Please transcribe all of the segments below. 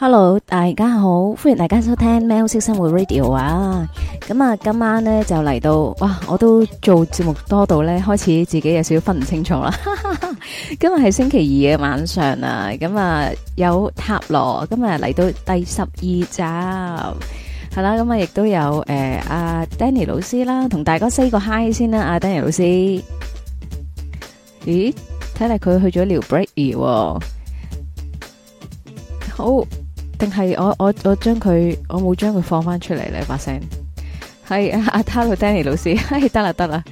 Hello，大家好，歡迎大家收聽喵式生活 Radio 啊！咁啊，今晚咧就嚟到，哇！我都做節目多到咧，開始自己有少少分唔清楚啦。 今日係星期二嘅晚上啊，咁啊有塔羅，今日嚟到第十二集，係啦、啊，咁、呃、啊亦都有誒阿 Danny 老師啦，同大家 say 個 hi 先啦，阿、啊、Danny 老師。咦？睇嚟佢去咗聊 Breaker、哦、好。定係我我我將佢我冇將佢放翻出嚟咧把聲，係阿塔同 Danny 老師，係，得啦得啦，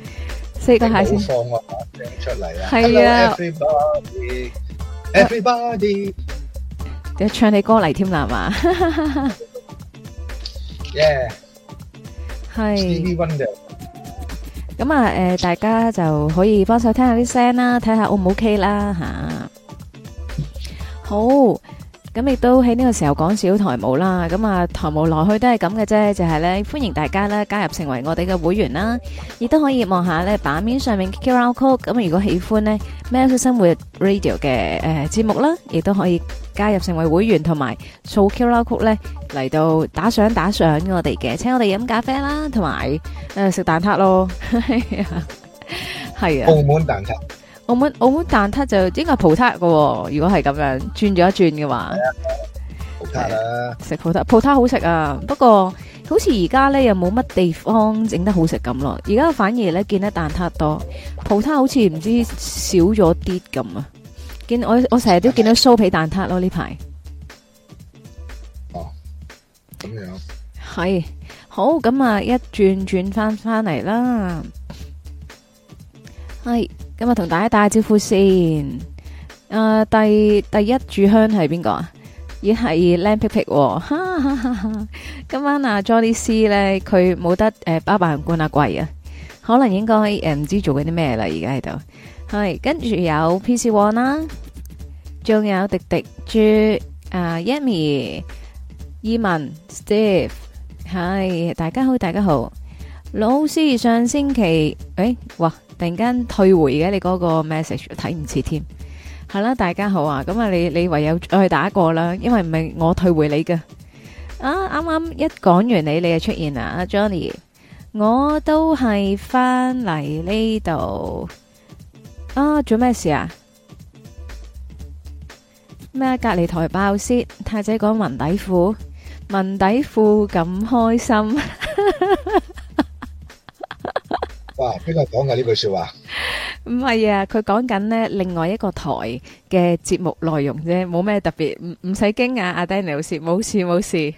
四個下先放我把聲出嚟啦。係啊，everybody，everybody，要唱啲歌嚟添啦嘛。Yeah，係。咁啊，誒，大家就可以幫手聽下啲聲啦，睇下 O 唔 OK 啦吓。好。咁亦都喺呢個時候講少台務啦，咁啊台務來去都係咁嘅啫，就係咧歡迎大家咧加入成為我哋嘅會員啦，亦都可以望下咧版面上面 QR Code，咁如果喜歡咧喵式生活 Radio 嘅誒節目啦，亦都可以加入成為會員，同埋 QR Code 咧嚟到打賞打賞我哋嘅，請我哋飲咖啡啦，同埋誒食蛋撻咯，係啊，澳門蛋撻。澳門澳門蛋撻就應該葡撻噶、哦，如果係咁樣轉咗一轉嘅話，係啊 Yeah, okay.，食葡撻，葡撻好食啊。不過好似而家咧又冇乜地方整得好食咁咯。而家反而咧見得蛋撻多，葡撻好似唔知少咗啲咁啊。見我我成日都見到酥皮蛋撻咯呢排。哦，咁樣係好咁啊！一轉轉翻翻嚟啦，係。今日同大家打個招呼先。誒、呃，第第一炷香係邊個啊？亦係靚皮皮。哦、 今晚啊 Johnny C 咧，佢冇得誒、呃、包辦官啊貴啊，可能應該誒唔知在做緊啲咩啦，而家喺度。係，跟住有 PC One 啦，仲有迪迪豬啊 Yami 伊文、Steve。係，大家好，大家好。老師上星期誒，哇、欸！嘩突然間退回嘅你嗰個 message 睇唔切添，係啦，大家好啊，咁啊你你唯有再去打過啦，因為唔係我退回你噶，啊啱啱一講完你你就出現啦，Johnny，我都係翻嚟呢度，啊做咩事啊？咩隔籬台爆蝕，太仔講文底褲，文底褲咁開心。哇！邊個講嘅呢句說話？唔係啊，佢講緊咧另外一個台嘅節目內容啫，冇咩特別，唔唔使驚訝。阿 Danny 老師，冇事冇事，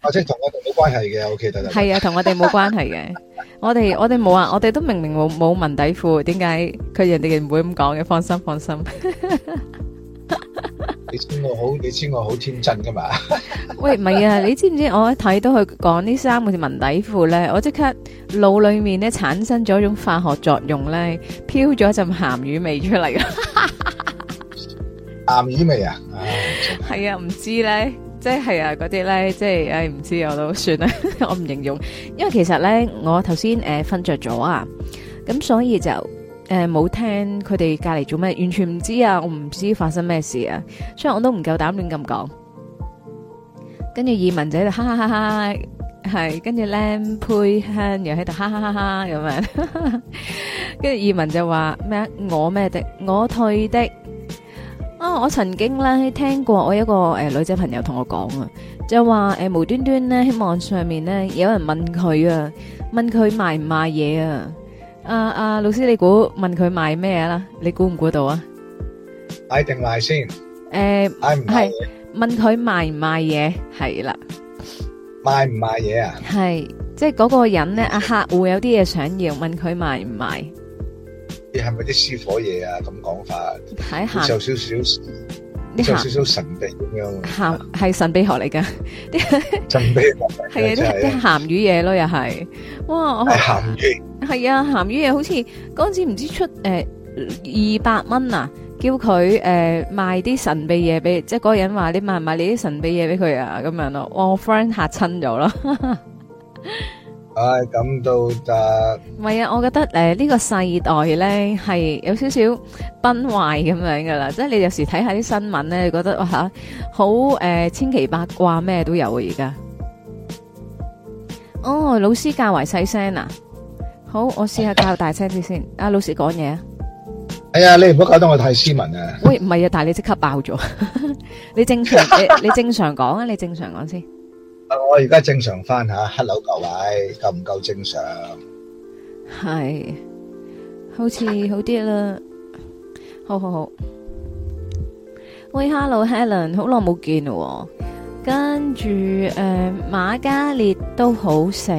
阿 Sir 同我哋冇關係嘅，OK，大大係啊，同我哋冇關係嘅，我哋我哋冇啊，我哋都明明冇冇文底褲，點解佢人哋唔會咁講嘅？放心，放心。你知我好，你知我好天真噶嘛？ 喂，唔係啊！你知唔知道我睇到佢講呢三個文底褲咧，我即刻腦裏面咧產生咗一種化學作用咧，飄咗一陣鹹魚味出嚟啦！鹹 魚味啊！係啊，唔、 啊、知咧，即係啊，嗰啲咧，即係，唉、哎，唔知我都算啦， 我唔形容，因為其實咧，我頭先誒瞓着咗啊，咁、呃、所以就。誒，冇、呃、聽佢哋隔籬做咩，完全唔知啊！我唔知發生咩事啊，所以我都唔夠膽亂咁講。跟住二文仔喺度哈哈哈，係跟住靚佩香又喺度哈哈哈哈咁樣。 跟住二文就話咩？我咩的？我退的。啊，我曾經咧聽過我一個誒、呃、女仔朋友同我講啊，就話誒、呃、無端端咧，喺網上面咧有人問佢啊，問佢賣唔賣嘢啊。啊啊！老師你估問佢賣咩啦？你估唔估到啊？買定賣先？誒，係問佢賣唔賣嘢？係啦，賣唔賣嘢啊？係即係嗰個人咧，啊客戶有啲嘢想要，問佢賣唔賣？你係咪啲私伙嘢啊？咁講法，睇下受少少。有少，少少神秘咁樣，咸係神秘學嚟噶，神 秘學係 啊啲鹹魚嘢咯，又係，哇！咸魚係啊鹹魚嘢，好似嗰陣時唔知出誒二百蚊啊，叫佢誒、呃、賣啲神秘嘢俾，即係嗰個人話你賣唔賣你啲神秘嘢俾佢啊，咁樣咯，哇我 friend 吓親咗咯。 唉，咁、哎、到達，唔係啊！我覺得誒，呢、呃這個世代咧係有少少崩壞咁樣噶啦，即係你有時睇下啲新聞咧，你覺得哇，好誒、呃，千奇百怪咩都有啊！而家，哦，老師較為細聲啊，好，我試下教大聲啲先。阿、啊、老師講嘢、啊，哎呀，你唔好搞得我太斯文啊！喂，唔係啊，但係你即刻爆咗 常， 你正常，你你正常講啊，你正常講先。我而家正常翻吓，Hello 各位，夠唔夠正常？係，好似好啲啦。好好好。喂，Hello Helen，好耐冇見啦。跟住誒，馬、呃、嘉烈都好食。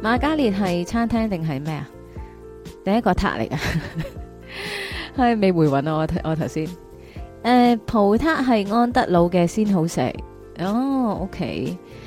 馬嘉烈係餐廳定係咩啊？第一個撻嚟噶、啊，係 未回穩我？我頭先誒，葡撻係安德魯嘅先好食。哦，OK。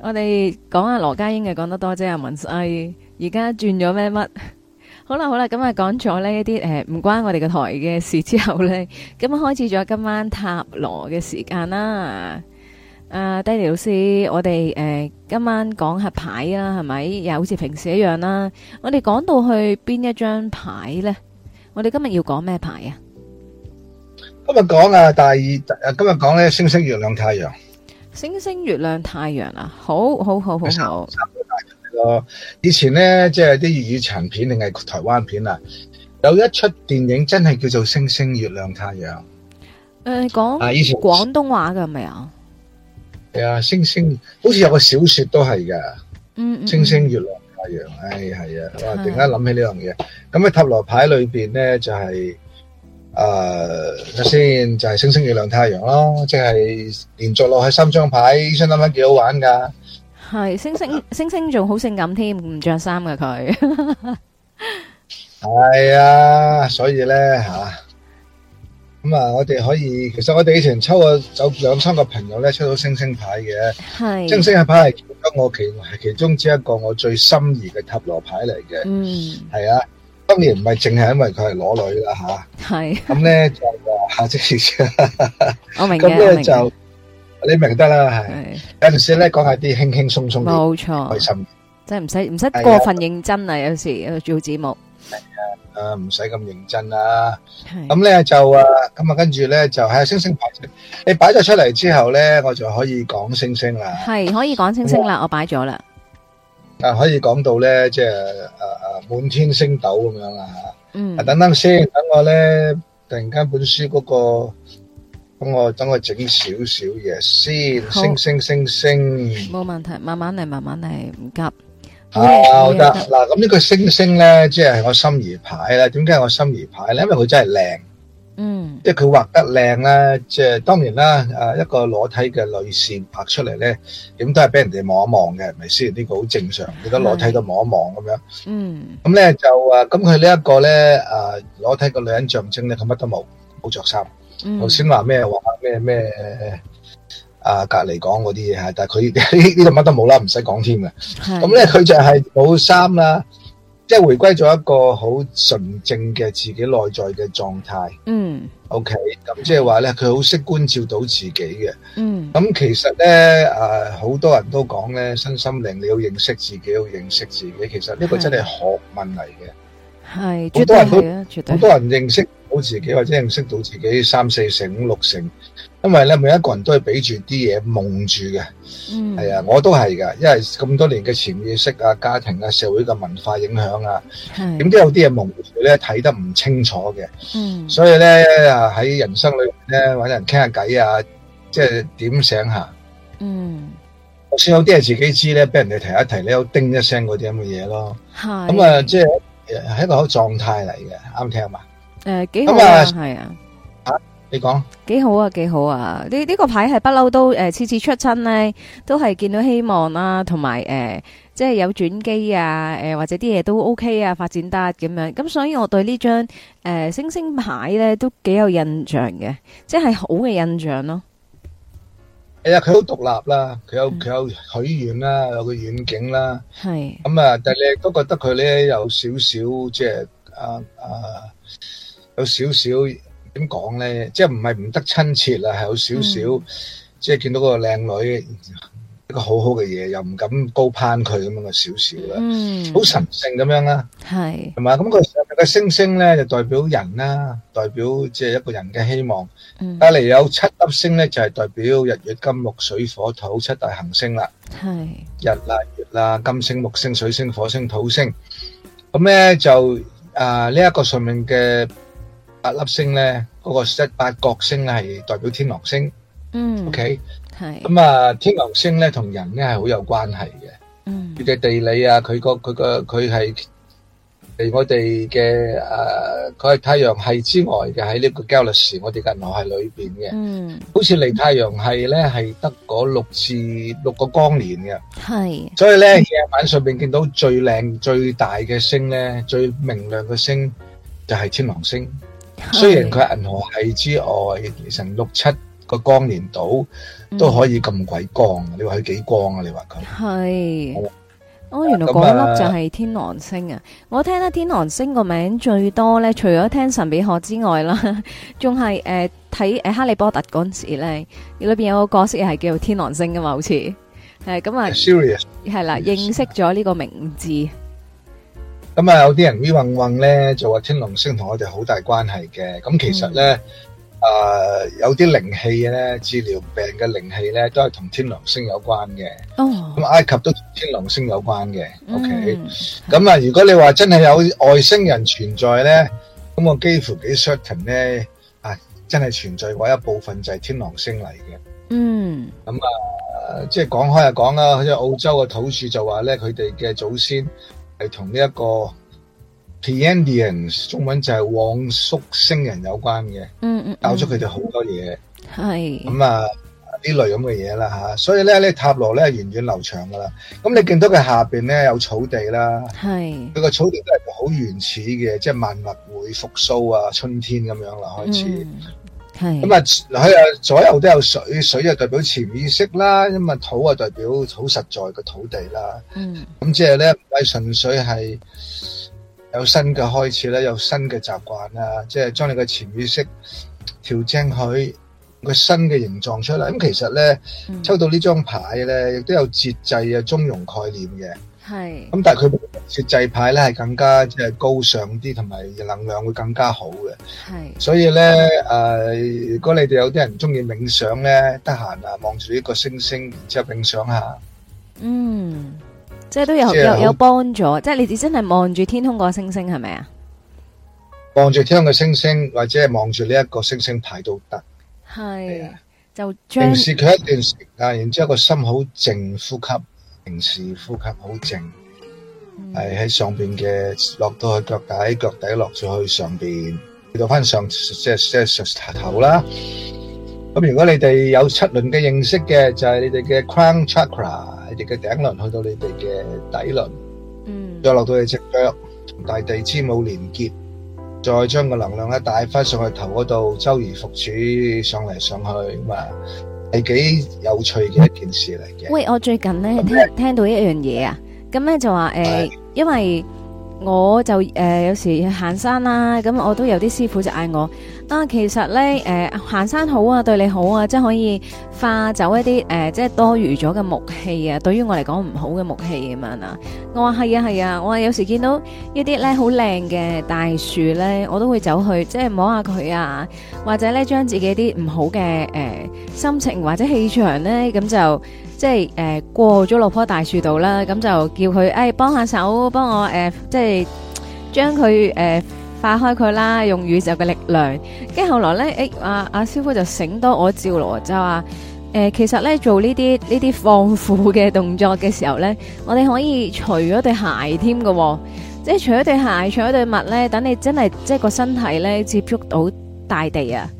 我哋講下羅家英嘅講得多啫，阿文西而家轉咗咩乜？好啦好啦，咁啊講咗呢一啲誒唔關我哋嘅台嘅事之後咧，咁啊開始咗今晚塔羅嘅時間啦。阿 Danny 老師，我哋誒、呃、今晚講下牌啦，係咪？又好似平時一樣啦。我哋講到去邊一張牌咧？我哋今日要講咩牌啊？今日講啊大二，今日講咧星星、月亮、太陽。星星、月亮太陽、啊、太陽啊，好好好好好。以前咧，即係啲粵語長片定係台灣片啊，有一出電影真係叫做《星星、月亮太陽、太陽、嗯》。誒，講廣東話嘅係咪啊？係啊嗎，星星，好似有個小說都係嘅。嗯，嗯，星星、月亮太陽、太、哎、陽，唉，係啊的，突然間諗起呢樣嘢。咁、那、喺、個、塔羅牌裏邊咧，就係、是。誒，首先就係星星、月亮、太陽咯，即係連續落去三張牌，相當多幾好玩噶。係星星，星星仲好性感添，唔着衫嘅佢。係啊，所以咧吓，咁啊，我哋可以，其實我哋以前抽過走兩三個朋友咧，抽到星星牌嘅。係星星嘅牌係得我其其中之一個我最心儀嘅塔羅牌嚟嘅。嗯，係啊。當然唔係淨係因為佢係裸女啦吓，係咁咧就啊，即係我明嘅，咁咧就你明得啦係。有陣時咧講下啲輕輕鬆鬆，冇錯，開心，即係唔使唔使過分認真啊。有時做節目，係啊，唔使咁認真啦。係咁咧就啊，咁啊跟住咧就係星星牌，你擺咗出嚟之後咧，我就可以講星星啦。係可以講星星啦，我擺咗啦。啊，可以講到咧，即係啊啊，滿天星斗咁樣啦嚇嗯。啊，等等先，等我咧，突然間本書嗰、嗰個，等我等我整少少嘢先，星星星星。冇問題，慢慢嚟，慢慢嚟，唔急。好的。得、啊！嗱，咁呢個星星咧，即係我心儀牌喇。點解我心儀牌咧？因為佢真係靚。嗯，即係佢畫得靚咧，即係當然啦。誒，一個裸體嘅女線拍出嚟咧，點都係俾人哋望一望嘅，係咪先？呢個好正常，你都裸體都望一望咁樣。嗯，咁咧就誒，咁佢呢一個咧，誒，裸體個女人象徵咧，佢乜都冇，冇着衫。頭先話咩話咩咩？啊，隔籬講嗰啲嘢，吓，但係佢呢呢度乜都冇啦，唔使講添嘅。咁咧佢就係冇衫啦。即係回歸咗一個好純正嘅自己內在嘅狀態。嗯，OK，咁即係話咧，佢好識觀照到自己嘅。嗯，咁其實咧，誒、呃，好多人都講咧，身心靈你要認識自己，要認識自己，其實呢個真係學問嚟嘅。係的，好多人都好多人認識到自己，或者認識到自己三四成、五六成。因為咧，每一個人都係俾住啲嘢蒙住嘅，係啊、嗯，我都係㗎。因為咁多年嘅潛意識啊、家庭啊、社會嘅文化影響啊，點都的有啲嘢蒙住咧，睇得唔清楚嘅。嗯，所以咧啊，喺人生裏邊咧，揾人傾下偈啊，即係點醒下。嗯，似有啲係自己知咧，俾人哋提一提你有叮一聲嗰啲咁嘅嘢咯。係咁的、嗯呃、啊，即係一個好狀態嚟嘅，啱唔聽嘛？誒，幾好啊，係啊。你講幾好啊，幾好啊！呢呢個牌係不嬲都誒，次次出親咧都係見到希望啦，同埋誒，即係有轉機啊！誒，或者啲嘢都 OK 啊，發展得咁樣。咁所以我對呢張誒星星牌咧都幾有印象嘅，即係好嘅印象咯。係啊，佢好獨立啦，佢有佢有許願啦，有個遠景啦。係。咁啊，但係你亦都覺得佢咧有少少即係啊啊，有少少。點講咧，即係唔係唔得親切啦，係有少少，即係見到嗰個靚女，一個好好嘅嘢，又唔敢高攀佢咁樣少少啦，嗯，好神聖咁樣啦，係，同埋，咁個上面嘅星星咧就代表人啦，代表即係一個人嘅希望，嗯，隔籬有七粒星咧就係代表日月金木水火土七大行星啦，係，日啦月啦金星木星水星火星土星，咁咧就誒呢一個上面嘅。八粒星咧，嗰個八八角星係代表天狼星。嗯，OK，係咁啊。天狼星咧，同人咧係好有關係嘅。嗯，佢嘅地理啊，佢個佢個佢係離我哋嘅誒，佢係太陽系之外嘅。喺呢個 galaxy，我哋嘅銀河系裏邊嘅。嗯，好似離太陽系咧係得嗰六至六個光年嘅。係，所以咧，夜晚上面見到最靚、最大嘅星咧，最明亮嘅星就係天狼星。是雖然佢係銀河系之外，成六七個光年度都可以咁鬼光，嗯、你話佢幾光啊？你話佢係，是好哦，原來一粒就係天狼星啊！啊我聽得天狼星個名最多咧，除咗聽神秘學之外啦，仲係誒睇誒哈利波特嗰陣時咧，裏邊有個角色係叫天狼星噶嘛，好似係咁啊，Sirius，係啦，認識咗呢個名字。咁啊，有啲人暱混混咧，就話天狼星同我哋好大關係嘅。咁其實咧，誒有啲靈氣咧，治療病嘅靈氣咧，都係同天狼星有關嘅。咁埃及都同天狼星有關嘅。O K，咁啊，如果你話真係有外星人存在咧，咁我幾乎幾 certain 咧，啊，真係存在嘅話，一部分就係天狼星嚟嘅。嗯。咁啊，即係講開又講啦，好似澳洲嘅土著就話咧，佢哋嘅祖先。係同呢一個 Pleiadians，中文就係昴宿星人有關嘅，教咗佢哋好多嘢。係咁是啊，呢類咁嘅嘢啦吓，所以咧，呢塔羅咧源遠流長噶啦。咁你見到佢下邊咧有草地啦，佢個是草地都係好原始嘅，即係萬物會復蘇啊，春天咁樣啦，開始。嗯咁啊！佢啊、嗯，左右都有水，水就代表潛意識啦，咁啊土啊代表好實在嘅土地啦。嗯，咁即係咧唔係純粹係有新嘅開始啦，有新嘅習慣啦，即係將你嘅潛意識調整佢個新嘅形狀出嚟。咁、嗯嗯嗯、其實咧抽到這張牌呢張牌咧，亦都有節制嘅中庸概念嘅。係咁是、嗯，但係佢節制牌咧係更加即係高尚啲，同埋能量會更加好嘅。係是，所以咧誒、呃，如果你哋有啲人中意冥想咧，得閒啊望住呢個星星，然之後冥想下。嗯，即係都有有幫助。即係你哋真係望住天空個星星，係咪啊？望住天空嘅星星，或者係望住呢一個星星牌都得。係，就凝視佢一段時間，然之後個心好靜，呼吸。平時呼吸好靜，係喺上邊嘅落到去腳底，腳底落咗去上邊，去到翻上即係即係上頭啦。咁如果你哋有七輪嘅認識嘅，就係你哋嘅 Crown Chakra，你哋嘅頂輪去到你哋嘅底輪，嗯，再落到你隻腳，同大地之母連結，再將個能量帶翻上去頭嗰度，周而復始上嚟上去咁啊。係幾有趣嘅一件事嚟嘅。喂，我最近咧聽聽到一樣嘢啊，咁咧就話誒，呃、的因為我就誒、呃、有時去行山啦、啊，咁我都有啲師傅就嗌我。啊，其實咧，誒、呃，行山好啊，對你好啊，即係可以化走一啲，誒、呃，即係多餘咗嘅木氣啊。對於我嚟講唔好嘅木氣咁樣啊。我話係啊係啊，我話有時見到一啲咧好靚嘅大樹咧，我都會走去即係摸下佢啊，或者咧將自己啲唔好嘅，誒、呃，心情或者氣場咧，咁就即係，誒、呃，過咗落棵大樹度啦，咁就叫佢，誒、哎，幫下手，幫我，誒、呃，即係將佢，誒、呃。化開佢啦，用宇宙嘅力量。跟後來呢誒，阿、哎、阿、啊、師傅就醒多我一招咯，就話，誒、呃，其實呢，做呢啲呢啲放負嘅動作嘅時候的、哦、的呢，我哋可以除咗對鞋添嘅，即係除咗對鞋，除咗對襪咧，等你真係即係個身體咧接觸到大地啊。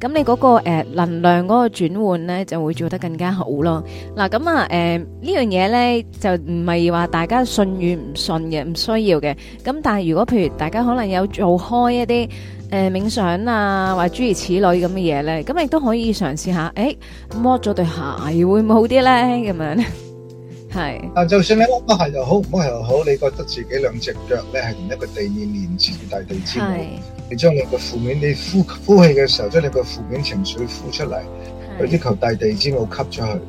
咁你嗰個誒能量嗰個轉換咧，就會做得更加好咯。嗱，咁啊，誒呢樣嘢咧就唔係話大家信與唔信嘅，唔需要嘅。咁但係如果譬如大家可能有做開一啲誒冥想啊，或諸如此類咁嘅嘢咧，咁亦都可以嘗試下。誒，摸咗對鞋會唔會好啲咧？咁樣係。但就算你摸咗鞋又好，唔摸鞋又好，你覺得自己兩隻腳咧係同一個地面連住大地之母。你將你個負面，你呼呼氣嘅時候，將你個負面情緒呼出嚟，有啲求大地之母吸咗去。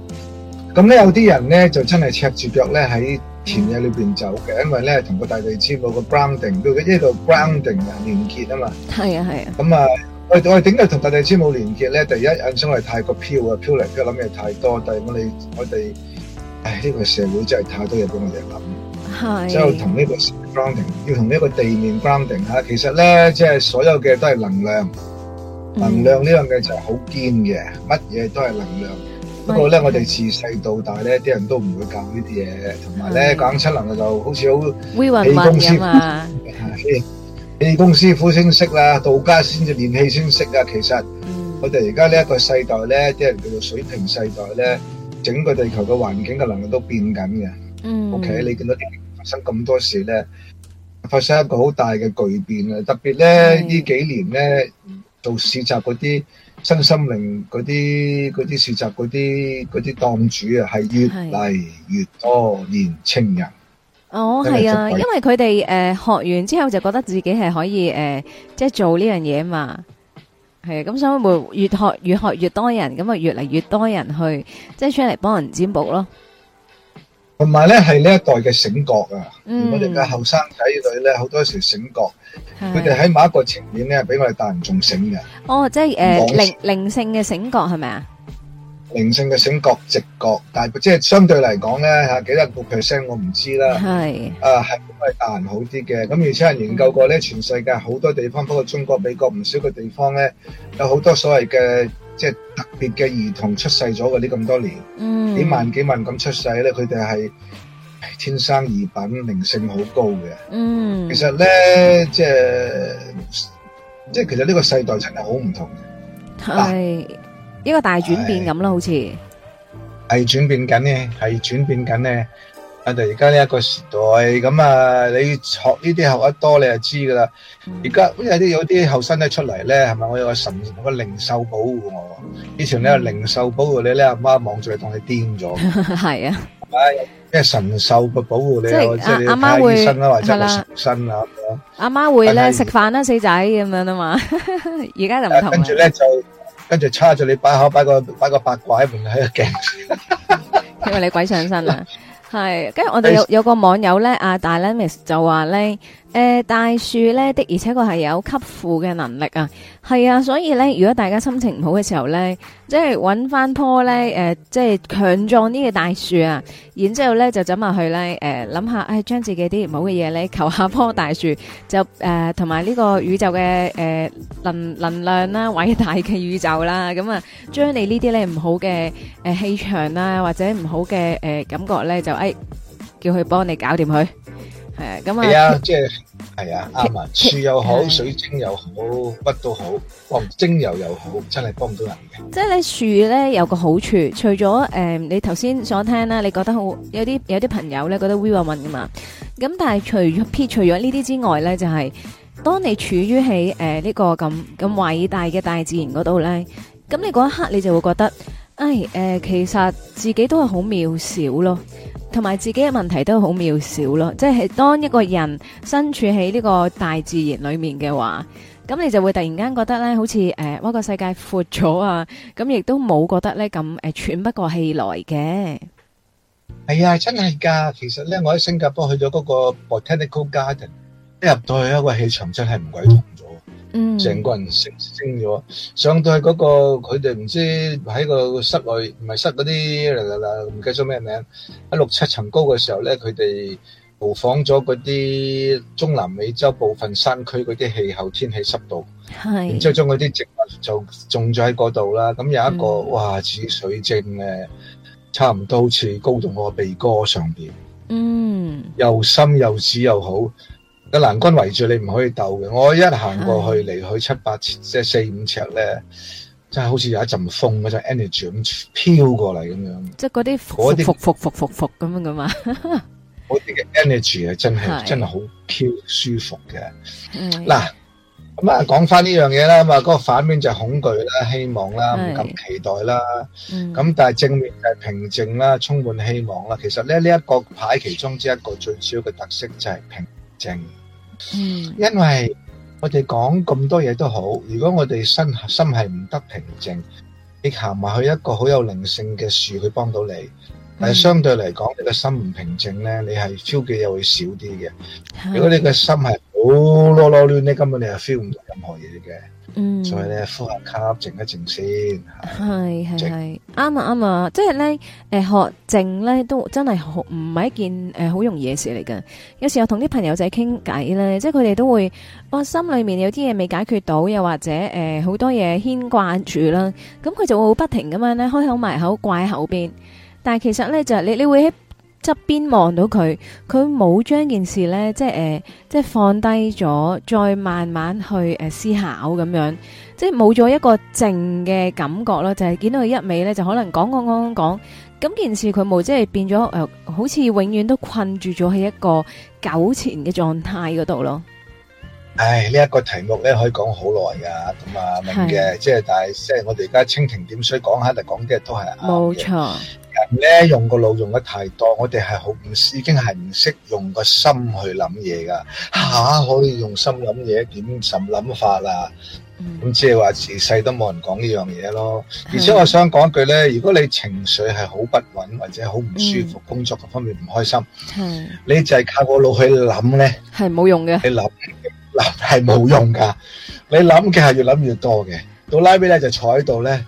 咁咧有啲人咧就真係赤住腳咧喺田野裏邊走嘅，因為咧同個大地之母個 grounding, 一個 grounding 佢呢個 grounding 啊連結啊嘛。係啊係啊。咁啊，我我哋點解同大地之母連結咧？第一印象係太過飄啊，飄嚟飄，諗嘢太多。但係我哋我哋，唉，呢個社會真係太多嘢俾我哋諗。即係同呢個 grounding，要同呢一個地面 grounding 吓。其實咧，即係所有嘅都係能量，能量呢樣嘢就係好堅嘅，乜嘢都係能量。不過咧，我哋自細到大咧，啲人都唔會搞呢啲嘢，同埋咧講出能量就好似好氣功師傅啊，氣功師傅先識啦，道家先至練氣先識啊。其實我哋而家呢一個世代咧，啲人叫做水平世代咧，整個地球嘅環境嘅能量都變緊嘅。嗯，OK，你見到發生咁多事呢，發生一個好大嘅巨變啊！特別呢，呢是幾年呢，做市集嗰啲新心靈嗰啲嗰啲市集嗰啲嗰啲檔主啊，係越嚟越多年青人。哦，係啊，因為佢哋誒學完之後就覺得自己係可以誒、呃，即係做呢樣嘢嘛。係啊，咁所以會越學越學越多人，咁啊越嚟越多人去即係出嚟幫人占卜咯。同埋咧，係呢一代嘅醒覺啊！嗯、我哋嘅後生仔女咧，好多時候醒覺，佢哋喺某一個情面咧，比我哋大人仲醒嘅。哦，即係誒靈靈性嘅醒覺係咪啊？靈性嘅醒覺、醒覺直覺，但係即係相對嚟講咧，吓幾多個 percent 我唔知啦。係啊，係比大人好啲嘅。咁而且人研究過咧，嗯、全世界好多地方，不過中國、美國唔少嘅地方咧，有好多所謂嘅。即係特別嘅兒童出世咗嘅呢咁多年，嗯、幾萬幾萬咁出世咧，佢哋係天生異稟，靈性好高嘅。嗯，其實咧，即係即係，其實呢、即係即係、這個世代層係好唔同嘅。係、哎啊、一個大轉變咁咯、哎，好似係轉變緊嘅，係轉變緊嘅。而家呢一個時代，咁啊，你學呢啲學得多，你就知噶啦。而家、嗯、有啲有啲後生咧出嚟咧，係咪我有個神，神有個靈獸保護我？以前個靈獸保護你，嗯、你阿媽望住你，同你癲咗。係 啊，唉，咩神獸嘅保護你啊？媽媽即係阿媽會身啦，或者神身啦，阿媽會咧食飯啦，死仔咁樣啊嘛。而 家就唔同、啊、跟住咧就，跟住叉住你擺口擺個擺個八卦喺門口喺度鏡 因為你鬼上身啦。 係，跟住我哋有 I 有個網友咧，阿大 Lemis 就話咧。誒、呃，大樹咧的，而且確係有吸附嘅能力啊，係啊，所以咧，如果大家心情唔好嘅時候咧，即係搵翻棵咧，誒、呃，即係強壯啲嘅大樹啊，然之後咧就走埋去咧，誒、呃，諗下，誒、哎，將自己啲唔好嘅嘢咧求下棵大樹，就誒，同埋呢個宇宙嘅誒、呃、能能量啦，偉大嘅宇宙啦，咁啊，將你呢啲咧唔好嘅誒氣場啦，或者唔好嘅誒、呃、感覺咧，就誒、哎、叫佢幫你搞掂佢。係咁、嗯、啊！係 啊，即係係啊，啱啊！樹又好， 水晶又好，乜都 好，哦，精油又好，真係幫唔到人嘅。即係你樹咧有個好處，除咗誒、呃，你頭先所聽啦，你覺得好有啲有啲朋友咧覺得 Will 㗎嘛？咁但係除咗撇除咗呢啲之外咧，就係、是、當你處於喺誒呢個咁咁偉大嘅大自然嗰度咧，咁你嗰一刻你就會覺得。誒，誒，其實自己都係好渺小咯，同埋自己嘅問題都係好渺小咯，即係當一個人身處喺呢個大自然裏面嘅話，咁你就會突然間覺得咧，好似誒，嗰個世界闊咗啊，咁亦都冇覺得咧咁誒喘不過氣來嘅。係啊，真係噶，其實咧，我喺新加坡去咗嗰個 Botanical Garden，一入到去一個氣場真係唔鬼同。嗯，成、mm. 個人升升咗，上到去、那、嗰個佢哋唔知喺個室內，唔係室嗰啲唔記得咗咩名，喺六七層高嘅時候咧，佢哋模仿咗嗰啲中南美洲部分山區嗰啲氣候天氣濕度，係是，然之後將嗰啲植物就種咗喺嗰度啦。咁有一個、mm. 哇，似水晶嘅，差唔多似高到我鼻哥上面，嗯，mm. 又深又紫又好。個欄杆圍住你唔可以鬥嘅，我一行過去離去七八尺即係四五尺咧，真係好似有一陣風，嗰隻 energy 咁飄過嚟咁樣。即係嗰啲複复复复复咁樣噶嘛？嗰啲嘅 energy 係真係真係好 Q 舒服嘅。嗱咁啊，講翻呢樣嘢啦，咁啊，嗰個反面就係恐懼啦、希望啦、唔敢期待啦。咁但係正面就係平靜啦、充滿希望啦。其實咧呢一個牌其中之一個最少嘅特色就係平靜。嗯，因為我哋講咁多嘢都好，如果我哋身心係唔得平靜，你行埋去一個好有靈性嘅樹去幫到你，但係相對嚟講，你個心唔平靜咧，你係 feel 嘅又會少啲嘅。嗯、如果你個心係好囉囉攣呢，根本你係 feel 唔到任何嘢嘅。所以咧，呼吸、嗯、卡靜一靜先，係係係，啱啊啱啊，即係咧，誒靜、就是呃、學靜咧都真係好唔係一件誒好、呃、容易嘅事嚟㗎。有時候同啲朋友仔傾偈咧，即係佢哋都會，哇、哦、心裏面有啲嘢未解決到，又或者誒好、呃、多嘢牽掛住啦，咁佢就會好不停咁樣咧開口埋口掛喺口邊，但係其實咧就係、你你會喺。側邊望到佢，佢冇將件事咧，即係誒，即係放低咗，再慢慢去誒思考咁樣，即係冇咗一個靜嘅感覺咯，就係見到佢一味咧，就可能講講講講，咁件事佢冇即係變咗誒，好似永遠都困住咗喺一個糾纏嘅狀態嗰度咯。唉，呢一個題目咧可以講好耐噶，咁啊，明嘅，即係但係即係我哋而家蜻蜓點水講下但講啲都係啱，冇錯。咧用個腦用得太多，我哋係好已經係唔識用個心去諗嘢㗎。吓，可以用心諗嘢，點甚諗法啊？咁即係話自細都冇人講呢樣嘢咯。而且我想講一句咧，如果你情緒係好不穩或者好唔舒服，工作嗰方面唔開心，你就係靠個腦去諗咧，係冇用嘅。你諗諗係冇用㗎，你諗嘅係越諗越多嘅，到拉尾咧就坐喺度咧。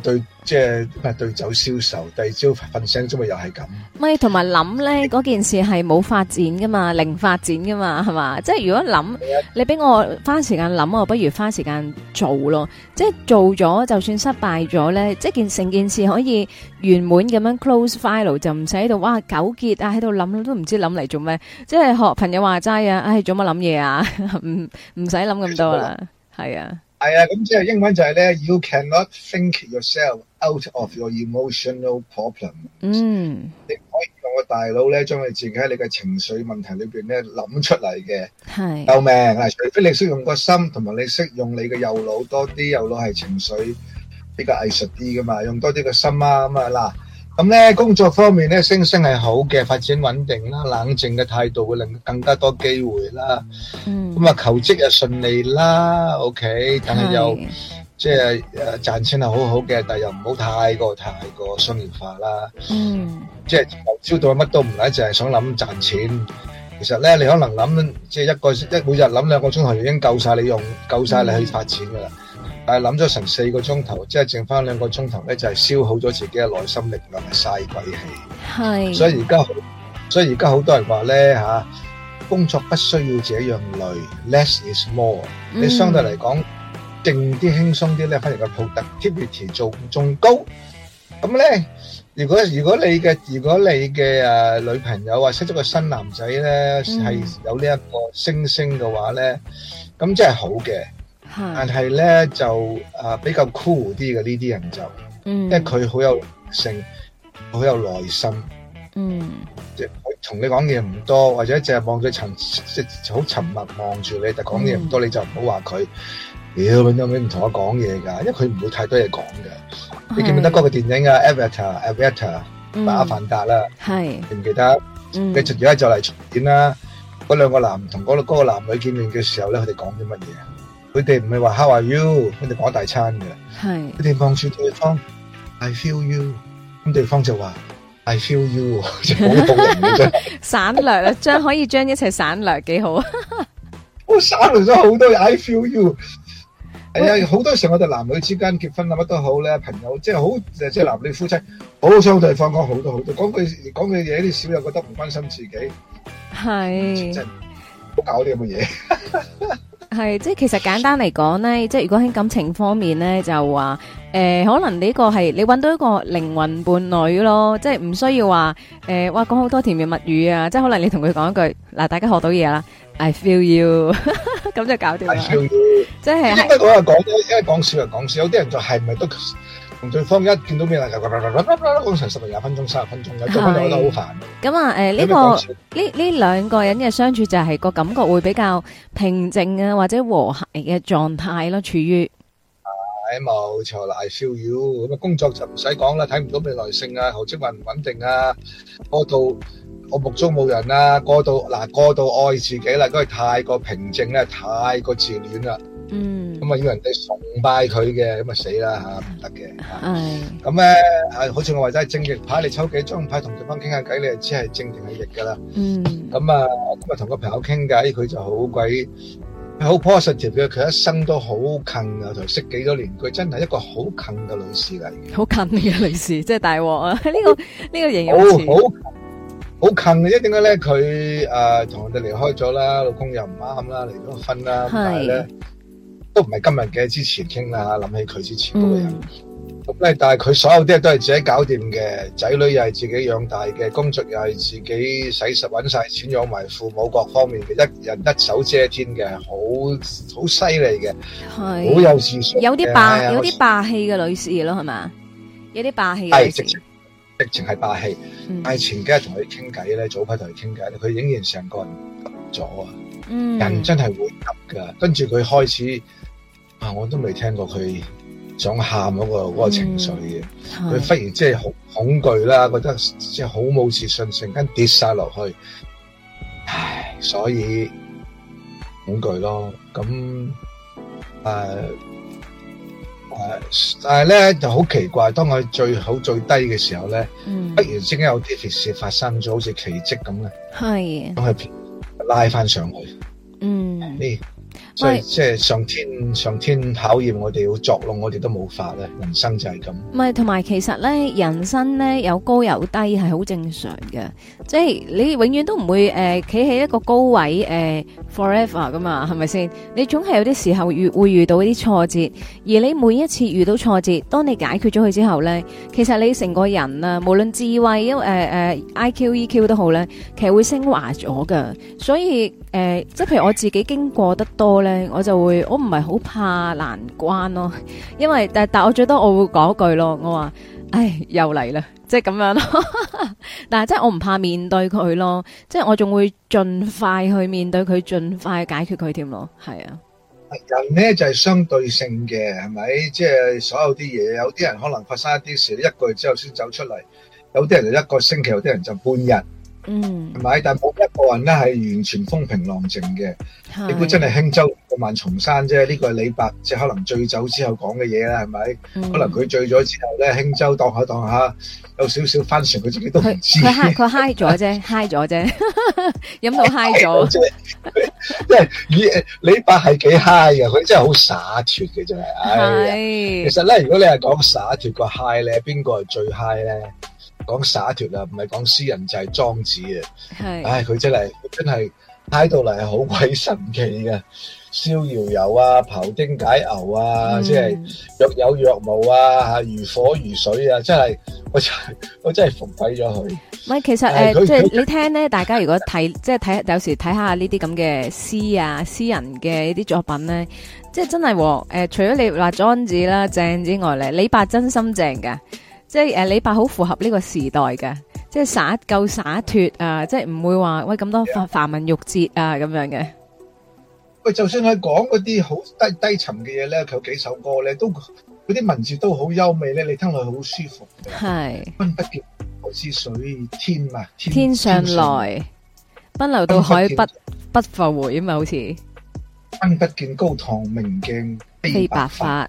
對，即係對酒消愁，第二朝瞓醒之後咪又係咁。咪同埋諗咧，嗰件事係冇發展噶嘛，零發展噶嘛，係嘛？即係如果諗，的你俾我花時間諗，我不如花時間做咯。即係做咗，就算失敗咗咧，即係件成件事可以圓滿咁樣 close file，就唔使喺度哇糾結啊，喺度諗都唔知諗嚟做咩。即係學朋友話齋、哎、啊，唉， 做乜諗嘢啊？唔唔使諗咁多啦，係啊。係啊，咁即係英文就係咧，You cannot think yourself out of your emotional problems。嗯，你可以用個大腦咧，將你自己喺你嘅情緒問題裏邊咧諗出嚟嘅。係是，救命！除非你識用個心，同埋你識用你嘅右腦多啲，右腦係情緒比較藝術啲噶嘛，用多啲個心啊咁啊嗱。咁咧，工作方面咧，星星係好嘅，發展穩定啦，冷靜嘅態度會令更加多機會啦。嗯，咁啊求職又順利啦，OK，但係又即係誒賺錢係好好嘅，但係又唔好太過太過商業化啦。嗯，即係朝到乜都唔睇，淨係想諗賺錢。其實咧，你可能諗即係一個一每日諗兩個鐘頭已經夠晒你用，夠晒你去發展嘅啦。但係諗咗成四個鐘頭，即係剩翻兩個鐘頭咧，就係消耗咗自己嘅內心力量，咪嘥鬼氣。係。所以而家，所以而家好多人話咧吓，工作不需要這樣累，less is more。你相對嚟講，靜啲、輕鬆啲咧，反而個 productivity 仲仲高。咁咧，如果如果你嘅如果你嘅誒女朋友啊，識咗個新男仔咧，係有呢一個星星嘅話咧，咁即係好嘅。但係咧就啊、呃、比較 cool 啲嘅呢啲人就，嗯，因為佢好有性，好有耐心，嗯，即係同你講嘢唔多，或者淨係望住佢，即好沉默望住你，但係講嘢唔多，嗯、你就唔好、哎、話佢，屌，咁樣你唔同我講嘢噶，因為佢唔會太多嘢講嘅，嗯、你記唔記得嗰個電影啊的，Avatar，Avatar，、嗯、阿凡達啦，係的，記唔記得，你而家就嚟重演啦，嗰兩個男同嗰個個男女見面嘅時候咧，佢哋講咗乜嘢？佢哋唔係話 How are you，佢哋講大餐嘅，佢哋望住對方，I feel you，咁對方就話 I feel you，好動人嘅啫。散略將可以將一切散略，幾好啊！我散略咗好多 I feel you，係啊，好多時候我哋男女之間結婚啊，乜都好咧，朋友即係好，即係男女夫妻好好想對方講好多好多，講句講句嘢，啲小友覺得唔關心自己，係真搞啲咁嘅嘢。係，即係其實簡單嚟講咧，即係如果喺感情方面咧，就話誒，可能呢個係你搵到一個靈魂伴侶咯，即係唔需要話誒，哇講好多甜言蜜語啊，即係可能你同佢講一句嗱，大家學到嘢啦，I feel you，咁就搞掂啦，即係應該講係講咧，因為講笑又講笑，有啲人就係咪都。同對方一見到面就咁成十零廿分鐘、卅分鐘嘅，真係覺得好煩。咁啊，誒呢個呢呢兩個人嘅相處就係個感覺會比較平靜啊，或者和諧嘅狀態咯，處於。冇錯啦，I feel you。咁啊，工作就唔使講啦，睇唔到未來性啊，求職運唔穩定啊，過度我目中無人啊，過度嗱過度愛自己啦，因為太過平靜咧，太過自戀啦。嗯，咁啊要人哋崇拜佢嘅，咁啊死啦吓，唔得嘅吓。咁咧，係好似我話齋係正逆牌，你抽幾張牌，同對方傾下偈，你就知係正定係逆噶啦。嗯，咁啊，今日同個朋友傾偈，佢就好鬼好 positive 嘅，佢一生都好近啊，就識幾多年，佢真係一個好近嘅女士嚟嘅。好近嘅女士，即係大鑊啊！呢個呢個形容詞。好，好近嘅啫，點解咧？佢誒同人哋離開咗啦，老公又唔啱啦，離咗婚啦，但係咧。都唔係今日嘅，之前傾啦吓，諗起佢之前嗰個人，咁咧、嗯，但係佢所有啲嘢都係自己搞掂嘅，仔女又係自己養大嘅，工作又係自己使實搵晒錢養埋父母，各方面嘅一人一手遮天嘅，好好犀利嘅，係，好是有自信，有啲霸，是有啲霸氣嘅女士咯，係嘛像，有啲霸氣，係直情直情係霸氣。嗯、但我前幾日同佢傾偈咧，早排同佢傾偈咧，佢仍然成個人急咗啊，嗯，人真係會急噶，跟住佢開始。我都未聽過佢想喊嗰、嗰個嗯、個情緒嘅，佢係忽然即係好恐懼啦，覺得即係好冇自信，成間跌晒落去，唉，所以恐懼咯。咁誒誒，但係咧就好奇怪，當佢最好最低嘅時候咧，嗯、忽然之間有啲事發生咗，好似奇蹟咁咧，係咁佢拉翻上去，嗯，呢。所以即係、就是，上天上天考驗我哋要作弄我哋都冇法咧，人生就係咁。唔係，同埋其實咧，人生咧有高有低係好正常嘅，即、就、係、是，你永遠都唔會誒企喺一個高位，誒、呃、forever 噶嘛，係咪先？你總係有啲時候遇會遇到一啲挫折，而你每一次遇到挫折，當你解決咗佢之後咧，其實你成個人啊，無論智慧一誒、呃、誒、呃、IQ EQ 都好咧，其實會昇華咗嘅。所以誒即係譬如我自己經過得多。我就會，我唔係好怕難關咯，因為但但我最多我會講句咯，我話，唉，又嚟啦，即係咁樣咯。但係即係我唔怕面對佢咯，即係我仲會盡快去面對佢，盡快解決佢添咯。係啊，人呢就係相對性嘅，係咪？即係所有啲嘢，有啲人可能發生一啲事，一個月之後先走出嚟，有啲人就一個星期，有啲人就半日。嗯，係咪？但冇一個人咧係完全風平浪靜嘅。你估是真係輕舟過萬重山啫？呢、這個係李白即係可能醉酒之後講嘅嘢啦，係咪？嗯、可能佢醉咗之後咧，輕舟蕩下蕩下，有少少翻船，佢自己都唔知。佢嗨佢嗨咗啫，嗨咗啫，飲 到嗨咗。即係 李李白係幾嗨嘅？佢真係好灑脫嘅，真係是、哎。其實咧，如果你係講灑脫個嗨 i 咧，邊個係最嗨呢？咧？講灑脫啦，唔係講詩人就係莊子啊！係，唉，佢真係真係喺度嚟，係好鬼神奇嘅，逍遙遊啊，庖丁解牛啊，即係若有若無啊，如火如水啊，真係我真係我真係服鬼咗佢。唔係，其實誒，即係你聽咧，大家如果睇即係睇有時睇下呢啲咁嘅詩啊，詩人嘅呢啲作品咧，即係真係喎！誒，除咗你話莊子啦正之外咧，李白真心正噶。即係誒，李白好符合呢個時代嘅，即係灑夠灑脫啊！即係唔會話喂咁多繁文縟節啊咁 Yeah. 樣嘅。喂，就算佢講嗰啲好低低沉嘅嘢咧，佢有幾首歌咧，都嗰啲文字都好優美咧，你聽落去好舒服。係是。君不見，黃河之水天啊！天上來，奔流到海不不復回啊嘛，好似。君不見高堂明鏡。悲白髮，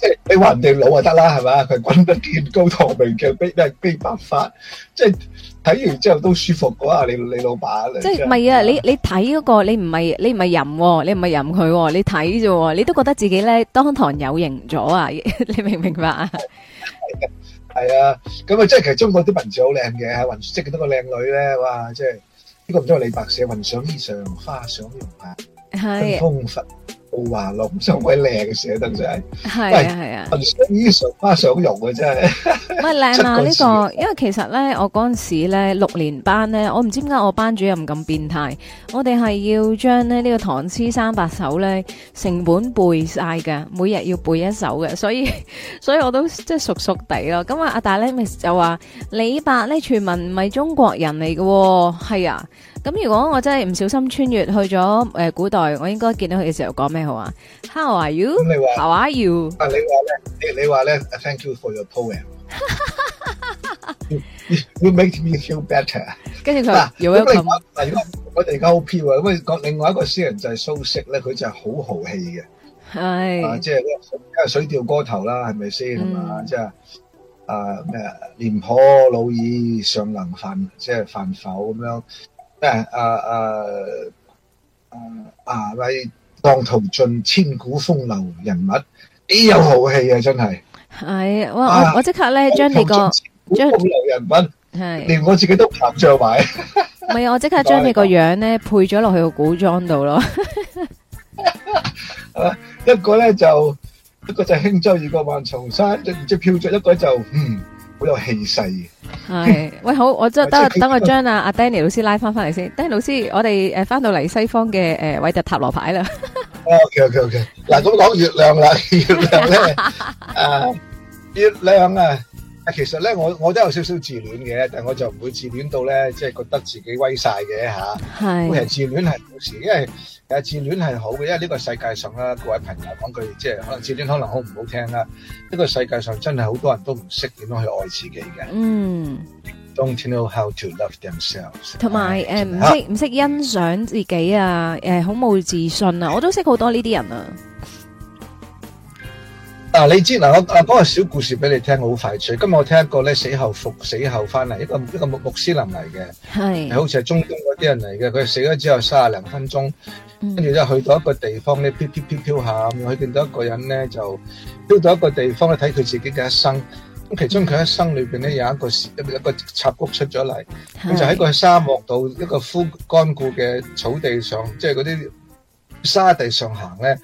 即係你話人哋老啊，得啦，係嘛？佢滾得見高堂明鏡悲都係悲白髮，即係睇完之後都舒服下。你你老闆，即係唔係啊？你你睇嗰個，你唔係你唔係任你唔係任佢，你睇啫。你都覺得自己咧當堂有型咗啊？你明唔明白啊？係啊，咁啊，即係其實中國啲文字好靚嘅，雲識幾多個靚女咧，哇！即係呢個唔通係李白寫《雲想衣裳花想容》，係春風拂。好華落咁鬼靚嘅寫得。鄧仔係啊係啊，花想容嘅真係，唔係靚啊呢個，這個，因為其實咧我嗰陣時咧六年班咧，我唔知點解我班主任咁變態，我哋係要將咧呢、這個唐詩三百首咧成本背晒嘅，每日要背一首嘅，所以所以我都即係熟熟地咯。咁啊，阿大咧 Miss 就話李白咧，傳聞唔係中國人嚟嘅。哦，係啊。咁如果我真係唔小心穿越去咗誒古代，我應該見到佢嘅時候講咩好啊？How are you？咁你話？How are you？啊你話咧？你你話咧？Thank you for your poem. You make me feel better。跟住佢話？啊，我我哋而家講 O P 啊，咁講另外一個詩人就係蘇軾咧，佢就係好豪氣嘅。係啊，即係，梗係水調歌頭啦，係咪先？係嘛，即係啊咩？廉頗老矣，尚能飯，即係飯否咁樣。誒，誒誒誒，啊，係當途盡千古風流人物，幾有豪氣啊！真係係，哇！我我即刻咧將你個將風流人物，係連我自己都膨脹埋。唔係，我即刻將你個樣咧配咗落去個古裝度咯。係嘛，一個咧就一個就輕舟已過萬重山，即唔知飄着；一個就嗯。好有氣勢，係喂好，我即係等下等我將阿阿 Danny 老師拉翻翻嚟先，Danny 老師，我哋誒翻到嚟西方嘅誒韋特塔羅牌啦。OK OK OK，嗱咁講月亮啦，月亮咧啊，月亮啊。啊，其實咧，我我都有少少自戀嘅，但係我就唔會自戀到咧，即係覺得自己威曬嘅嚇。係，其實自戀係好事，因為有自戀係好嘅，因為呢個世界上啦，各位朋友講句，即係可能自戀可能好唔好聽啦，呢個世界上真係好多人都唔識點樣去愛自己嘅。嗯。Don't know how to love themselves。同埋誒，唔識唔識欣賞自己啊，誒，好冇自信啊，我都識好多呢啲人啊。嗱，你知嗱，我啊講個小故事俾你聽，好快趣。今日我聽一個咧死後復死後翻嚟，一個一個穆穆斯林嚟嘅，係好似係中東嗰啲人嚟嘅。佢死咗之後三啊零分鐘，跟住之後去到一個地方咧，飄飄飄飄下，佢見到一個人咧就飄到一個地方咧睇佢自己嘅一生。咁其中佢一生裏邊咧有一個時一個插曲出咗嚟，佢就喺個沙漠度一個枯乾枯嘅草地上，即係嗰啲沙地上行咧。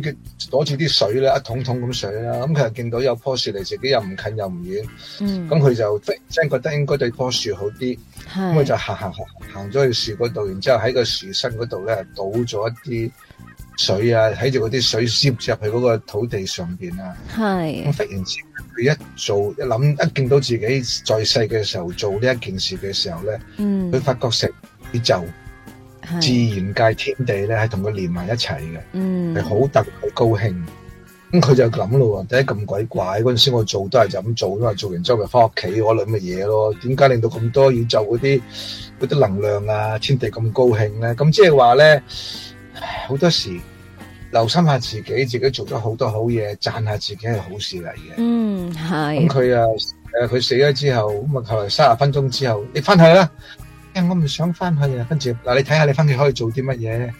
佢攞住啲水咧，一桶桶咁水啦，咁佢又見到有棵樹離，自己又唔近又唔遠，咁佢、嗯、就即係覺得應該對棵樹好啲，咁佢是就行行行行咗去樹嗰度，然之後喺個樹身嗰度咧倒咗一啲水啊，喺住嗰啲水滲入去嗰個土地上邊啊，咁忽是然之佢一做一諗一見到自己在世嘅時候做呢一件事嘅時候咧，佢、嗯、發覺成就。自然界天地咧，係同佢連埋一齊嘅，係好特別高興。咁佢就諗咯喎，第一咁鬼怪嗰陣時我做都係就咁做，因為做完之後咪翻屋企，我諗嘅嘢咯。點解令到咁多宇宙嗰啲嗰啲能量啊天地咁高興咧？咁即係話咧，好多時留心下自己，自己做咗好多好嘢，讚下自己係好事嚟嘅。嗯，係。咁佢啊，佢死咗之後，咁啊後來三十分鐘之後，你翻去啦。我唔想翻去啊，跟住嗱，你睇下你翻去可以做啲乜嘢？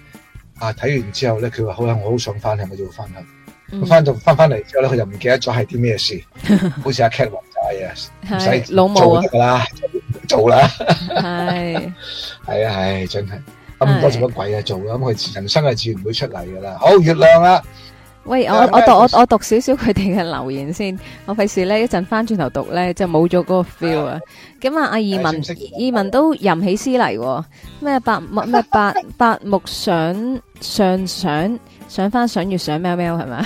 啊，睇完之後咧，佢話好啊，我好想翻去，咪就翻去？翻到翻翻嚟之後咧，佢就唔記得咗係啲咩事，好似阿 Kelvin 就係啊，唔使老母啊，做啦，做啦，係係啊，唉，真係咁多做乜鬼啊？做咁佢人生係自然會出嚟噶啦。好，月亮啊！喂，我我讀我我讀少少佢哋嘅留言先，我費事咧一陣翻轉頭讀咧就冇咗嗰個 feel 啊！咁啊，阿義文，義文都吟起詩嚟、哦，咩百木咩百百木上上想想翻上越想喵喵係咪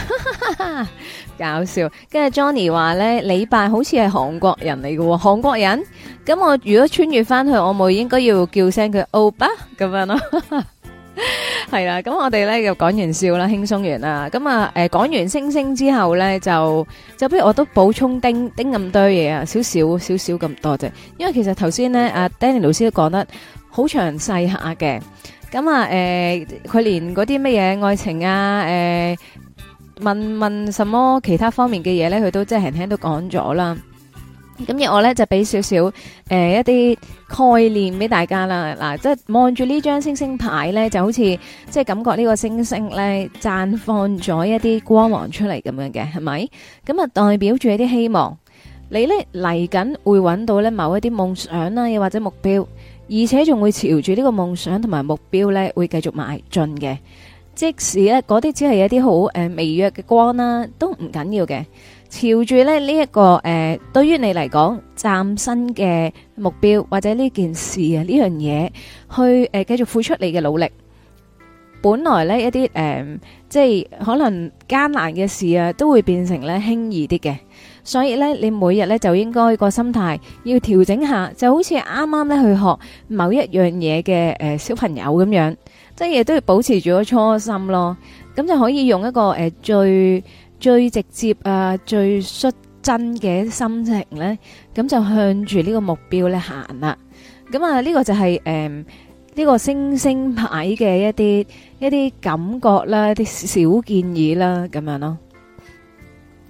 啊？ 搞笑！跟住 Johnny 話咧，李白好似係韓國人嚟嘅、哦，韓國人，咁我如果穿越翻去，我咪應該要叫聲佢歐巴咁樣咯。 係啦，咁我哋咧就講完笑啦，輕鬆完啦，咁啊，誒，講完星星之後咧，就就不如我都補充丁丁咁多嘢啊，少少少少咁多啫。因為其實頭先咧，阿 Danny 老師都講得好詳細下嘅，咁啊，誒，佢連嗰啲乜嘢愛情啊，誒，問問什麼其他方面嘅嘢咧，佢都即係輕輕都講咗啦。咁而我咧就俾少少、呃、一啲概念俾大家啦，嗱，即係望住呢張星星牌咧，就好似即係感覺呢個星星咧，綻放咗一啲光芒出嚟咁樣嘅，係咪？咁啊，代表住一啲希望，你咧嚟緊會揾到咧某一啲夢想啦，又或者目標，而且仲會朝住呢個夢想同埋目標咧，會繼續邁進嘅，即使咧嗰啲只係一啲好誒微弱嘅光啦，都唔緊要嘅。朝住咧呢一個誒、呃，對於你嚟講，嶄新嘅目標或者呢件事啊，呢樣嘢去誒、呃、繼續付出你嘅努力，本來呢一啲誒、呃，即係可能艱難嘅事啊，都會變成咧輕易啲嘅。所以呢，你每日呢就應該個心態要調整下，就好似啱啱咧去學某一樣嘢嘅誒小朋友咁樣，即係亦都要保持住個初心咯。咁就可以用一個誒、呃、最。最直接啊，最率真嘅心情咧，咁就向住呢個目標咧行啦。咁啊，呢個就係誒呢個星星牌嘅一啲一啲感覺啦，一啲小建議啦，咁樣咯。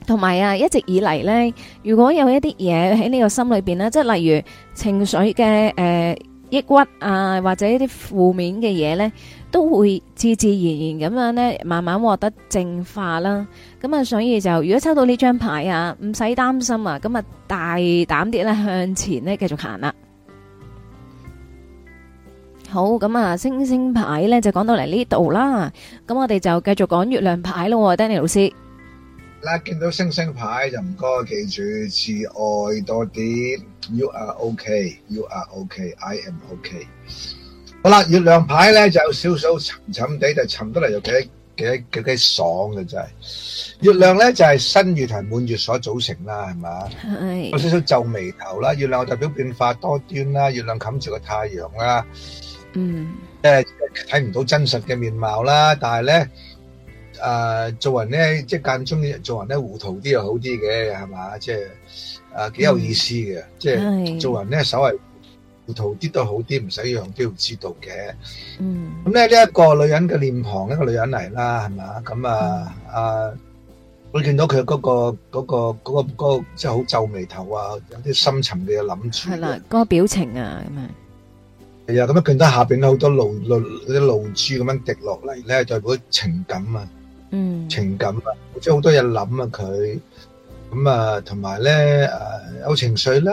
同埋啊，一直以嚟咧，如果有一啲嘢喺呢個心裏邊咧，即係例如情緒嘅誒抑鬱啊，或者一啲負面嘅嘢咧，都會自自然然咁樣咧，慢慢獲得淨化啦。咁啊，所以就如果抽到呢張牌啊，唔使擔心啊，咁啊大膽啲咧向前咧繼續行啦。好，咁啊，星星牌咧就講到嚟呢度啦。咁我哋就繼續講月亮牌咯，Danny 老師。見到星星牌就唔該記住，自愛多啲。You are okay, you are okay, I am okay。好啦，月亮牌咧就有少少沉沉地，就沉得嚟又幾。幾幾幾爽嘅真係，月亮咧就係新月同埋滿月所組成啦，係嘛？有少少皺眉頭啦，月亮代表變化多端啦，月亮冚住個太陽啦，嗯，即係睇唔到真實嘅面貌啦。但係咧，誒，做人咧即係間中做人咧糊塗啲又好啲嘅，係嘛？即係誒，幾有意思嘅，即係做人咧，所謂。糊塗啲都好啲，唔使讓都要知道嘅。嗯，咁咧呢一個女人嘅臉龐，一個女人嚟啦，係嘛？咁啊，啊，我見到佢嗰個嗰個嗰個嗰個，即係好皺眉頭啊，有啲深沉嘅嘢諗住。係啦，個表情啊，咁啊，係啊，咁啊，見到下邊咧好多露露啲露珠咁樣滴落嚟咧，代表情感啊，嗯，情感啊，即係好多嘢諗啊，佢咁啊，同埋咧，誒，有情緒啦。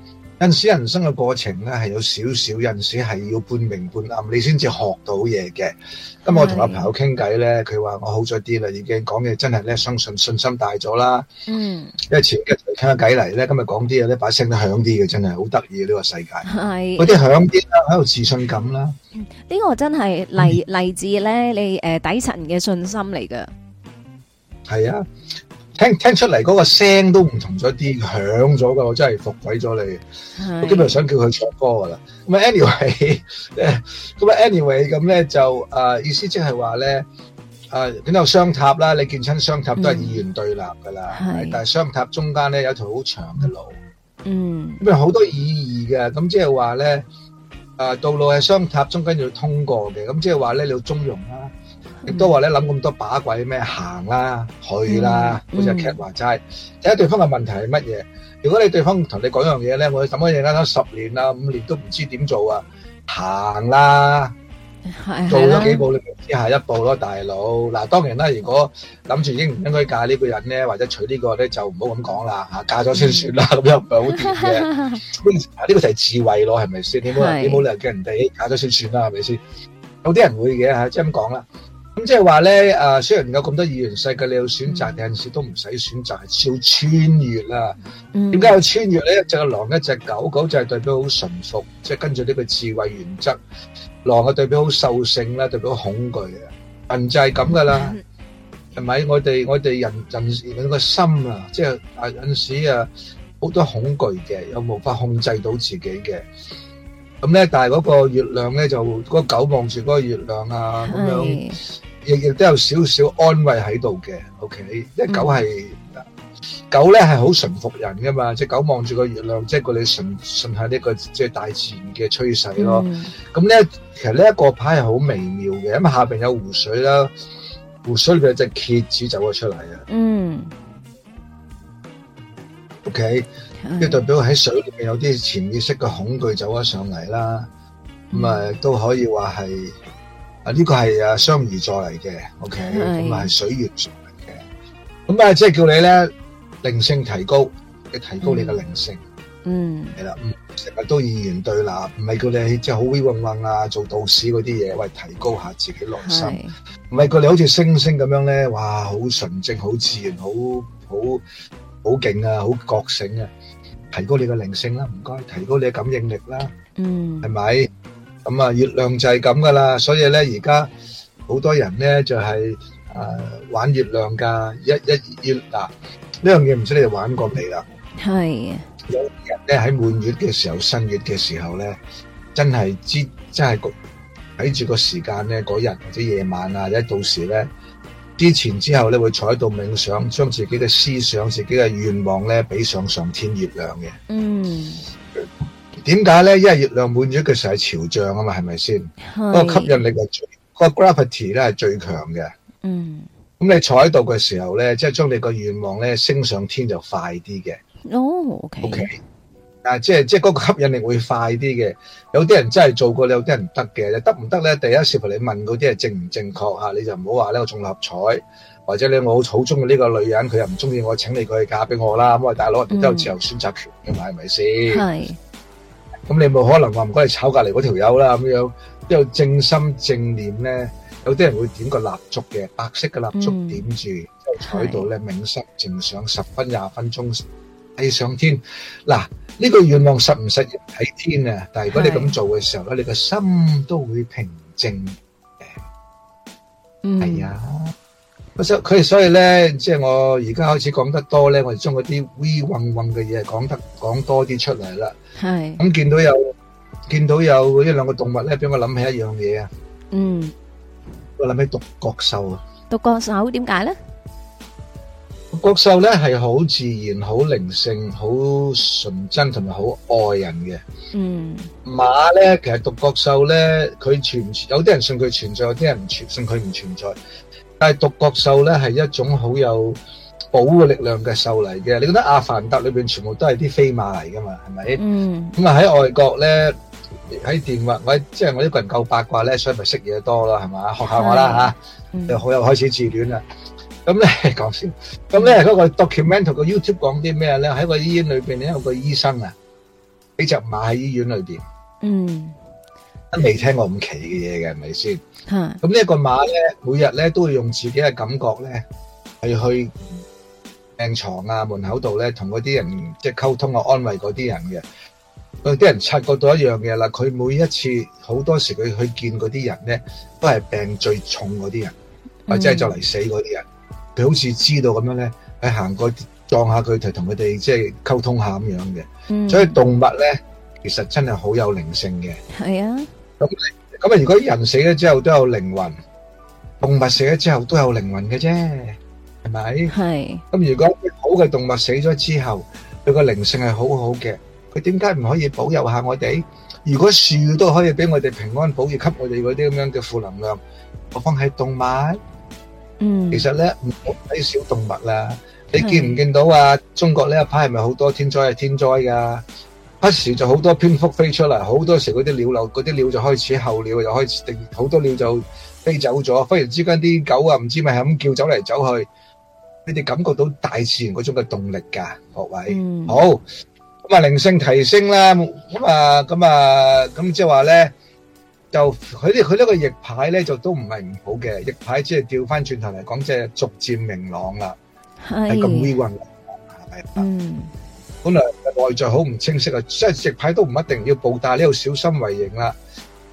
因此人生嘅過程咧，係有少少，陣時係要半明半暗，你先至學到嘢嘅。咁我同阿朋友傾偈咧，佢話是我好咗啲啦，已經講嘢真係咧，相信信心大咗啦。嗯，因為前日傾下偈嚟咧，今日講啲嘢咧，把聲都響啲嘅，真係好得意呢個世界。係是，嗰啲響啲啦，喺度自信感啦。呢、嗯、個真係嚟自咧，嗯、你誒、呃、底層嘅信心嚟噶。係啊。聽聽出嚟嗰個聲都唔同咗啲，響咗噶，我真係服鬼咗你。我基本上想叫佢唱歌噶啦。咁啊，anyway，咁啊，anyway，咁咧就啊，意思即係話咧啊，點解有雙塔啦？你見親雙塔都係二元對立噶啦，但係雙塔中間咧有條好長嘅路。嗯，咁啊好多意義嘅。咁即係話咧啊，道路係雙塔中間要通過嘅。咁即係話咧，你要中庸啦。亦都話咧，諗咁、嗯、多把鬼咩行啦去啦，好似阿 Cap 話齋。睇下、嗯、對方嘅問題係乜嘢。如果你對方同你講樣嘢咧，我諗乜嘢啦，十年啦、啊，五年都唔知點做啊，行啦，是做咗幾步的你唔知下一步咯，大佬。嗱、啊，當然啦，如果諗住應唔應該嫁呢個人咧，或者娶個呢個咧，就唔好咁講啦，嫁咗先算啦，咁、嗯、 又唔係好掂嘅。呢 個就係智慧咯，係咪先？你冇是你冇理由叫人哋嫁咗先算啦，係咪先？有啲人會嘅，即係咁講啦。咁即係話咧，誒，雖然有咁多異樣世界，你有選擇，有陣時都唔使選擇，係要穿越啦。點解要穿越咧？一隻狼，一隻狗，狗就係代表好馴服，即係跟住呢個智慧原則。狼嘅代表好獸性啦，代表恐懼啊。人就係咁噶啦，係咪？我哋我哋人陣時咁個心啊，即係啊，有陣時啊，好多恐懼嘅，又無法控制到自己嘅。咁咧，但係嗰個月亮咧，就嗰個狗望住嗰個月亮啊，咁樣。亦亦都有少少安慰喺度嘅，OK。因係、嗯、狗係狗咧係好順服人噶嘛，即係狗望住個月亮，即係佢哋順順，順下呢、這個即係大自然嘅趨勢咯。咁咧、嗯，其實呢一個牌係好微妙嘅，因為下邊有湖水啦，湖水裏邊有隻蠍子走咗出嚟啊。嗯。OK，即係的代表喺水裏面有啲潛意識嘅恐懼走咗上嚟啦。咁啊、嗯嗯，都可以話係。啊呢個係啊雙魚座嚟嘅，OK，咁啊係水月座嚟嘅，咁啊即係叫你咧靈性提高，嘅提高你嘅靈性，嗯，係啦，成日都二元對立，唔係叫你即係好威運運啊，做道士嗰啲嘢，喂，提高下自己內心，唔係叫你好似星星咁樣咧，哇，好純淨，好自然，好好好勁啊，好覺醒啊，提高你嘅靈性啦，唔該，提高你嘅感應力啦，嗯，係咪？咁啊、嗯，月亮就係咁噶啦，所以咧，而家好多人咧就係、是、誒、呃、玩月亮噶，一一月嗱呢樣嘢唔知你哋玩過未啦？係是有啲人咧喺滿月嘅時候、新月嘅時候咧，真係知真係睇住個時間咧，嗰日或者夜晚啊，或者、啊、到時咧之前之後咧，會坐喺度冥想，將自己嘅思想、自己嘅願望咧，俾上上天月亮嘅。嗯。點解咧？因為月亮滿咗，佢就係潮漲啊嘛，係咪先？是個吸引力係最、嗰個 gravity 咧係最強嘅。嗯，咁你坐喺度嘅時候咧，即係將你個願望咧升上天就快啲嘅。哦，OK，啊，即係即係嗰個吸引力會快啲嘅。有啲人真係做過，有啲人唔得嘅。你得唔得咧？第一，視乎你問嗰啲係正唔正確、啊、你就唔好話呢我中六合彩，或者你我好中意呢個女人，佢又唔中意我，請你佢去嫁俾我啦。咁我大佬，你都有自由選擇權嘅嘛？係咪先？係。咁你冇可能話唔該你炒隔籬嗰條友啦咁樣，有正心正念咧，有啲人會點個蠟燭嘅，白色嘅蠟燭點住，之、嗯、後坐喺度咧冥思靜想十分廿分鐘，係上天。嗱，呢、這個願望實唔實現喺天啊？嗯、但係如果你咁做嘅時候咧，的你個心都會平靜。誒、嗯，係啊。佢所以咧，即係我而家開始講得多咧，我哋將嗰啲 V 混混嘅嘢講得講多啲出嚟啦。係咁見到有見到有一兩個動物咧，俾我諗起一樣嘢啊。嗯，我諗起獨角獸啊。獨角獸點解咧？獨角獸咧係好自然、好靈性、好純真同埋好愛人嘅。嗯，馬咧其實獨角獸咧，佢存唔存有啲人信佢存在，有啲人唔存信佢唔存在。但係獨角獸咧係一種好有保護嘅力量嘅獸嚟嘅，你覺得阿凡達裏邊全部都係啲飛馬嚟噶嘛？係咪？嗯。咁啊喺外國咧，喺電話我即係我一個人夠八卦咧，所以咪識嘢多咯，係咪？學下我啦吓，又好有開始自戀啦。咁咧講笑，咁咧嗰個 documentary 個 YouTube 講啲咩咧？喺個醫院裏邊咧有個醫生啊，幾隻馬喺醫院裏邊。嗯。都未、嗯、聽過咁奇嘅嘢嘅，係咪先？咁呢一個馬咧，每日咧都會用自己嘅感覺咧，係去病床啊門口度咧，同嗰啲人即係溝通啊安慰嗰啲人嘅。有、啊、啲人察覺到一樣嘢啦，佢每一次好多時佢去見嗰啲人咧，都係病最重嗰啲人，或者係就嚟死嗰啲人。佢、嗯、好似知道咁樣咧，係行過撞下佢同同佢哋即係溝通下咁樣嘅。嗯、所以動物咧，其實真係好有靈性嘅。係啊。咁咁啊，如果人死咗之後都有靈魂，動物死咗之後都有靈魂嘅啫，係咪？係。咁如果好嘅動物死咗之後，佢個靈性係好好嘅，佢點解唔可以保佑下我哋？如果樹都可以俾我哋平安寶，要給我哋嗰啲咁樣嘅負能量，何況係動物？嗯，其實咧，唔好睇小動物啦。你見唔見到啊？中國呢一排係咪好多天災啊？係天災噶。一時就好多蝙蝠飛出嚟，好多時嗰啲鳥流，嗰啲鳥就開始候鳥，又開始定，好多鳥就飛走咗。忽然之間啲狗啊，唔知咪係咁叫走嚟走去，你哋感覺到大自然嗰種嘅動力㗎，各位。好咁啊，靈性提升啦，咁啊，咁啊，咁即係話咧，就佢哋佢呢個逆牌咧，就都唔係唔好嘅。逆牌即係調翻轉頭嚟講，即係逐漸明朗啦，係咁微運，係咪？本來內在好唔清晰啊，即係直牌都唔一定要報答，呢度小心為營啦，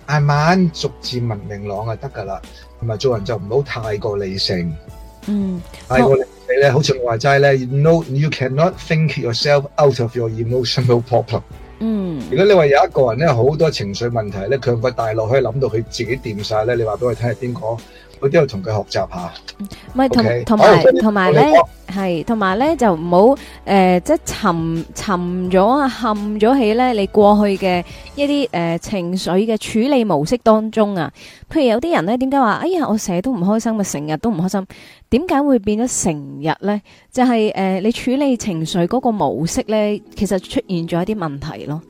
慢慢逐字文明朗啊，得噶啦。同埋做人就唔好太過理性，嗯，太過理性咧，哦，好似我話齋咧 no you cannot think yourself out of your emotional problem。嗯，如果你話有一個人咧，好多情緒問題咧，佢個大腦可以諗到佢自己掂晒咧，你話俾我聽係邊個？我都有同佢學習下，唔係同同埋同埋咧，係同埋咧就唔好誒，即係沉沉咗啊，陷咗起咧。你過去嘅一啲誒、呃、情緒嘅處理模式當中啊，譬如有啲人咧，點解話哎呀，我成日都唔開心啊，成日都唔開心，點解會變咗成日咧？就係、是、誒、呃，你處理情緒嗰個模式咧，其實出現咗一啲問題咯。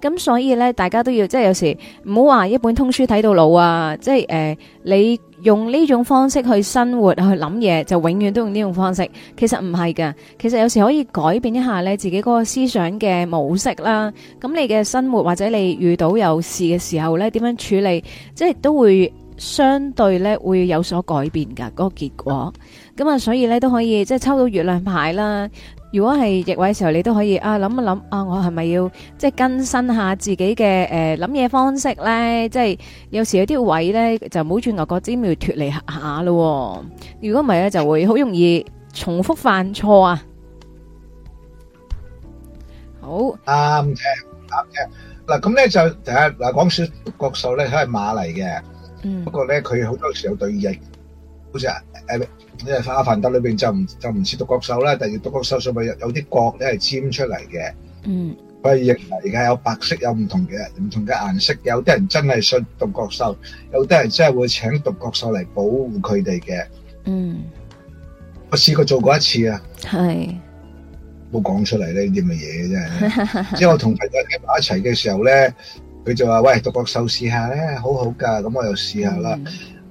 咁所以咧，大家都要即係、就是、有時唔好話一本通書睇到老啊，即係誒、呃、你。用呢種方式去生活去諗嘢，就永遠都用呢種方式。其實唔係噶，其實有時可以改變一下你自己嗰個思想嘅模式啦。咁你嘅生活或者你遇到有事嘅時候呢，點樣處理，即係都會相對呢會有所改變噶。嗰個結果，咁啊，所以呢都可以即係抽到月亮牌啦。如果係逆位嘅時候，你都可以啊諗一諗啊，我係咪要即係更新下自己嘅誒諗嘢方式咧？即係有時有啲位咧，就唔好轉牛角尖，要脱離下咯。如果唔係咧，就會好容易重複犯錯啊！好啱聽，啱聽嗱。咁咧就第一嗱講獨角獸咧，佢係馬嚟嘅，不過咧佢好多時候對應好似啊誒。你係阿凡達裏邊就唔就唔似獨角獸啦，但係獨角獸上面有有啲角，你係尖出嚟嘅。嗯，佢亦而家有白色，有唔同嘅唔同嘅顏色。有啲人真係信獨角獸，有啲人真係會請獨角獸嚟保護佢哋嘅。嗯，我試過做過一次啊。係，冇講出嚟咧，呢啲咁嘅嘢真係。即係我同朋友喺埋一齊嘅時候咧，佢就話：喂，獨角獸試下咧，好好㗎。咁我又試下啦。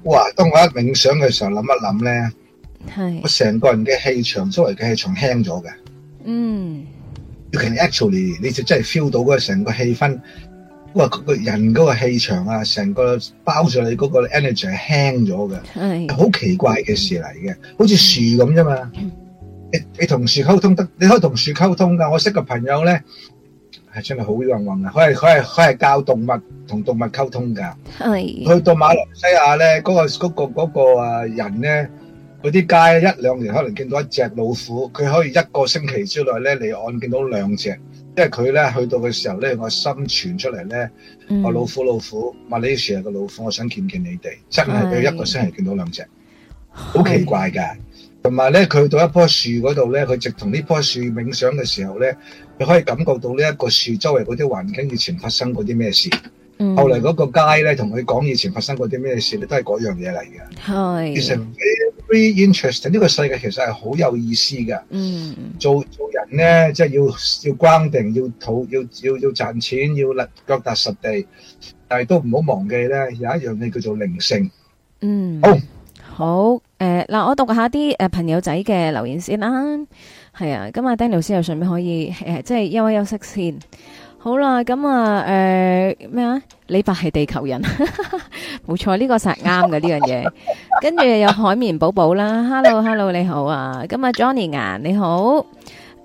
哇！當我一冥想嘅時候，諗一諗咧～係我成個人嘅氣場，周圍嘅氣場輕咗嘅。嗯，You can actually，你就真係 feel 到嗰個成個氣氛，哇！嗰個人嗰個氣場啊，成個包住你嗰個 energy 係輕咗嘅，係好奇怪嘅事嚟嘅，好似樹咁啫嘛。你你同樹溝通得，你可以同樹溝通噶。我識個朋友咧，係真係好幸運啊！佢係佢係佢係教動物同動物溝通噶。係去到馬來西亞咧，嗰個嗰個嗰個啊人咧。佢啲街一兩年可能見到一隻老虎，佢可以一個星期之內咧，你按見到兩隻，因為佢咧去到嘅時候咧，我心傳出嚟咧，我老虎老虎，馬來西亞嘅老虎，我想見見你哋，真係佢一個星期見到兩隻，是好奇怪㗎。同埋咧，佢到一棵樹嗰度咧，佢直同呢棵樹冥想嘅時候咧，佢可以感覺到呢一個樹周圍嗰啲環境以前發生過啲咩事。後嚟嗰個街咧，同佢講以前發生過啲咩事咧，都係嗰樣嘢嚟嘅。係，其 實樂 very interesting。呢個世界其實係好有意思㗎。嗯 做做人咧，即係要要堅定，要討，要要要賺錢，要立腳踏實地，但係都唔好忘記咧，有一樣嘢叫做靈性。嗯， 好，好，誒、呃，嗱，我讀一下啲誒朋友仔嘅留言先啦。係啊，咁 Danny 老師又順便可以誒、呃，即係休一休息先。好啦，咁啊，誒咩啊？李白係地球人，冇錯，呢個實啱嘅，呢樣嘢。跟住有海綿寶寶啦，Hello Hello 你好啊，咁啊 Johnny 啊你好，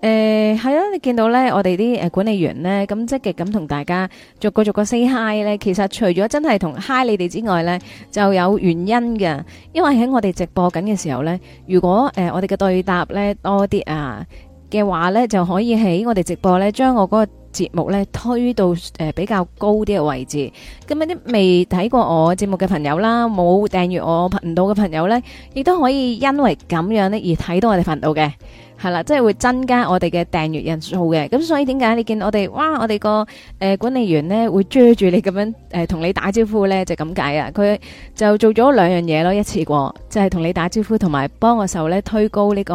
誒係啊，你見到咧我哋啲誒管理員咧，咁積極咁同大家逐個逐個 say hi 咧，其實除咗真係同 hi 你哋之外咧，就有原因嘅，因為喺我哋直播緊嘅時候咧，如果誒我哋嘅對答咧多啲啊。嘅話呢，就可以喺我哋直播呢將我嗰個節目呢推到誒、呃、比較高啲嘅位置。咁一啲未睇過我節目嘅朋友啦，冇訂閱我頻道嘅朋友呢，亦都可以因為咁樣呢而睇到我哋頻道嘅。係啦，即係會增加我哋嘅訂閱人數嘅，咁所以點解你見我哋，哇，我哋個誒管理員呢會追住你咁樣誒同、呃、你打招呼呢？就咁解啊？佢就做咗兩樣嘢咯，一次過，就係、是、同你打招呼，同埋幫我手呢推高呢、這個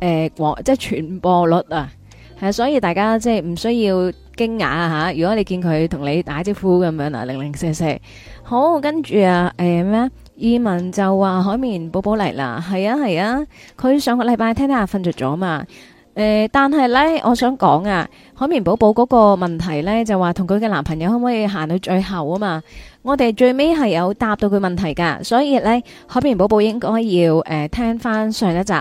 誒廣、呃，即係傳播率啊，係啊，所以大家即係唔需要驚訝吓，如果你見佢同你打招呼咁樣啊，零零四四，好，跟住啊，誒咩？欸意文就話海綿寶寶嚟啦，係啊係啊，佢、啊、上個禮拜聽聽下瞓着咗嘛。誒、呃，但係咧，我想講啊，海綿寶寶嗰個問題咧，就話同佢嘅男朋友可唔可以行到最後啊嘛？我哋最尾係有答到佢問題㗎，所以咧，海綿寶寶應該要誒、呃、聽返上一集。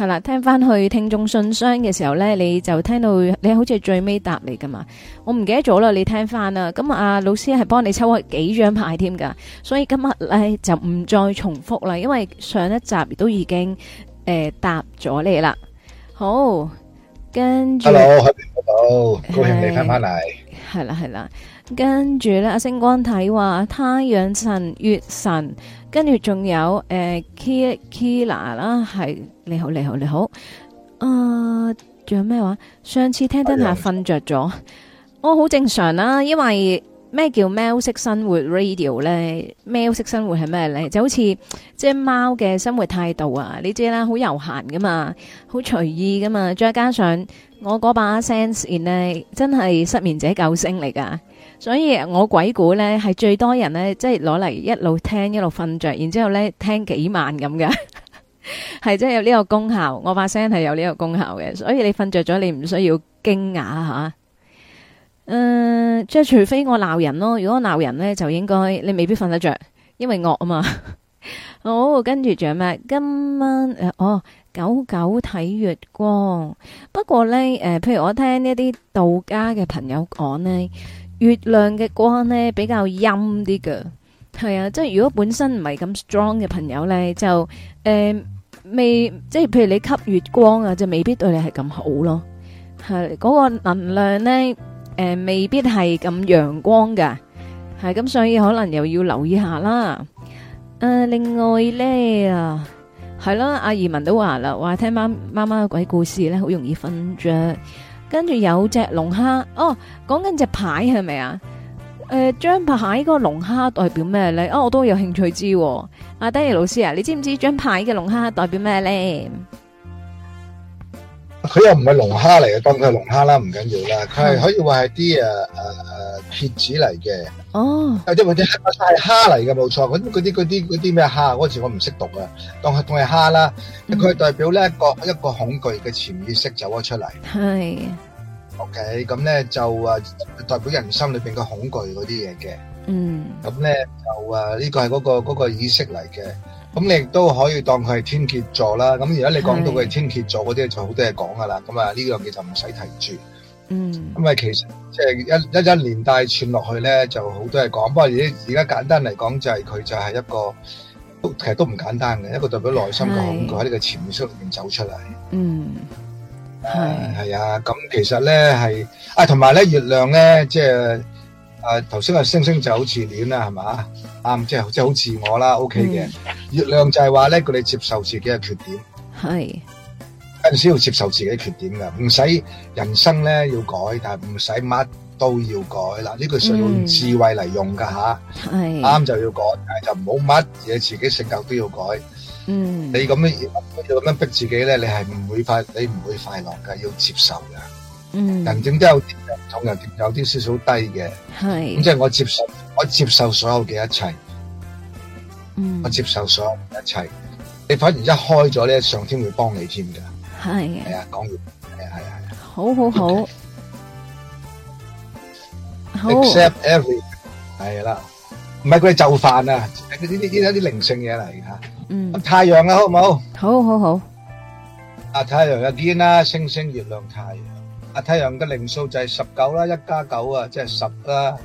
係啦，聽翻去聽眾信箱嘅時候呢，你就聽到你好似係最尾答你噶嘛，我唔記得咗啦，你聽翻啦。咁阿老師係幫你抽開幾張牌添噶，所以今日咧就唔再重複啦，因為上一集都已經誒、呃、答咗你啦。好，跟住 hello 你好，歡迎你聽翻嚟。係啦，係啦，跟住呢，阿星光睇話太陽神、月神。跟住仲有誒 Kila 啦，係、呃、你好，你好，你好。誒，仲有咩話？上次聽得下瞓着咗，我好 Okay.、哦、正常啦、啊。因為咩叫 m a 貓式生活 radio 咧？貓式生活係咩咧？就好似即係貓嘅生活態度啊！你知啦，好悠閒噶嘛，好隨意噶嘛。再加上我嗰把 sense 原 n 真係失眠者救星嚟噶。所以我鬼故咧係最多人咧，即係攞嚟一路聽一路瞓着，然之後咧聽幾晚咁嘅，係即係有呢個功效。我把聲係有呢個功效嘅，所以你瞓着咗，你唔需要驚訝吓。誒、啊呃，即係除非我鬧人咯。如果鬧人咧，就應該你未必瞓得着，因為惡啊嘛。 好，跟住仲有咩？今晚誒、呃，哦，狗狗睇月光。不過咧，誒、呃，譬如我聽一啲道家嘅朋友講呢。月亮嘅光咧，比較陰啲嘅，係啊，即係如果本身唔係咁 strong 嘅朋友咧，就誒未即係，譬如你吸月光啊，就未必對你係咁好咯，係，嗰個能量咧誒未必係咁陽光嘅，係，咁所以可能又要留意下啦。誒，另外咧啊，係咯，阿移民都話啦，話聽媽媽媽嘅鬼故事咧，好容易瞓着。跟住有隻龍蝦，哦，講緊隻牌係咪啊？誒，張、呃、牌個龍蝦代表咩咧？哦，我都有興趣知道、啊。阿 Danny 老師啊，你知唔知張牌嘅龍蝦代表咩咧？佢又唔係龍蝦嚟嘅，當佢係龍蝦係啦，唔緊要啦。佢係可以話係啲誒誒誒蠍子嚟嘅。哦，有啲或者係蝦嚟嘅，冇錯。嗰啲啲啲咩蝦嗰、嗰個、字我唔識讀啊，當係當係蝦啦。佢係代表咧一個、mm. 一個恐懼嘅潛意識走咗出嚟。係的。OK，咁咧就啊，代表人心裏邊嘅恐懼嗰啲嘢嘅。嗯、mm.。咁咧就啊，呢、呢個係嗰、嗰個嗰、嗰個意識嚟嘅。咁你亦都可以當佢係天蠍座啦，咁而家你講到佢係天蠍座嗰啲就好多嘢講噶啦，咁啊呢樣嘢就唔使提住。嗯，因為其實即係一一一年代串落去咧，就好多嘢講。不過而而家簡單嚟講，就係佢就係一個，其實都唔簡單嘅一個代表內心嘅恐懼喺呢個潛意識裏面走出嚟。嗯，係係啊，咁其實咧係啊，同埋咧月亮咧，即係啊頭先啊星星就好似戀啦，係嘛？啱，即係即係好自我啦，OK 嘅。月亮就係話咧，叫你接受自己嘅缺點，係是，有時要接受自己嘅缺點噶，唔使人生咧要改，但係唔使乜都要改啦。呢句需要智慧嚟用噶吓，啱、嗯、就要改，是但係就唔好乜嘢自己嘅性格都要改。嗯，你咁樣要咁樣逼自己咧，你係唔會快，你唔會快樂噶，要接受噶。嗯，人點都有痛，人點有啲少少低嘅，係咁即係我接受，我接受所有嘅一切，嗯，我接受所有一切，你反而一開咗咧，上天會幫你添噶係，係啊，講完，係啊，係啊，好好好，好，accept every，係啦，唔係佢哋就飯啊，呢啲呢啲有啲靈性嘢嚟吓，嗯，太陽啊，好唔好，好好好，啊太陽，again 啦，星星、月亮、太陽。啊！太陽嘅零數就係十九啦，一加九啊，即係十啦，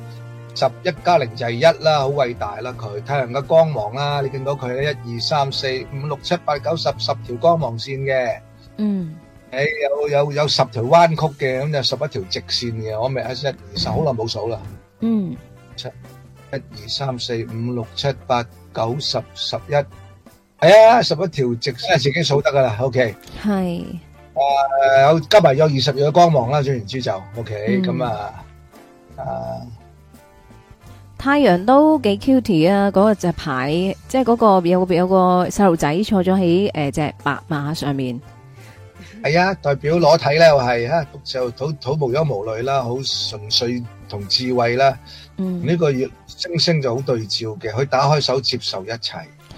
十一加零就係一啦，好偉大啦佢！太陽嘅光芒啦，你見到佢咧，一二三四五六七八九十十條光芒線嘅，嗯，誒有有有十條彎曲嘅，咁就十一條直線嘅，我未一一二十好耐冇數啦，嗯，七一二三四五六七八九十十一，係啊，十一條直即係自己數得噶啦，OK，係。誒，啊、加有加二十日嘅光芒啦，做完之後就 OK 咁啊，啊，太陽都幾 cute 啊！嗰、嗰個隻牌，即係嗰個有,有個有個細路仔坐咗喺誒隻白馬上面。係啊，代表裸體咧，又係吓，就土土無憂無慮啦，好純粹同智慧啦。嗯，呢個月星星就好對照嘅，佢打開手接受一切。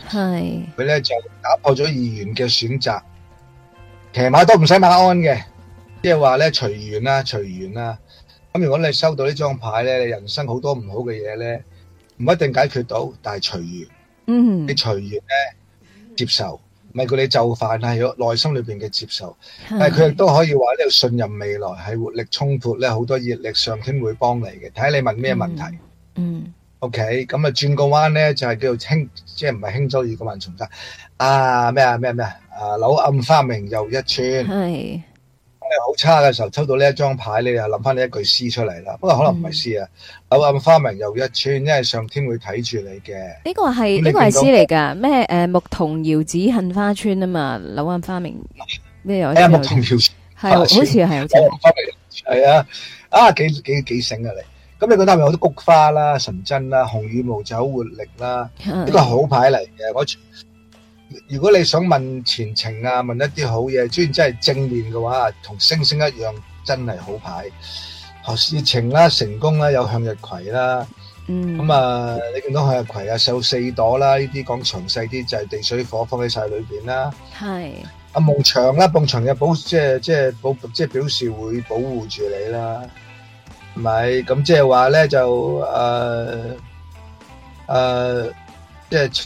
係佢咧就打破咗議員嘅選擇。騎馬都唔使馬鞍嘅，即係話咧隨緣啦，隨緣啦。咁、嗯、如果你收到呢張牌咧，你人生好多唔好嘅嘢咧，唔一定解決到，但係隨緣。嗯、mm，hmm. 你隨緣咧接受，唔係叫你就範啊，要內心裏邊嘅接受。但係佢亦都可以話咧，Yes. 信任未來係活力充沛咧，好多熱力上天會幫你嘅，睇下你問咩問題。Mm hmm. okay? 嗯。O K，咁啊轉個彎咧就係、係、叫做輕，即係唔係輕舟已過萬重山。啊咩啊咩啊咩啊！啊！柳暗花明又一村，係好是、嗯、差嘅時候抽到呢一張牌，你又諗翻呢一句詩出嚟啦。不過可能唔係詩啊！是柳暗花明又一村，因為上天會睇住你嘅。呢個係呢那你 個係詩嚟噶，咩？誒，牧童遙指杏花村啊嘛！柳暗花明咩？我係牧童遙指係好似係。啊、柳暗花明，係啊，啊！啊，幾幾幾醒啊你！咁你覺得咪好多菊花啦、神針啦、紅羽毛酒活力啦，呢、嗯、個好牌嚟嘅。如果你想問前程啊，問一啲好嘢，雖然真係正面嘅話，同星星一樣，真係好牌。學事情啦，成功啦，有向日葵啦。嗯，咁啊，你見到向日葵啊，數四朵啦，呢啲講詳細啲就係地水火放喺晒裏邊啦。係。阿木牆啦，木牆嘅保，即係即係保，即係表示會保護住你啦。唔係，咁即係話呢就誒誒，即係。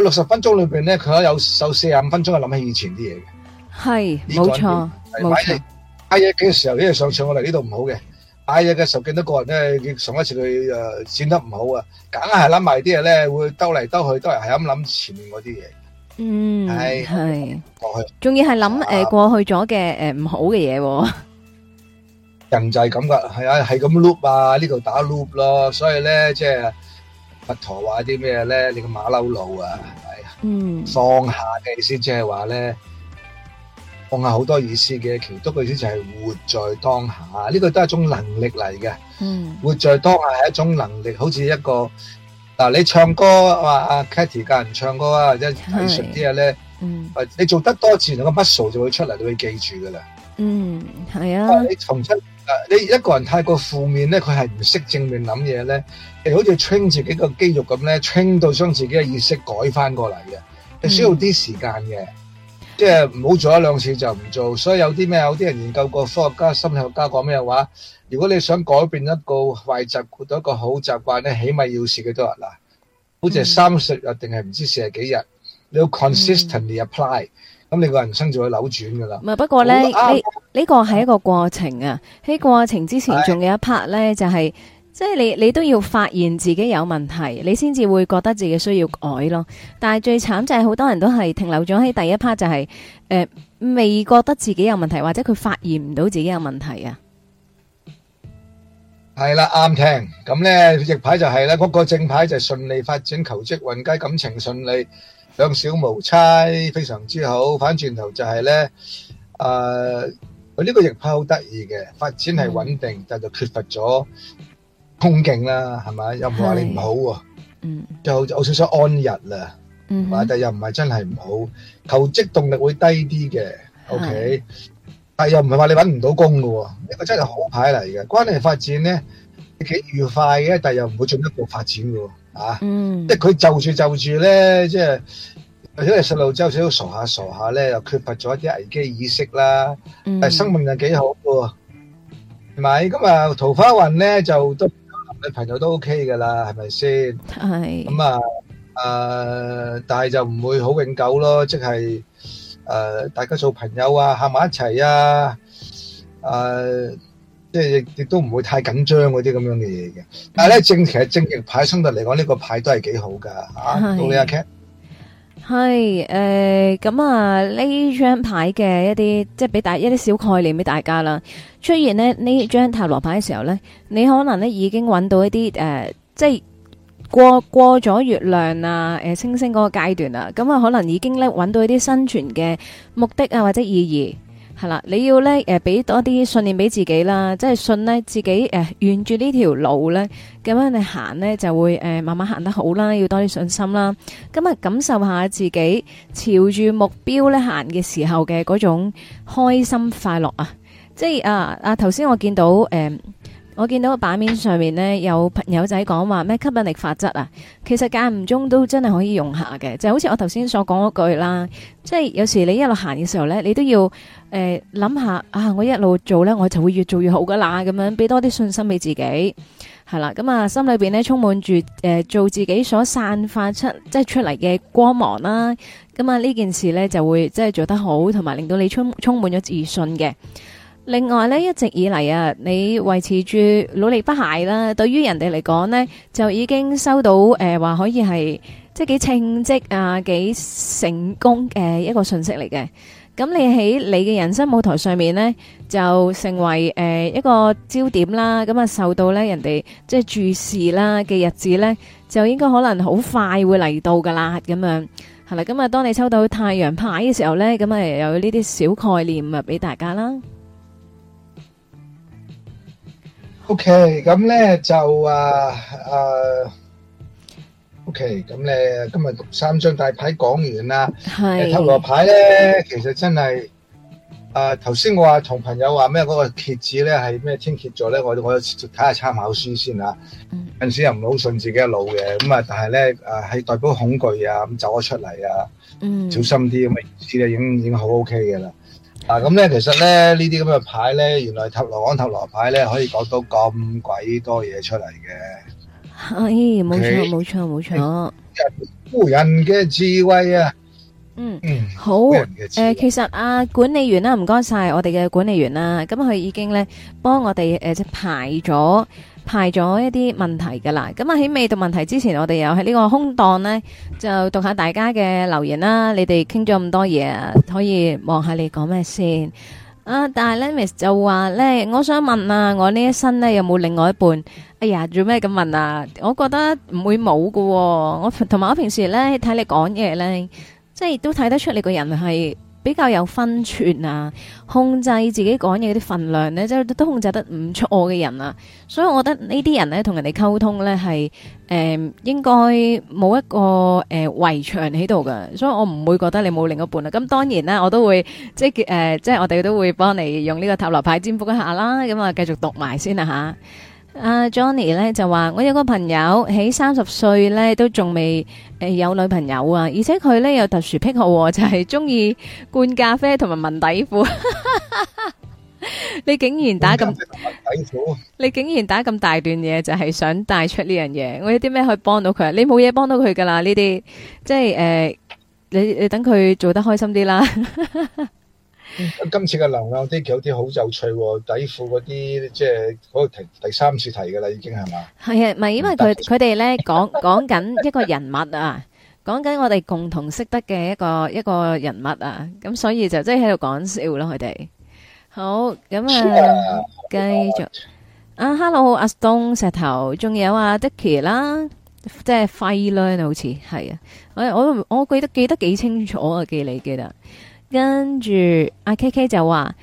六十分鐘裏邊咧，佢有有四十五分鐘係諗起以前啲嘢嘅，係冇錯冇錯。I E 嘅時候，因為上次我嚟呢度唔好嘅，I E 嘅時候見到個人咧，上一次佢誒、呃、剪得唔好啊，梗係諗埋啲嘢咧，會兜嚟兜去都係係咁諗前面嗰啲嘢。嗯，係係唉是過去，仲要係諗誒過去咗嘅誒唔好嘅嘢、啊。人就係咁噶，係啊係咁 loop 啊，呢度打 loop 咯、啊，所以咧即係。佛陀話啲咩咧？你個馬騮路啊，係啊、嗯，放下嘅意思，即係話咧，放下好多意思嘅，其中嘅意思就係活在當下。呢、這個都係一種能力嚟嘅，嗯，活在當下係一種能力，好似一個嗱、啊，你唱歌啊，阿 Katy 教人唱歌啊，即係藝術啲啊，咧，嗯，你做得多次，自然個 muscle 就會出嚟，你會記住噶啦，嗯，係啊。但誒，你一個人太過負面咧，佢係唔識正面諗嘢咧，你好似 train 自己個肌肉咁咧，train 到將自己嘅意識改翻過嚟嘅，嗯、係需要啲時間嘅，即係唔好做一兩次就唔做，所以有啲咩，有啲人研究過，科學家、心理學家講咩話？如果你想改變一個壞習慣到一個好習慣咧，起碼要使幾多日嗱？嗯、好似係三十日定係唔知四十幾日，你要 consistently apply、嗯。嗯咁你個人生就會扭轉噶啦。不過呢，呢個係一個過程啊。喺過程之前，仲有一 part 呢，就係即係你，你都要發現自己有問題，你先至會覺得自己需要改咯。但係最慘就係好多人都係停留咗喺第一 part，就係、是、未、呃、覺得自己有問題，或者佢發現唔到自己有問題啊。係啦，啱聽。咁呢逆牌就係呢，個、那個正牌就係順利發展，求職運佳，感情順利。兩小無猜，非常之好。反轉頭就係咧，誒，佢呢個逆牌好得意嘅，發展係穩定，但係缺乏咗衝勁啦，係咪？又唔話你唔好喎，就好少少安逸啦，係嘛？但係又唔係真係唔好，求職動力會低啲嘅。O K，但係又唔係話你搵唔到工噶，呢個真係好牌嚟嘅。關係發展咧你幾愉快嘅，但係又唔會進一步發展噶。啊，即係佢就住就住咧，即係，因為食路之後少咗傻下傻下咧，又缺乏咗一啲危機意識啦。但係生命又幾好嘅，係咪咁啊？桃花運咧就都男女朋友都 OK 噶啦，係咪先？係咁啊，誒，但係就唔會好永久咯，即係誒，大家做朋友啊，行埋一齊啊，誒。即係亦都唔會太緊張嗰啲咁樣嘅嘢嘅，但係咧、嗯、正其實正逆牌相對嚟講，呢、這個牌都係幾好噶吓。到你啊 cat 係誒，咁是啊呢張、呃啊、牌嘅一啲即係俾大一啲小概念俾大家啦。出現咧呢張塔羅牌嘅時候呢，你可能咧已經揾到一啲誒、呃，即係過過咗月亮啊，誒、呃、星星嗰個階段啦，咁啊可能已經揾到一啲生存嘅目的啊或者意義。係啦，你要咧誒，俾、呃、多啲信念俾自己啦，即係信咧自己誒、呃，沿住呢條路咧咁樣你行咧，就會誒、呃、慢慢行得好啦，要多啲信心啦。咁啊，感受下自己朝住目標咧行嘅時候嘅嗰種開心快樂啊！即係啊啊，頭、啊、先我見到誒。呃我見到個版面上面呢，有朋友仔講話咩吸引力法則啊，其實間唔中都真係可以用下嘅，就好似我頭先所講嗰句啦，即係有時你一路行嘅時候呢，你都要誒諗、呃、下啊，我一路做呢，我就會越做越好噶啦，咁樣俾多啲信心俾自己，係啦，咁啊心裏面呢充滿住誒、呃、做自己所散發出即係出嚟嘅光芒啦，咁啊呢件事呢就會即係做得好，同埋令到你充充滿咗自信嘅。另外咧，一直以嚟啊，你維持住努力不懈啦。對於人哋嚟講呢，就已經收到誒話、呃、可以係即係幾稱職啊，幾成功嘅一個信息嚟嘅。咁你喺你嘅人生舞台上面呢，就成為誒、呃、一個焦點啦。咁啊，受到咧人哋即係注視啦嘅日子呢，就應該可能好快會嚟到噶啦。咁樣係啦。咁啊，當你抽到太陽牌嘅時候呢，咁啊有呢啲小概念啊，俾大家啦。O K，咁咧就啊，誒，O K，咁咧今日讀三張大牌講完啦，係是，塔羅、呃、牌咧，其實真係，誒、呃，頭先我話同朋友話咩、嗰個蠍子咧係咩天蠍座咧，我我睇下參考書先啊，有陣時又唔係好信自己嘅腦嘅，咁啊，但係咧誒，係、呃、代表恐懼啊，咁走咗出嚟啊，嗯，小心啲咁啊，似啊已已經好 O K 嘅啦。嗱，咁咧，其實咧呢啲咁嘅牌咧，原來塔羅王塔羅牌咧，可以講到咁鬼多嘢出嚟嘅，係冇錯，冇錯，冇錯 Okay，人人嘅智慧啊，嗯嗯，嗯好誒、呃，其實啊，管理員啦、啊，唔該晒，我哋嘅管理員啦、啊，咁佢已經咧幫我哋誒、呃、即係排咗。排咗一啲問題噶啦，咁啊喺未讀問題之前，我哋又喺呢個空檔呢，就讀下大家嘅留言啦。你哋傾咗咁多嘢，可以望下你講咩先啊？但係咧 Miss 就話呢：「我想問啊，我呢一生呢，有冇另外一半？哎呀，做咩咁問啊？我覺得唔會冇噶，啊，我同埋我平時呢，睇你講嘢呢，即係都睇得出你個人係。比較有分寸啊，控制自己講嘢啲份量呢，即係都控制得唔錯嘅人啊，所以我覺得呢啲人呢，同人哋溝通呢，係誒、呃、應該冇一個誒、呃、圍牆喺度嘅，所以我唔會覺得你冇另一半啊。咁當然啦，我都會即係、呃、即我哋都會幫你用呢個塔羅牌占卜一下啦。咁啊，繼續讀埋先啦、啊、吓、啊、Johnny 呢，就話：我有個朋友喺三十歲呢，都仲未。哎，有女朋友啊，而且佢呢有特殊癖好啊，就係中意灌咖啡同埋聞底褲。你竟然打咁底褲，你竟然打咁大段嘢，就係想帶出呢樣嘢。我有啲咩可以幫到佢？你冇嘢幫到佢噶啦，呢啲即係誒、呃，你你等佢做得開心啲啦。呵呵嗯、今次嘅流量啲，有啲好有趣。底褲嗰啲，即係嗰個題，第三次提㗎喇，已經係嘛？係啊，唔係因為佢佢哋咧講，講緊一個人物啊，講緊 我哋共同識得嘅一個一個人物啊，咁所以就真係喺度講笑咯，佢哋。好，咁啊，繼、啊、續啊，啊，Hello，阿 Stone 石頭，仲有啊 Dicky 啦，即係 Fieline 好似係啊，我我我記得記得幾清楚啊，記你記得。跟住阿 KK 就話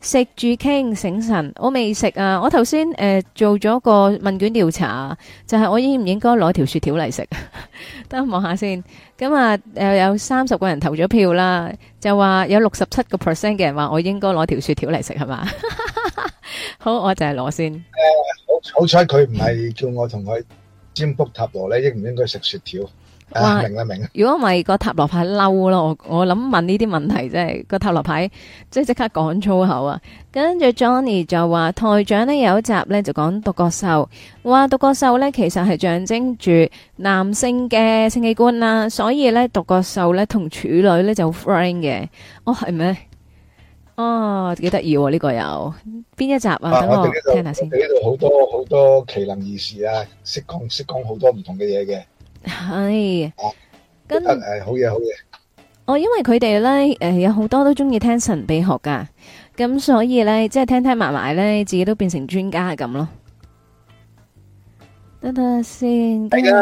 食住傾醒神，我未食啊！我頭先誒做咗個問卷調查，就係、是、我應唔應該攞條雪條嚟食？等我望下先。咁啊誒有三十個人投咗票啦，就話有六十七個 percent 嘅人話我應該攞條雪條嚟食係嘛？是吧 好，我就係攞先。呃、好彩佢唔係叫我同佢占卜塔羅咧， 應唔應該食雪條？哇明啦明啦，如果唔係個塔羅牌嬲咯，我我諗問呢啲問題真係個塔羅牌即係即刻講粗口啊！跟住 Johnny 就話台長呢有一集呢，就講獨角獸，話獨角獸呢其實係象徵住男性嘅性器官啦、啊，所以呢，獨角獸呢同處女呢就好 friend 嘅，哦係咩？哦幾得意，呢個有邊一集啊？等、啊、我聽下先、啊。我呢度好多好多奇能異事啊，識講識講好多唔同嘅嘢嘅。係，跟係好嘢，好嘢。我因為佢哋咧，誒有好多都中意聽神秘學噶，咁所以咧，即係聽聽埋埋咧，自己都變成專家係咁咯。得得先，而家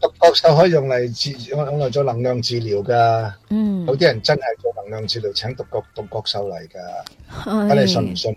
獨角獸可以用嚟治，用嚟做能量治療噶。嗯，有啲人真係做能量治療，請獨角獨角獸嚟噶，睇你信唔信？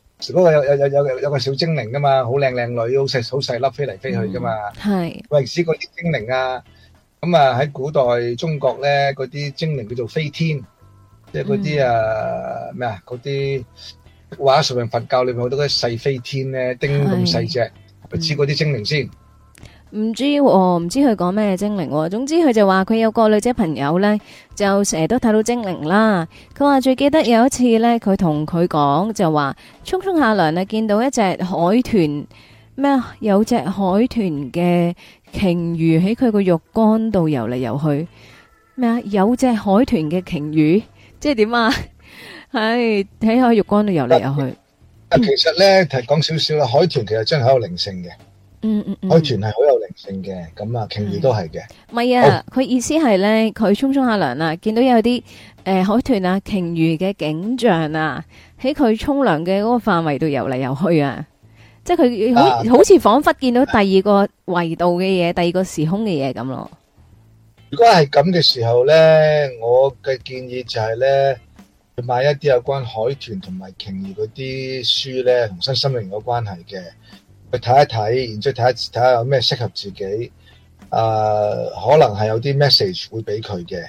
嗰個有有有有有個小精靈噶嘛，好靚靚女，好細好細粒飛嚟飛去噶嘛。係。為之嗰啲精靈啊，咁啊喺古代中國咧，嗰啲精靈叫做飛天，即係嗰啲啊咩啊，嗰啲畫上面佛教裡面好多嗰啲細飛天咧，丁咁細隻，咪知嗰啲精靈先。唔知喎、啊，唔知佢講咩精靈喎、啊。總之佢就話佢有個女仔朋友呢，就成日都睇到精靈啦。佢話最記得有一次呢，佢同佢講就話，冲冲下涼啊，見到一隻海豚咩啊，有隻海豚嘅鯨魚喺佢個浴缸度游嚟游去咩啊？有隻海豚嘅鯨魚，即係點啊？唉、 哎，喺個浴缸度游嚟游去。其實呢，講少少啦，海豚其實真係好有靈性嘅。嗯嗯，嗯嗯，海豚係好有靈性嘅，咁啊鯨魚都係嘅。唔係啊，佢、嗯啊 oh。意思係咧，佢沖沖下涼啦、啊，見到有啲誒、呃、海豚啊、鯨魚嘅景象啊，喺佢沖涼嘅嗰個範圍度游嚟游去啊，即係佢、啊、好好似仿佛見到第二個維度嘅嘢，啊、第二個時空嘅嘢咁咯。如果係咁嘅時候咧，我嘅建議就係咧，買一啲有關海豚同埋鯨魚嗰啲書咧，同身心靈有關係嘅。去睇一睇，然之後睇一睇下有咩適合自己，啊、呃，可能係有啲 message 會俾佢嘅。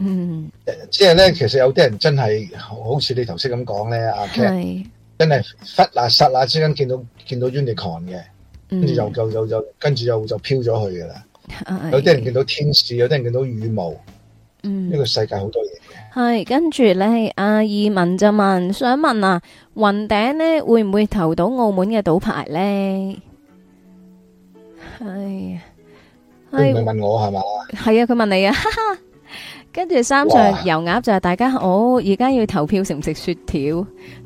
嗯，即係咧，其實有啲人真係好似你頭先咁講咧，阿 Kate，真係忽啦霎啦之間見到見到 unicorn 嘅，跟住又又又跟住又就飄咗、mm. 去噶啦。有啲人見到天使，有啲人見到羽毛。嗯，呢個世界好多嘢。係，跟住咧，阿、啊、二文就問，想問啊，雲頂呢會唔會投到澳門嘅賭牌呢？係、哎、啊，你唔問我係嘛？係啊，佢問你啊，哈哈。跟住三上哇油鴨就係大家好，而家要投票食唔食雪條？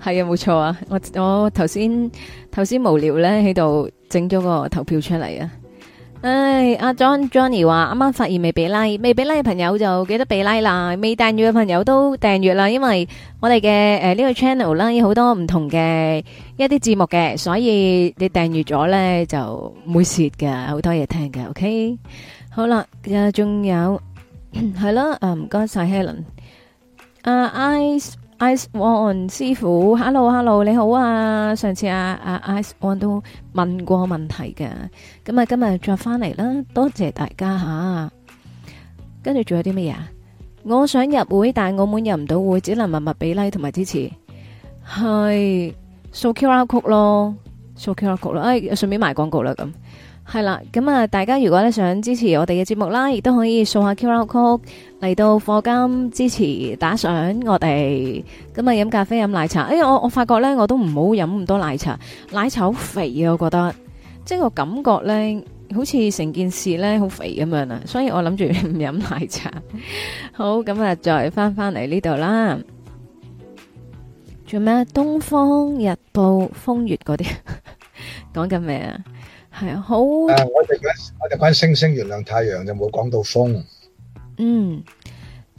係啊，冇錯啊，我我頭先頭先無聊呢，喺度整咗個投票出嚟啊。唉，阿 John Johnny 話啱啱發現未俾 like，未俾 like 嘅朋友就記得俾 like 啦，未訂閱嘅朋友都訂閱啦，因為我哋嘅誒呢個 channel 啦，有好多唔同嘅一啲節目嘅，所以你訂閱咗呢就唔會蝕㗎，好多嘢聽嘅，OK，好啦，啊仲有係咯，啊唔該晒 Helen，阿 Ice。Ice One 師傅，Hello Hello，你好啊！上次啊阿、啊、Ice One 都問過問題嘅，咁啊今日再翻嚟啦，多謝大家吓。跟住仲有啲乜嘢啊？我想入會，但係澳門入唔到會，只能默默俾禮同埋支持，係掃 QR code 咯，掃 QR code 咯，誒，哎，順便賣廣告啦咁。係啦，咁啊，大家如果咧想支持我哋嘅節目啦，亦都可以掃下 Q R code 嚟到課金支持打賞我哋。咁啊，飲咖啡飲奶茶，哎呀，我我發覺咧，我都唔好飲咁多奶茶，奶茶好肥啊，我覺得，即係個感覺咧，好似成件事咧好肥咁樣啊，所以我諗住唔飲奶茶。好，咁啊，再翻翻嚟呢度啦。做咩？《東方日報》、《風月》嗰啲講緊咩啊？係啊，好。誒，我哋嗰我哋關星星月亮、太陽就冇講到風。嗯，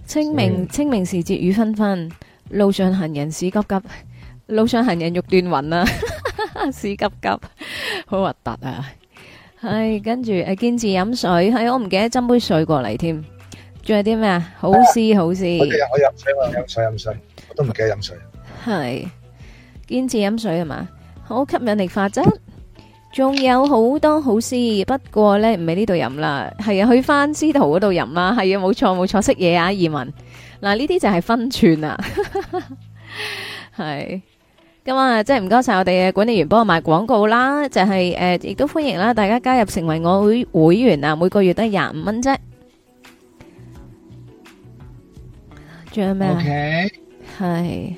清明清明時節雨紛紛，路上行人屎急急，路上行人欲斷魂啊，屎急急，好核突啊！係，跟住誒堅持飲水，係我唔記得斟杯水過嚟添。仲有啲咩啊？好詩好詩。我入我入，想話飲水飲水，都唔記得飲水。係堅持飲水吖嘛，好吸引力法則。仲有好多好事，不過呢唔係呢度飲啦，係啊，去返司徒嗰度飲啦，係啊，冇錯冇錯，識嘢啊，移民，嗱呢啲就係分寸啦，係，咁啊，真係唔該晒我哋嘅管理員幫我賣廣告啦，就係誒，亦都歡迎啦，大家加入成為我會會員啊，每個月得廿五蚊啫，仲有咩啊？係。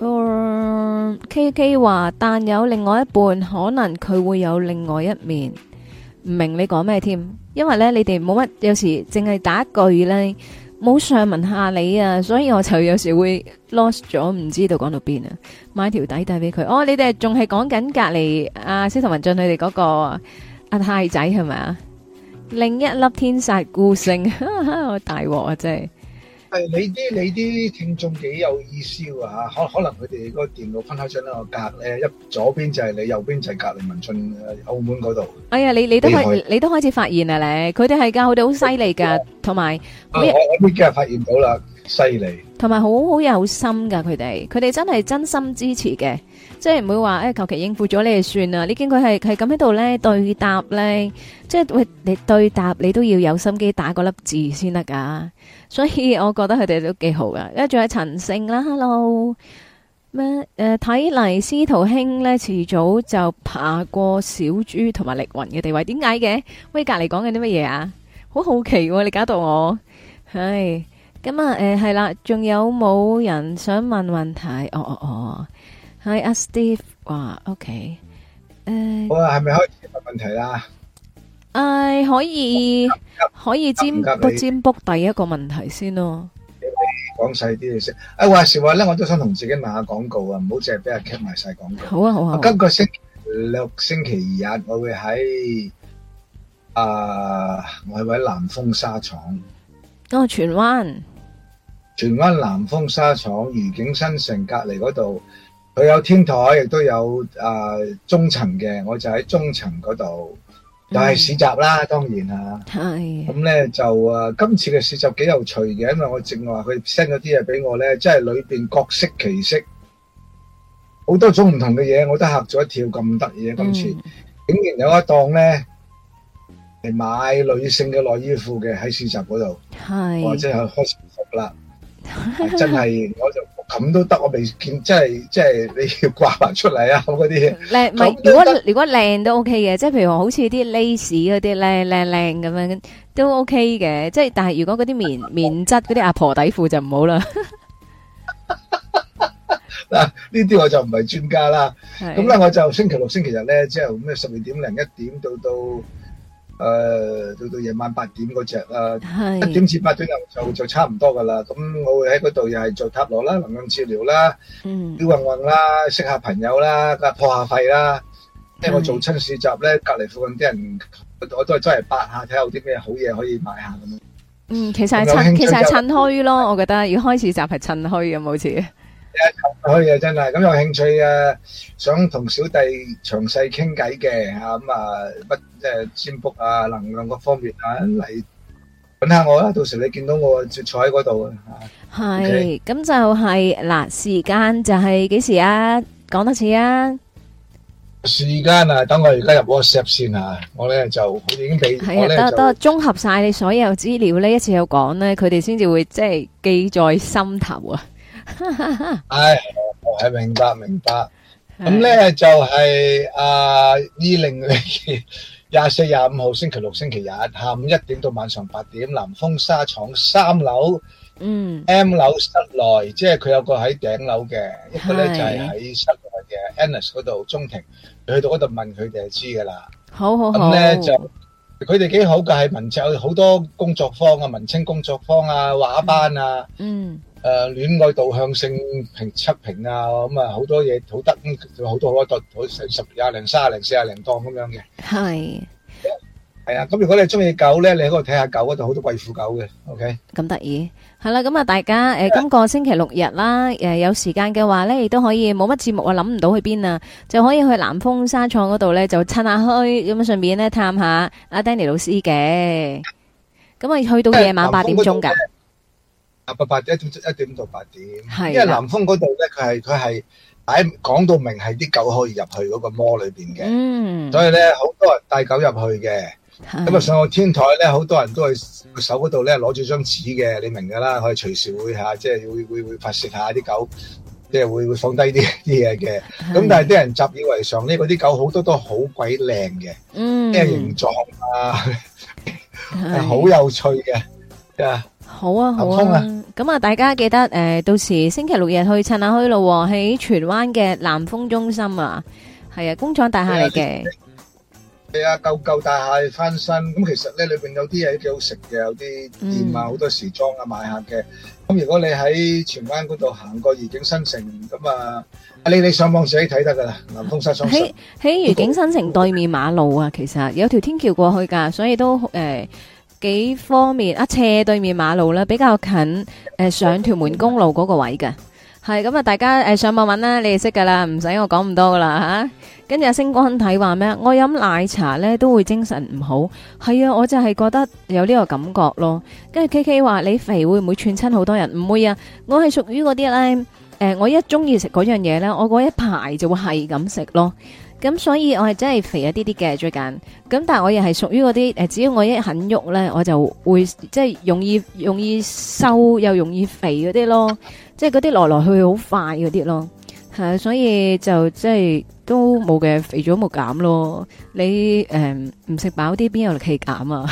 Uh, K K 話，但有另外一半，可能佢會有另外一面，唔明你講咩添？因為咧，你哋冇乜，有時淨係打一句咧，冇上文下理啊，所以我就有時會 lost 咗，唔知道講到邊啊。買條底帶俾佢。哦，你哋仲係講緊隔籬阿司徒文進佢哋嗰個阿泰仔係咪啊？另一粒天煞孤星，大鑊啊，真係！係你啲你啲聽眾幾有意思喎嚇，可可能佢哋個電腦分開咗咧個格咧，一左邊就係你，右邊就係隔離文進澳門嗰度。哎呀，你你都開你都開始發現啦咧，佢哋係㗎，佢哋好犀利㗎，同埋我我已經發現到啦，犀利，同埋好好有心㗎，佢哋佢哋真係真心支持嘅。即係唔會話誒，求其應付咗你就算啦。你見佢係係咁喺度咧對答咧，即係喂你對答你都要有心機打嗰粒字先得噶。所以我覺得佢哋都幾好噶。一仲有陳勝啦，hello 咩誒？睇嚟、呃、司徒兄咧，遲早就爬過小豬同埋力云嘅地位。點解嘅？喂，隔籬講緊啲乜嘢啊？好好奇、啊、你搞到我。係咁啊，誒係啦，仲、嗯嗯嗯嗯、有冇人想問問題？哦哦哦。哦係阿 Steve，哇，OK，誒，我係咪開始問問題啦？誒，可以，可以占卜占卜第一個問題先咯。講細啲先，啊，話時話咧，我都想同自己問下廣告啊，唔好淨係俾人夾埋晒廣告。好啊好啊，今個星期六星期日我會喺啊，我係喺南豐紗廠。哦，荃灣。荃灣南豐紗廠愉景新城隔離嗰度。佢有天台，亦都有啊、呃、中層嘅，我就喺中層嗰度，但、就、係、是、市集啦，嗯、當然啊，係咁咧就啊，今次嘅市集幾有趣嘅，因為我正話佢 send 咗啲嘢俾我咧，即係裏邊各式其式，好多種唔同嘅嘢，我都嚇咗一跳，咁得意，今次嘅竟然有一檔咧係買女性嘅內衣褲嘅喺市集嗰度，或真係開始熟啦，真係我就。咁都得，我未見，即係即係你要掛埋出嚟啊！咁嗰啲，靚唔係？如果如果靚都 OK 嘅，即係譬如好似啲 lace 嗰啲咧，靚靚咁樣都 OK 嘅。即係但係如果嗰啲棉、啊、棉質嗰啲阿婆底褲就唔好啦。嗱、啊，呢啲我就唔係專家啦。咁咧，我就星期六、星期日咧，即係咩十二點零一點到到。誒、呃、到到夜晚八點嗰隻啊，一點是至八點就就差唔多㗎啦。咁、嗯、我會喺嗰度又係做塔羅啦、能量治療啦、啲、嗯、運運啦、識下朋友啦、破下肺啦。因為是我做親市集咧，隔離附近啲人，我都係周圍八下睇下有啲咩好嘢可以買下咁咯。嗯，其實係趁其實係趁墟咯，的我覺得要開市集係趁墟咁好似。一入去啊，真係咁有興趣啊，想同小弟詳細傾偈嘅吓，咁啊不即係占卜啊，能量各方面啊嚟搵下我啦，到時你見到我就坐喺嗰度啊。係，咁就係。嗱，時間就係幾時啊？講多次啊。時間啊，等我而家入 WhatsApp 先吓，我咧就已經俾。係啊，都都綜合晒你所有資料咧，一次有講咧，佢哋先至會即係記在心頭啊。唉，係明白明白。咁咧就係阿二零二二廿四廿五號星期六星期日下午一點到晚上八點，南豐紗廠三樓，嗯，M 樓室內，即係佢有個喺頂樓嘅，一個咧就係喺室內嘅 Annus 嗰度中庭，你去到嗰度問佢哋就知噶啦。好好好，咁咧就佢哋幾好噶，係文青好多工作坊啊，文青工作坊啊，畫班啊，嗯。誒戀愛導向性評測評啊，咁啊好多嘢好得咁，好多好多十廿零、三廿零、四廿零檔咁樣嘅。係，係啊！咁如果你中意狗咧，你喺嗰度睇下狗啊，就好多貴婦狗嘅。OK。咁得意，係啦！咁啊，大家誒今個星期六日啦，誒有時間嘅話咧，亦都可以冇乜節目啊，諗唔到去邊啊，就可以去南風沙廠嗰度咧，就趁下墟咁啊，順便咧探下阿 Danny 老師嘅。咁啊，去到夜晚八點鐘㗎。啊八八一點一點到八點，因為南豐嗰度咧，佢係佢係，誒講到明係啲狗可以入去嗰個摩裏邊嘅，所以咧，好多人帶狗入去嘅，咁啊上個天台咧，好多人都係手嗰度咧攞住張紙嘅，你明噶啦，佢隨時會吓，即係會會會發泄下啲狗，即係會會放低啲啲嘢嘅，咁但係啲人習以為常，呢嗰啲狗好多都好鬼靚嘅，嗯，咩形狀啊，係好有趣嘅，啊！好啊，好啊，咁啊，大家記得誒，到時星期六日去趁下墟咯，喺荃灣嘅南豐中心啊，係啊，工廠大廈嚟嘅，係啊，舊舊大廈翻新，咁其實咧裏邊有啲嘢都幾好食嘅，有啲店啊，好多時裝啊，買下嘅，咁如果你喺荃灣嗰度行過愉景新城，咁啊，你你上網自己睇得噶啦，南豐新城，喺喺愉景新城對面馬路啊，其實有條天橋過去噶，所以都誒。幾方便啊？斜對面馬路啦，比較近誒、呃，上屯門公路嗰個位嘅，係咁、哦呃、啊！大家誒上網揾啦，你哋識噶啦，唔使我講咁多噶啦吓。跟住星光睇話咩？我飲奶茶呢都會精神唔好，係啊，我就係覺得有呢個感覺咯。跟住 KK 話你肥會唔會串親好多人？唔會啊，我係屬於嗰啲呢。誒、呃，我一中意食嗰樣嘢呢，我嗰一排就會係咁食咯。咁、嗯、所以，我係真係肥一啲啲嘅最近。咁但係我又係屬於嗰啲，誒，只要我一肯喐咧，我就會即係、就是、容易容易瘦又容易肥嗰啲咯。即係嗰啲來來去去好快嗰啲咯。吓、嗯，所以就即係都冇嘅，肥咗冇減咯。你誒唔食飽啲，邊有力氣減啊？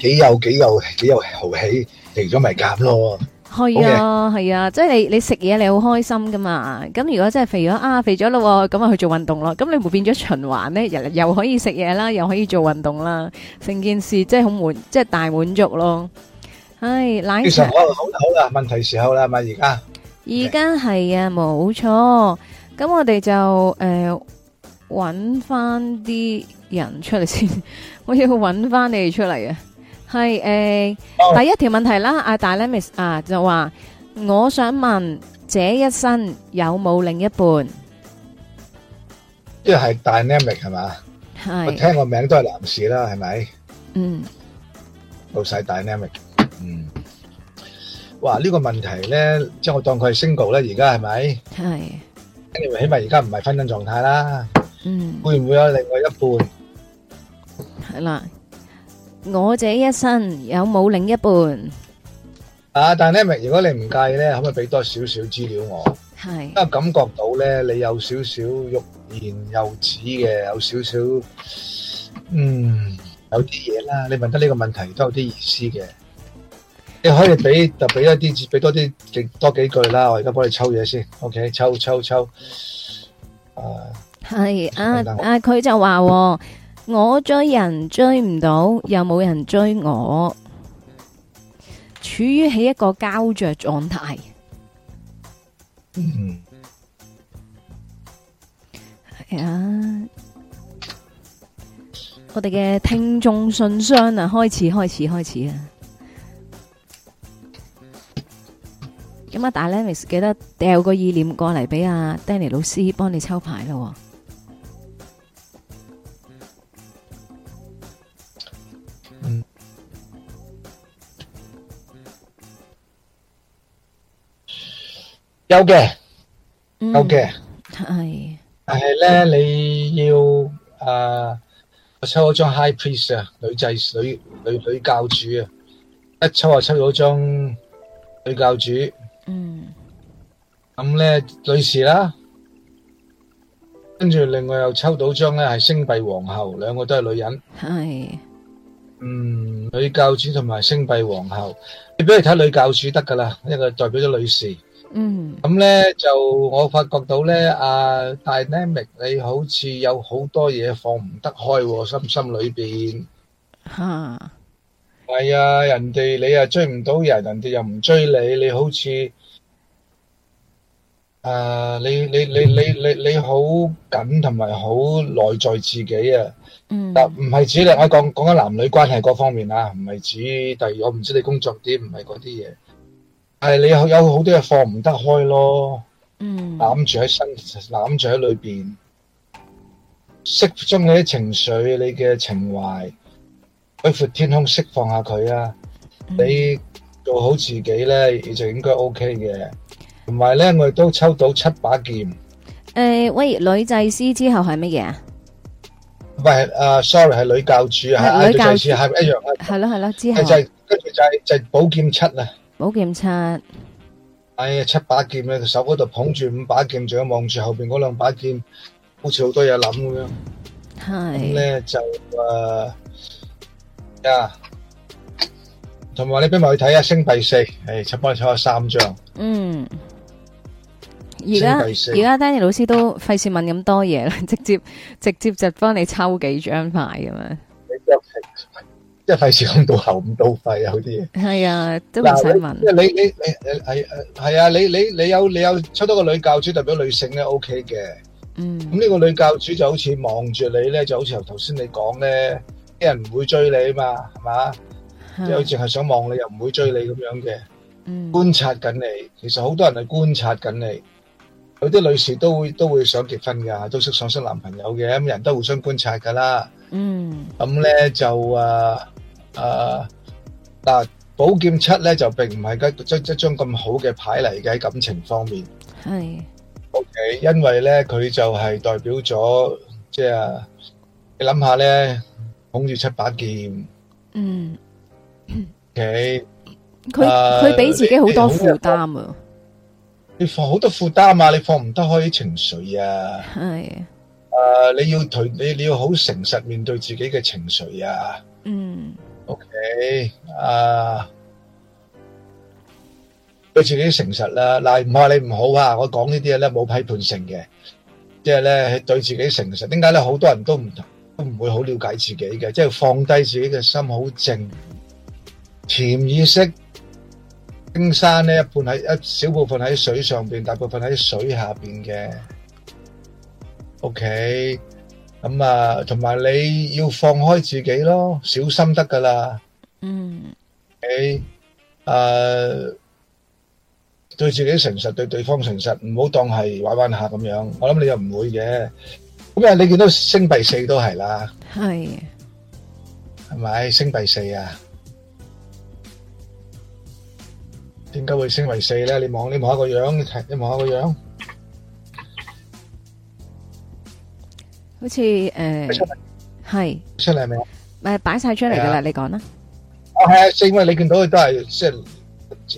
幾 有幾有幾有豪氣，肥咗咪減咯？係啊，係啊，即係你你食嘢，你好開心噶嘛？咁如果真係肥咗啊，肥咗咯，咁啊去做運動咯，咁你唔變咗循環咧？日日又可以食嘢啦，又可以做運動啦，成件事即係好滿，即係大滿足咯。唉，奶茶好啦，好啦，問題時候啦，咪而家而家係啊，冇錯。咁我哋就誒搵翻啲人出嚟先，我要搵翻你哋出嚟啊！係誒，第一條問題啦，阿 Dynamic 啊，就話我想問，這一生有冇另一半？即係 Dynamic 係嘛？係。我聽個名都係男士啦，係咪？嗯。老細 Dynamic，嗯。哇，呢個問題咧，即係我當佢係 single 咧，而家係咪？係。咁起碼而家唔係婚姻狀態啦。嗯。會唔會有另外一半？係啦。我這一生有冇另一半啊？但係咧，如果你唔介意咧，可唔可以俾多少少資料我？係，因為感覺到咧，你有少少欲言又止嘅，有少少，嗯，有啲嘢啦。你問得呢個問題都有啲意思嘅。你可以俾就俾一啲，俾多啲，多幾句啦。我而家幫你抽嘢先。OK，抽抽抽。係啊啊！佢就話。我追人追唔到，又冇人追我，處於喺一個膠着狀態。Mm hmm. 嗯，係啊，我哋嘅聽眾信箱啊，開始開始開始啊！咁啊，大 Alex 記得掉個意念過嚟俾阿 Danny 老師幫你抽牌啦。有嘅，有嘅，係但係咧，你要誒，我抽咗張 High Priest 啊，女祭女女女教主啊，一抽啊抽到張女教主，嗯，咁咧女士啦，跟住另外又抽到張咧係星幣皇后，兩個都係女人，係嗯女教主同埋星幣皇后，你俾佢睇女教主得噶啦，一個代表咗女士。嗯，咁咧、mm. 就我發覺到咧，啊 Dynamic，你好似有好多嘢放唔得開心、啊、心裏邊。吓，係啊，人哋你啊追唔到人，人哋又唔追你，你好似誒、啊，你你你你你你好緊同埋好內在自己啊。嗯、mm.。但唔係指你我講講緊男女關係各方面啊，唔係指第二，我唔知你工作啲唔係嗰啲嘢。係你有好多嘢放唔得開咯，攬住喺身，攬住喺裏邊，釋出你啲情緒，你嘅情懷，海闊天空釋放下佢啊！嗯、你做好自己咧，你就應該 OK 嘅。同埋咧，我哋都抽到七把劍。誒、呃，喂，女祭司之後係乜嘢啊？唔係、uh，sorry 係女教主啊，係女教主係咪一樣啊？係咯係咯，之後跟住就係就係寶劍七啊。冇劍插，哎呀，七把劍咧，手嗰度捧住五把劍，仲有望住後邊嗰兩把劍，好似好多嘢諗咁樣。係咧 Hi、嗯、就誒，啊、uh, yeah，同埋你畀埋去睇下星幣四，係、哎、七幫你抽下三張。嗯，而家而家 Danny 老師都費事問咁多嘢，直接直接就幫你抽幾張牌咁樣。即係費事講到喉唔到肺啊！嗰啲嘢係啊，都唔使問。即係你你你誒係誒係啊！你你你有你有出多個女教主代表女性咧，OK 嘅。嗯。咁呢個女教主就好似望住你咧，就好似由頭先你講咧，啲人唔會追你啊嘛，係嘛？即係好似係想望你，又唔會追你咁樣嘅。嗯。觀察緊你，其實好多人係觀察緊你。有啲女士都會都會想結婚噶，都識想識男朋友嘅。咁人都互相觀察噶啦。嗯。咁咧就誒。誒，嗱，寶劍七咧就並唔係一一一張咁好嘅牌嚟嘅喺感情方面。係，O K，因為咧佢就係代表咗，即係你諗下咧，捧住七把劍。嗯，O K，佢佢俾自己好多負擔啊！你放好多負擔啊！你放唔得開啲情緒啊！係，誒，你要同你你要好誠實面對自己嘅情緒啊！嗯。O.K. 啊，對自己誠實啦，嗱唔怕你唔好啊，我講呢啲嘢咧冇批判性嘅，即係咧對自己誠實。點解咧？好多人都唔同，都唔會好了解自己嘅，即係放低自己嘅心好靜，潛意識冰山咧一半喺一小部分喺水上邊，大部分喺水下邊嘅。O.K. 咁啊，同埋你要放開自己咯，小心得噶啦。嗯，你誒，對自己誠實，對對方誠實，唔好當係玩玩下咁樣。我諗你又唔會嘅。咁啊，你見到星幣四都係啦。係，係咪星幣四啊？點解會星幣四咧？你望你望下個樣，你睇你望下個樣。好似誒，係出嚟未？誒，擺晒出嚟噶啦，你講啦。哦，係啊，正因為你見到佢都係即係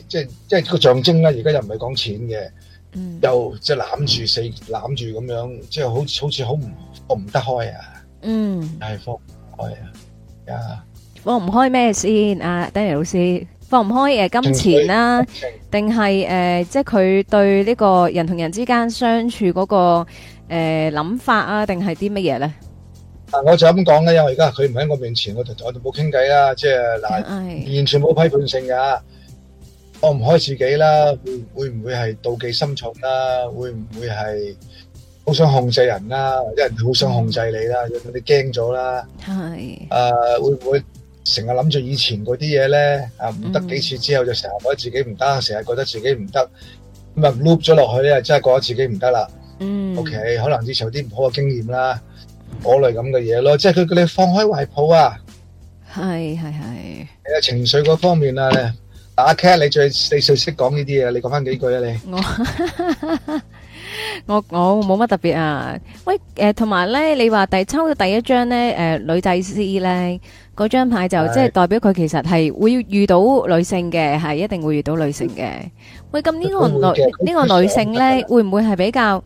即係即係個象徵啦。而家又唔係講錢嘅，嗯，又即係攬住四攬住咁樣，即係好好似好唔放唔得開啊。嗯，係放唔開啊。啊，放唔開咩先？阿 Danny 老師，放唔開誒金錢啦，定係誒即係佢對呢個人同人之間相處嗰個？誒，諗、呃、法啊，定係啲乜嘢咧？啊，我就咁講咧，因為而家佢唔喺我面前，我就我哋冇傾偈啦，即係嗱，啊、的完全冇批判性噶、啊。我唔開自己啦，會會唔會係妒忌心重啦、啊？會唔會係好想控制人啦、啊？啲人好想控制你啦、啊，令你驚咗啦。係的。誒、啊，會唔會成日諗住以前嗰啲嘢咧？啊，唔得幾次之後就成日覺得自己唔得，成日、嗯、覺得自己唔得，咁啊 loop 咗落去咧，真係覺得自己唔得啦。嗯，OK，可能之前有啲唔好嘅經驗啦，我類咁嘅嘢咯，即係佢叫你放開懷抱啊，係係係，誒，情緒嗰方面啊，打卡你最你最識講呢啲嘢，你講翻幾句啊你，我我冇乜特別啊，喂，誒，同埋咧，你話第抽到第一張咧，誒，女祭司咧。嗰張牌就即係代表佢其實係會遇到女性嘅，係一定會遇到女性嘅。喂，咁呢個女呢個女性咧，會唔會係比較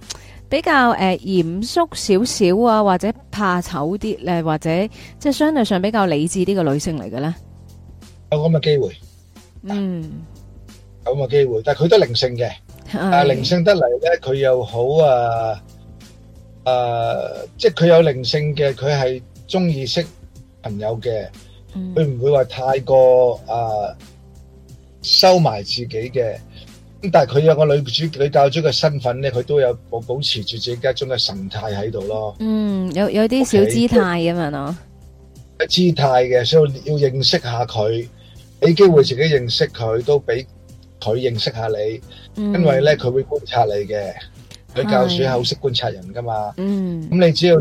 比較誒嚴肅少少啊，或者怕醜啲咧，或者即係相對上比較理智啲嘅女性嚟嘅咧？有咁嘅機會，嗯，有咁嘅機會。但係佢都靈性嘅，但係靈性得嚟咧，佢又好啊，誒，即係佢有靈性嘅，佢係中意識朋友嘅，佢唔會話太過誒收埋自己嘅，咁但係佢有個女主女教主嘅身份咧，佢都有保保持住自己家中嘅神態喺度咯。嗯，有有啲小姿態咁樣咯。姿態嘅，所以要認識下佢，俾機會自己認識佢，都俾佢認識下你。嗯，因為咧佢會觀察你嘅，女教主係好識觀察人噶嘛。的嗯，咁你只要。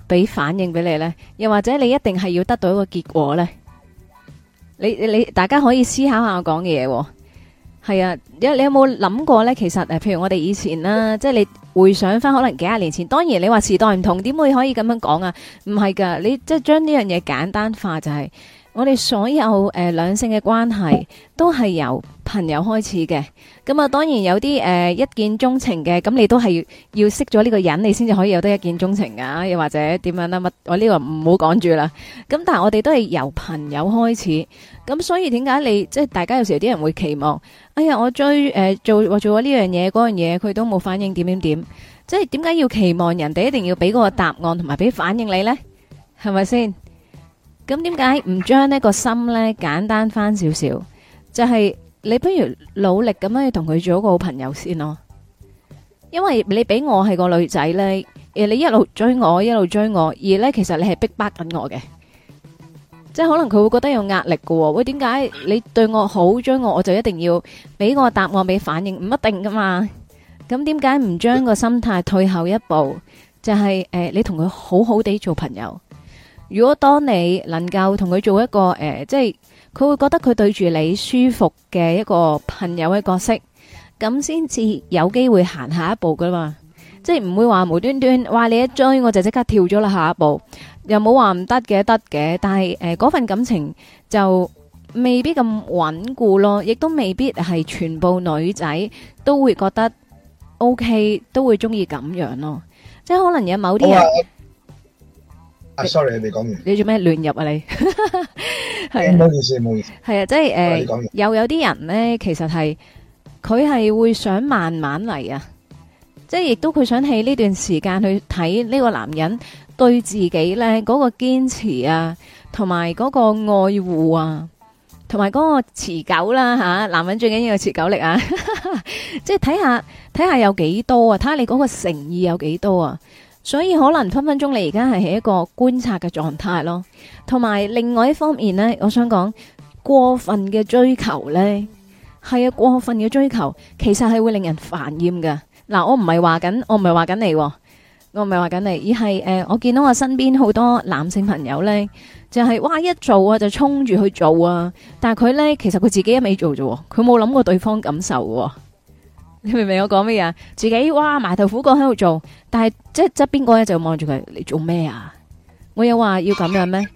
俾反應俾你呢，又或者你一定係要得到一個結果呢？你你，你大家可以思考下我講嘅嘢喎。係啊，你你有冇諗過呢？其實誒，譬如我哋以前啦，啊，即係你回想翻，可能幾廿年前，當然你話時代唔同，點會可以咁樣講啊？唔係噶，你即係將呢樣嘢簡單化，就係、是。我哋所有誒、呃、兩性嘅關係都係由朋友開始嘅，咁啊當然有啲誒、呃、一見鍾情嘅，咁你都係要識咗呢個人，你先至可以有得一見鍾情㗎。又或者點樣啦乜？我呢個唔好講住啦。咁但係我哋都係由朋友開始，咁所以點解你即係大家有時有啲人會期望，哎呀，我追誒、呃、做我做咗呢樣嘢嗰樣嘢，佢都冇反應點點點，即係點解要期望人哋一定要俾個答案同埋俾反應你呢？係咪先？咁點解唔將呢個心咧簡單翻少少？就係你不如努力咁樣去同佢做一個好朋友先咯。因為你俾我係個女仔咧，而你一路追我一路追我，而咧其實你係逼迫緊我嘅，即係可能佢會覺得有壓力噶。喂，點解你對我好追我，我就一定要俾個答案俾反應？唔一定噶嘛。咁點解唔將個心態退後一步？就係誒，你同佢好好地做朋友。如果當你能夠同佢做一個、呃、即係佢會覺得佢對住你舒服嘅一個朋友嘅角色，咁先至有機會行下一步噶啦嘛？即係唔會話無端端話你一追我就即刻跳咗啦，下一步又冇話唔得嘅，得嘅。但係嗰、呃、份感情就未必咁穩固咯，亦都未必係全部女仔都會覺得 OK，都會中意咁樣咯。即係可能有某啲人。嗯啊、sorry，你未講完。你做咩亂入啊？你係，唔好意思，唔好意思。係啊，即係誒，又有啲人咧，其實係佢係會想慢慢嚟啊，即係亦都佢想喺呢段時間去睇呢個男人對自己咧嗰、嗰個堅持啊，同埋嗰個愛護啊，同埋嗰個持久啦、啊、吓。男人最緊要有持久力啊，即係睇下睇下有幾多啊，睇下你嗰個誠意有幾多啊。所以可能分分鐘你而家係一個觀察嘅狀態咯，同埋另外一方面呢，我想講過分嘅追求呢，係啊，過分嘅追求其實係會令人煩厭噶。嗱，我唔係話緊，我唔係話緊你、哦，我唔係話緊你，而係誒、呃，我見到我身邊好多男性朋友呢，就係、是、哇一做啊就衝住去做啊，但係佢呢，其實佢自己一味做啫，佢冇諗過對方感受喎、哦。你明唔明我講咩啊？自己哇埋頭苦幹喺度做，但係即係側邊個咧就望住佢，你做咩啊？我有話要咁樣咩？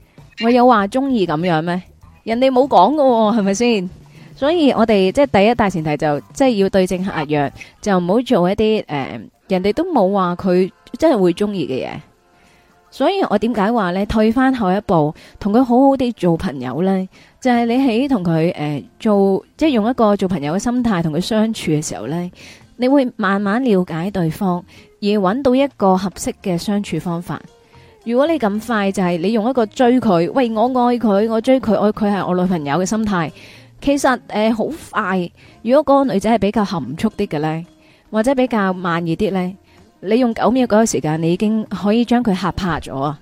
我有話中意咁樣咩？人哋冇講噶，係咪先？所以我哋即係第一大前提就即係要對症下藥，就唔好做一啲誒、呃，人哋都冇話佢真係會中意嘅嘢。所以我點解話咧，退翻後一步，同佢好好地做朋友呢？就係、是、你喺同佢誒做，即係用一個做朋友嘅心態同佢相處嘅時候呢，你會慢慢了解對方，而揾到一個合適嘅相處方法。如果你咁快，就係、是、你用一個追佢，喂我愛佢，我追佢，愛佢係我女朋友嘅心態，其實誒好、呃、快。如果嗰個女仔係比較含蓄啲嘅呢，或者比較慢熱啲呢。你用九秒嗰個時間，你已經可以將佢嚇怕咗啊！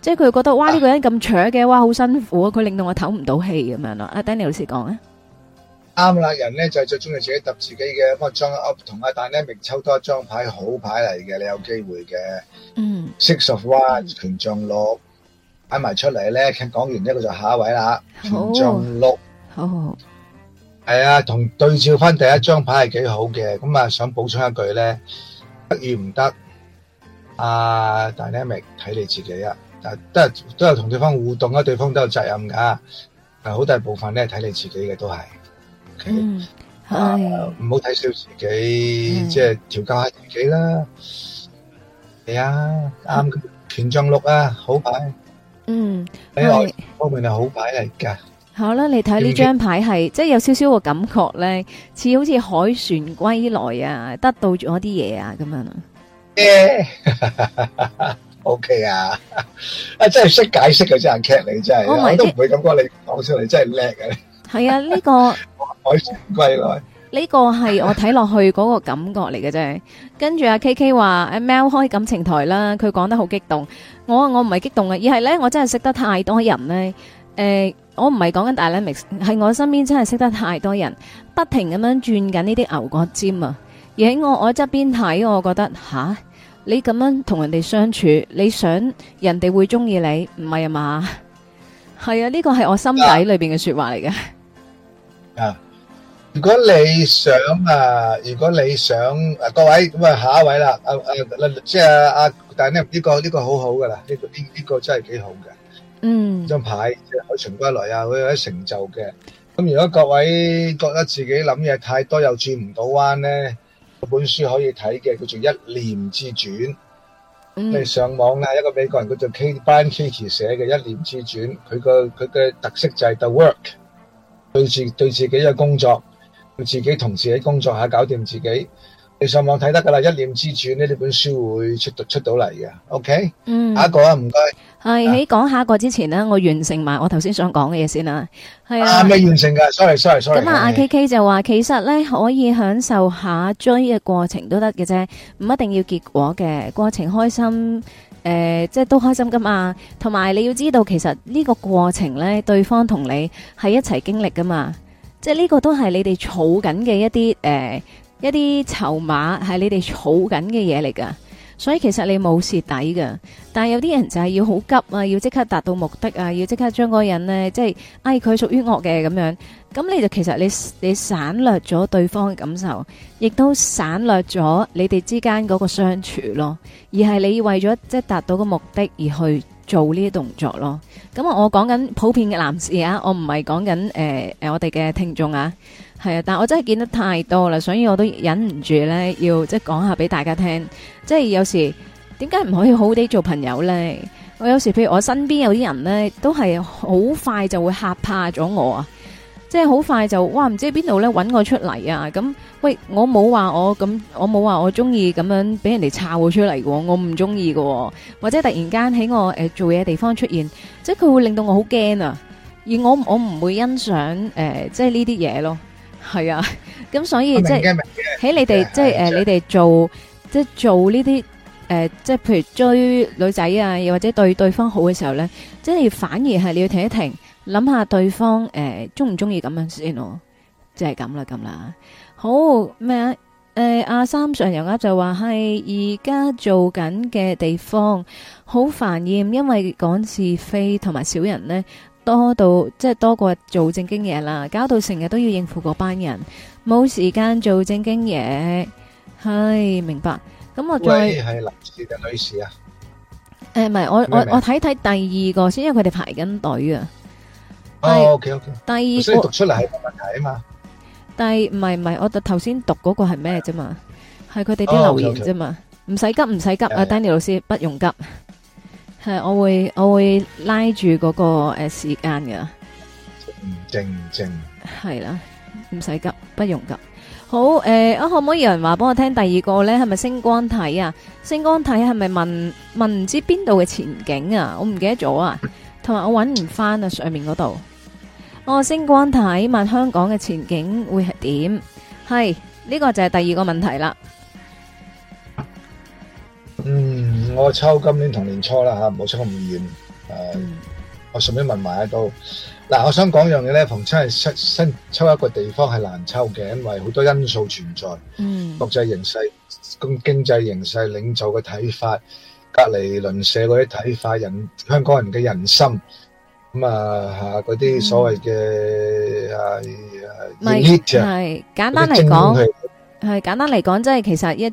即係佢覺得哇，呢個人咁蠢嘅，哇，好辛苦，佢令到我唞唔到氣咁樣咯。阿 Daniel 老師講咧，啱啦，人咧就係最中意自己揼自己嘅。咁啊裝 up 同阿 Daniel 抽多一張牌，好牌嚟嘅，你有機會嘅。嗯，Six of Wands 權杖六，擺埋出嚟咧，講完呢個就下一位啦。權杖六，好好，係啊，同對照翻第一張牌係幾好嘅，咁啊想補充一句咧。得唔得，啊！但係咧，咪睇你自己啊！但係都係，都有同對方互動啊，對方都有責任噶。但係好大部分咧，睇你自己嘅都係。嗯，係唔好睇小自己，即係調教下自己啦。係啊，啱。權杖六啊，好牌。嗯，另外方面係好牌嚟噶。好啦，你睇呢張牌係，即係有少少個感覺咧，似好似海船歸來啊，得到咗我啲嘢啊咁樣。誒，OK 啊，啊真係識解釋嘅真係，K 你真係，我都唔會咁講你，講出嚟真係叻嘅。係啊，呢個海船歸來，呢個係我睇落去嗰個感覺嚟嘅啫。跟住阿 K K 話，阿 Mel 開感情台啦，佢講得好激動。我我唔係激動啊，而係咧，我真係識得太多人咧，誒。我唔係講緊 dynamics，係我身邊真係識得太多人，不停咁樣轉緊呢啲牛角尖啊！而喺我我側邊睇，我覺得吓你咁樣同人哋相處，你想人哋會中意你，唔係啊嘛？係啊，呢個係我心底裏邊嘅說話嚟嘅。啊，啊，如果你想啊，如果你想啊，各位咁啊，下一位啦。即係阿但係呢個？呢個呢個好好噶啦，呢個呢個真係幾好嘅。嗯，張牌即係凱旋歸來啊！會有啲成就嘅。咁如果各位覺得自己諗嘢太多又轉唔到彎咧，本書可以睇嘅，叫做《一念之轉》。嗯。你上網咧，一個美國人叫做 Byron Katie 寫嘅《一念之轉》，佢個佢嘅特色就係 The Work，對自對自己嘅工作，對自己同事喺工作下搞掂自己。你上網睇得噶啦，《一念之轉》呢啲本書會出到出到嚟嘅。O. K. 嗯。下一個啊，唔該。係喺講下一個之前我完成埋我頭先想講嘅嘢先啦。係啊，係咪、啊、完成噶，sorry，sorry，sorry。咁、嗯、啊，阿 K K 就話，其實咧可以享受下追嘅過程都得嘅啫，唔一定要結果嘅過程開心，誒、呃，即係都開心噶嘛。同埋你要知道，其實呢個過程咧，對方同你係一齊經歷噶嘛，即係呢個都係你哋儲緊嘅一啲誒、呃、一啲籌碼，係你哋儲緊嘅嘢嚟噶。所以其實你冇蝕底噶，但係有啲人就係要好急啊，要即刻達到目的啊，要即刻將嗰個人呢，即係哎佢屬於我嘅咁樣，咁你就其實你你省略咗對方嘅感受，亦都省略咗你哋之間嗰個相處咯，而係你為咗即係達到個目的而去做呢啲動作咯。咁啊，我講緊普遍嘅男士啊，我唔係講緊誒誒我哋嘅聽眾啊。係啊，但我真係見得太多啦，所以我都忍唔住咧，要即係講下俾大家聽。即係有時點解唔可以好好地做朋友呢？我有時譬如我身邊有啲人呢，都係好快就會嚇怕咗我啊！即係好快就哇，唔知邊度呢？搵我出嚟啊！咁喂，我冇話我咁，我冇話我中意咁樣俾人哋抄我出嚟嘅，我唔中意嘅。或者突然間喺我誒、呃、做嘢地方出現，即係佢會令到我好驚啊！而我我唔會欣賞誒、呃，即係呢啲嘢咯。係啊，咁所以即係喺你哋即係誒，你哋做即係做呢啲誒，即係、呃、譬如追女仔啊，又或者對對方好嘅時候咧，即係反而係你要停一停，諗下對方誒中唔中意咁樣先咯、哦，即係咁啦咁啦。好咩啊？誒、呃，阿三上人家就話係而家做緊嘅地方好煩厭，因為講是非同埋小人呢。多到即係多過做正經嘢啦，搞到成日都要應付嗰班人，冇時間做正經嘢，係明白。咁我再係男士定女士啊？誒，唔係，我我我睇睇第二個先，因為佢哋排緊隊啊。係。O K O K。第二個。所以讀出嚟，係冇問題啊嘛。第唔係唔係，我頭先讀嗰個係咩啫嘛？係佢哋啲留言啫嘛，唔使急唔使急啊，Danny 老師不用急。係，我會我會拉住嗰、那個誒、呃、時間噶，唔正唔正？係啦，唔使急，不用急。好誒，啊、呃、可唔可以有人話俾我聽第二個呢？係咪星光體啊？星光體係咪問問唔知邊度嘅前景啊？我唔記得咗啊，同埋 我揾唔返啊上面嗰度。我、哦、星光體問香港嘅前景會係點？係呢、這個就係第二個問題啦。嗯，我抽今年同年初啦吓，唔好抽咁遠。誒，我順便問埋一道。嗱，我想講樣嘢咧，逢親係新新抽一個地方係難抽嘅，因為好多因素存在。嗯。國際形勢、咁經濟形勢、領袖嘅睇法、隔籬鄰舍嗰啲睇法、人香港人嘅人心。咁啊，吓嗰啲所謂嘅啊啊，heat 啊。唔係簡單嚟講，係簡單嚟講，即係其實一。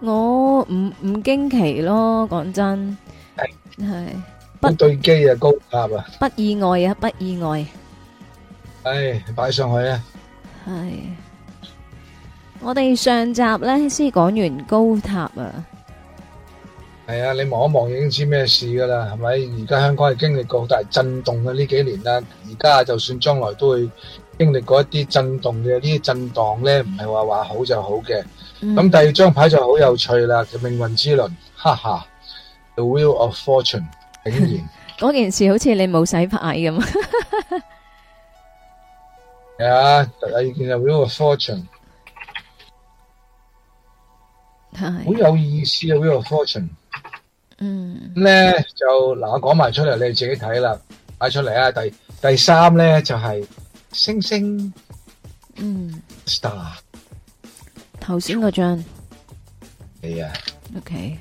我唔唔驚奇咯，講真係係不對機啊，高塔啊，不意外啊，不意外。係擺上去啊，係我哋上集咧先講完高塔啊，係啊，你望一望已經知咩事噶啦，係咪？而家香港係經歷過好大震動嘅呢幾年啦，而家就算將來都會經歷過一啲震動嘅呢啲震盪咧，唔係話話好就好嘅。咁第二張牌就好有趣啦，叫命運之輪，哈哈，The Wheel of Fortune，竟然嗰件事好似你冇洗牌咁，係啊，第二件就 Wheel of Fortune，好有意思啊，Wheel of Fortune，嗯，咁咧就嗱我講埋出嚟，你哋自己睇啦，擺出嚟啊，第第三咧就係星星，嗯，Star。頭先個張，係啊，OK，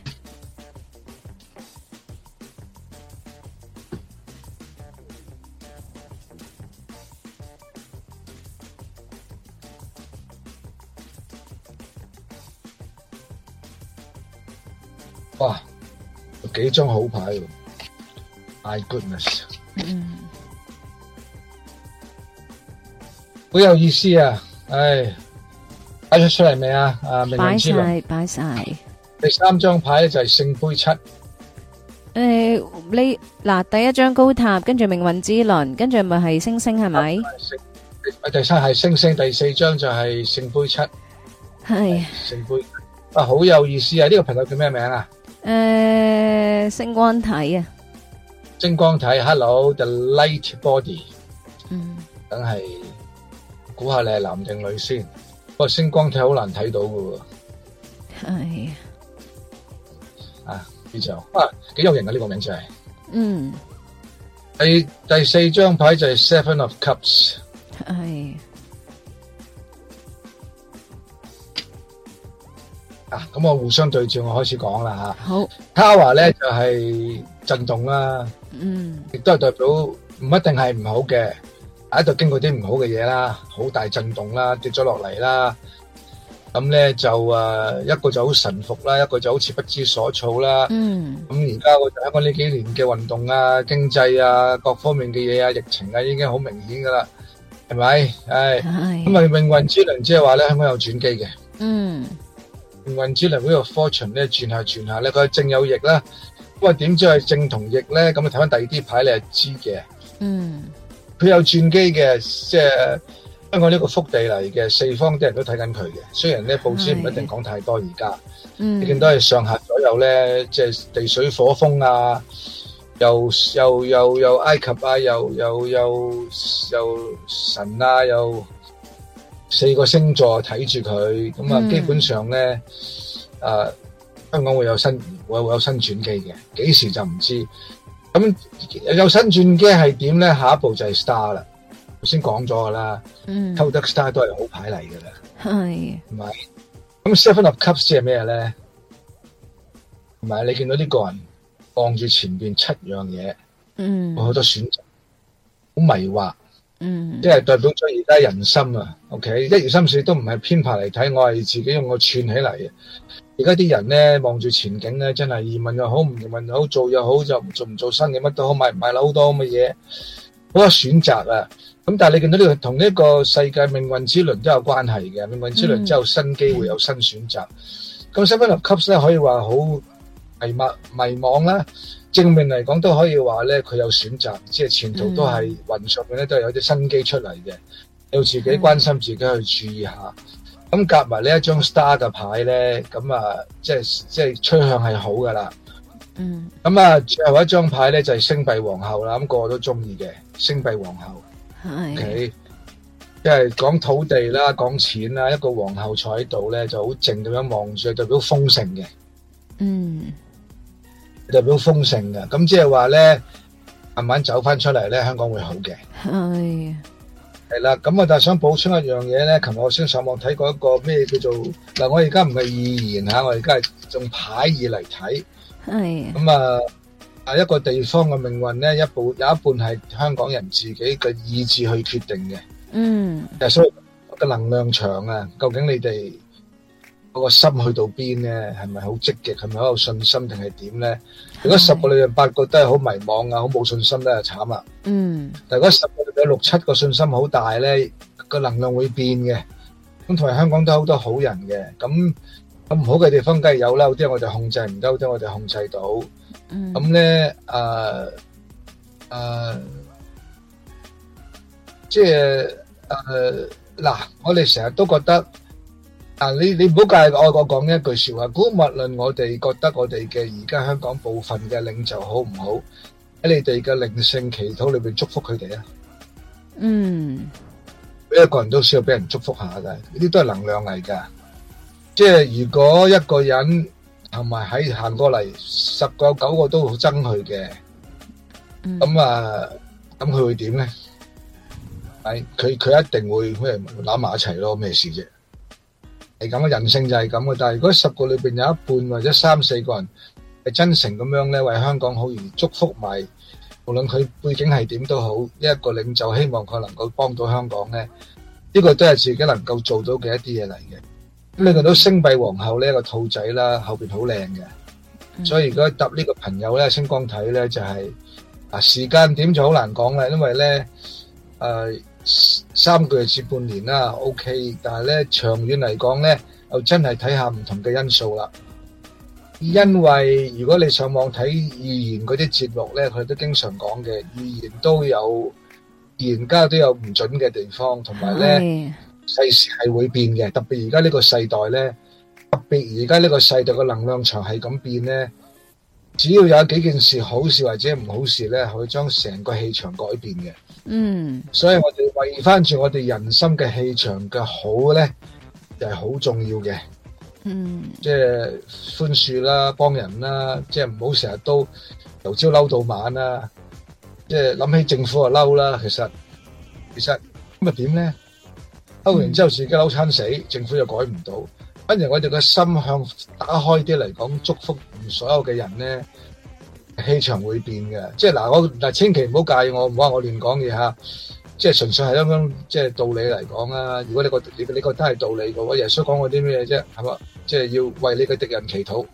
哇，幾張好牌喎，I goodness，嗯，好有意思啊，唉。擺咗出嚟未啊？啊，命運之輪擺晒，擺晒。第三張牌咧就係聖杯七。誒，你嗱，第一張高塔，跟住命運之輪，跟住咪係星星係咪？第三係星星，第四張就係聖杯七。係聖杯啊，好有意思啊！呢個朋友叫咩名啊？誒，星光體啊，星光體。Hello，TheLight Body。嗯，等係估下你係男定女先。不過星光睇好難睇到嘅喎，係啊，啊，非常啊，幾有型啊呢個名就係，嗯，第第四張牌就係 Seven of Cups，係，啊，咁我互相對照我開始講啦吓，好，Tower 呢就係震動啦，嗯，亦都係代表唔一定係唔好嘅。喺度經過啲唔好嘅嘢啦，好大震動啦，跌咗落嚟啦。咁咧就誒，一個就好臣服啦，一個就好似不知所措啦。嗯。咁而家我就睇下香港呢幾年嘅運動啊、經濟啊、各方面嘅嘢啊、疫情啊，已經好明顯噶啦，係咪？係。咁啊，命運之輪即係話咧，香港有轉機嘅。嗯。命運之輪嗰個 fortune 咧轉下轉下咧，佢係正有逆啦。咁啊，點知係正同逆咧？咁啊，睇翻第二啲牌你係知嘅。嗯。佢有轉機嘅，即係香港呢個福地嚟嘅，四方啲人都睇緊佢嘅。雖然咧，報紙唔一定講太多，而家、嗯、你見到係上下左右咧，即係地水火風啊，又又又又埃及啊，又又又又，又，又神啊，又四個星座睇住佢，咁啊、嗯，基本上咧，啊、呃，香港會有新會有有新轉機嘅，幾時就唔知道。咁、嗯、有新轉機係點咧？下一步就係 star 啦，頭先講咗噶啦。嗯 Hi.，偷得 star 都係好牌嚟噶啦。係，唔係？咁 seven of cups 係咩咧？唔係你見到呢個人望住前邊七樣嘢，嗯，好多選擇，好迷惑，嗯，mm. 即係代表咗而家人心啊。OK，一二三四都唔係編排嚟睇，我係自己用個串起嚟嘅。而家啲人咧，望住前景咧，真係移民又好，唔移民又好，做又好，就不做唔做生意乜都好，買唔買樓，好多咁嘅嘢，好多選擇啊！咁、嗯、但係你見到呢、呢個同呢個世界命運之輪都有關係嘅，命運之輪之後新機會有新選擇。咁三分六級咧，可以話好迷茫迷茫啦，正面嚟講都可以話咧，佢有選擇，即係前途都係蘊藏嘅咧，都係有啲新機出嚟嘅，要自己關心自己去注意下。嗯咁夾埋呢一張 star 嘅牌咧，咁啊，即係即係趨向係好噶啦。嗯。咁啊，最後一張牌咧就係星幣皇后啦，咁個個都中意嘅星幣皇后。係。OK，即係講土地啦，講錢啦，一個皇后坐喺度咧就好靜咁樣望住，代表豐盛嘅。嗯。代表豐盛嘅，咁即係話咧，慢慢走翻出嚟咧，香港會好嘅。係。係啦，咁我，就係想補充一樣嘢咧。琴日我先上網睇過一個咩叫做嗱，我而家唔係意言吓，我而家係用牌意嚟睇。係。咁啊，啊一個地方嘅命運咧，一部有一半係香港人自己嘅意志去決定嘅。嗯。但係，所以個能量場啊，究竟你哋？嗰個心去到邊咧？係咪好積極？係咪好有信心定係點咧？如果十個裏面八個都係好迷茫啊，好冇信心咧，就慘啦。嗯。但如果十個有六七個信心好大咧，個能量會變嘅。咁同埋香港都好多好人嘅。咁咁唔好嘅地方梗係有啦。有啲我哋控制唔到，有啲我哋控制到。咁咧、嗯，誒誒、呃呃，即係誒嗱，我哋成日都覺得。嗱，你你唔好介意，我我講一句說話。姑勿論，我哋覺得我哋嘅而家香港部分嘅領袖好唔好？喺你哋嘅靈性祈禱裏邊祝福佢哋啊。嗯，一個人都需要俾人祝福下噶，呢啲都係能量嚟噶。即係如果一個人同埋喺行過嚟，十個九個都好憎佢嘅，咁啊，咁佢會點咧？係佢佢一定會咩攬埋一齊咯，咩事啫？係咁嘅，人性就係咁嘅，但係如果十個裏邊有一半或者三四個人係真誠咁樣咧，為香港好而祝福埋，無論佢背景係點都好，一個領袖希望佢能夠幫到香港咧，呢個都係自己能夠做到嘅一啲嘢嚟嘅。咁你覺得星幣皇后呢一個兔仔啦，後邊好靚嘅，所以如果揼呢個朋友咧，星光睇咧就係，嗱，時間點就好難講啦，因為咧，誒。三個月至半年啦，OK。但係咧，長遠嚟講咧，又真係睇下唔同嘅因素啦。因為如果你上網睇預言嗰啲節目咧，佢都經常講嘅，預言都有預言家都有唔準嘅地方，同埋咧，世事係會變嘅。特別而家呢個世代咧，特別而家呢個世代嘅能量場係咁變咧，只要有幾件事好事或者唔好事咧，可以將成個氣場改變嘅。嗯，所以我哋為翻住我哋人心嘅氣場嘅好咧，就係好重要嘅。嗯，即係寬恕啦，幫人啦，即係唔好成日都由朝嬲到晚啦。即係諗起政府就嬲啦，其實其實咁啊點咧？嬲完之後自己嬲親死，政府又改唔到。不如我哋個心向打開啲嚟講，祝福所有嘅人咧。氣場會變嘅，即係嗱、啊，我但係千祈唔好介意我，唔好話我亂講嘢吓，即係純粹係咁樣，即係道理嚟講啊。如果你覺得你你覺得係道理嘅話，耶穌講過啲咩啫？係嘛，即係要為你嘅敵人祈禱。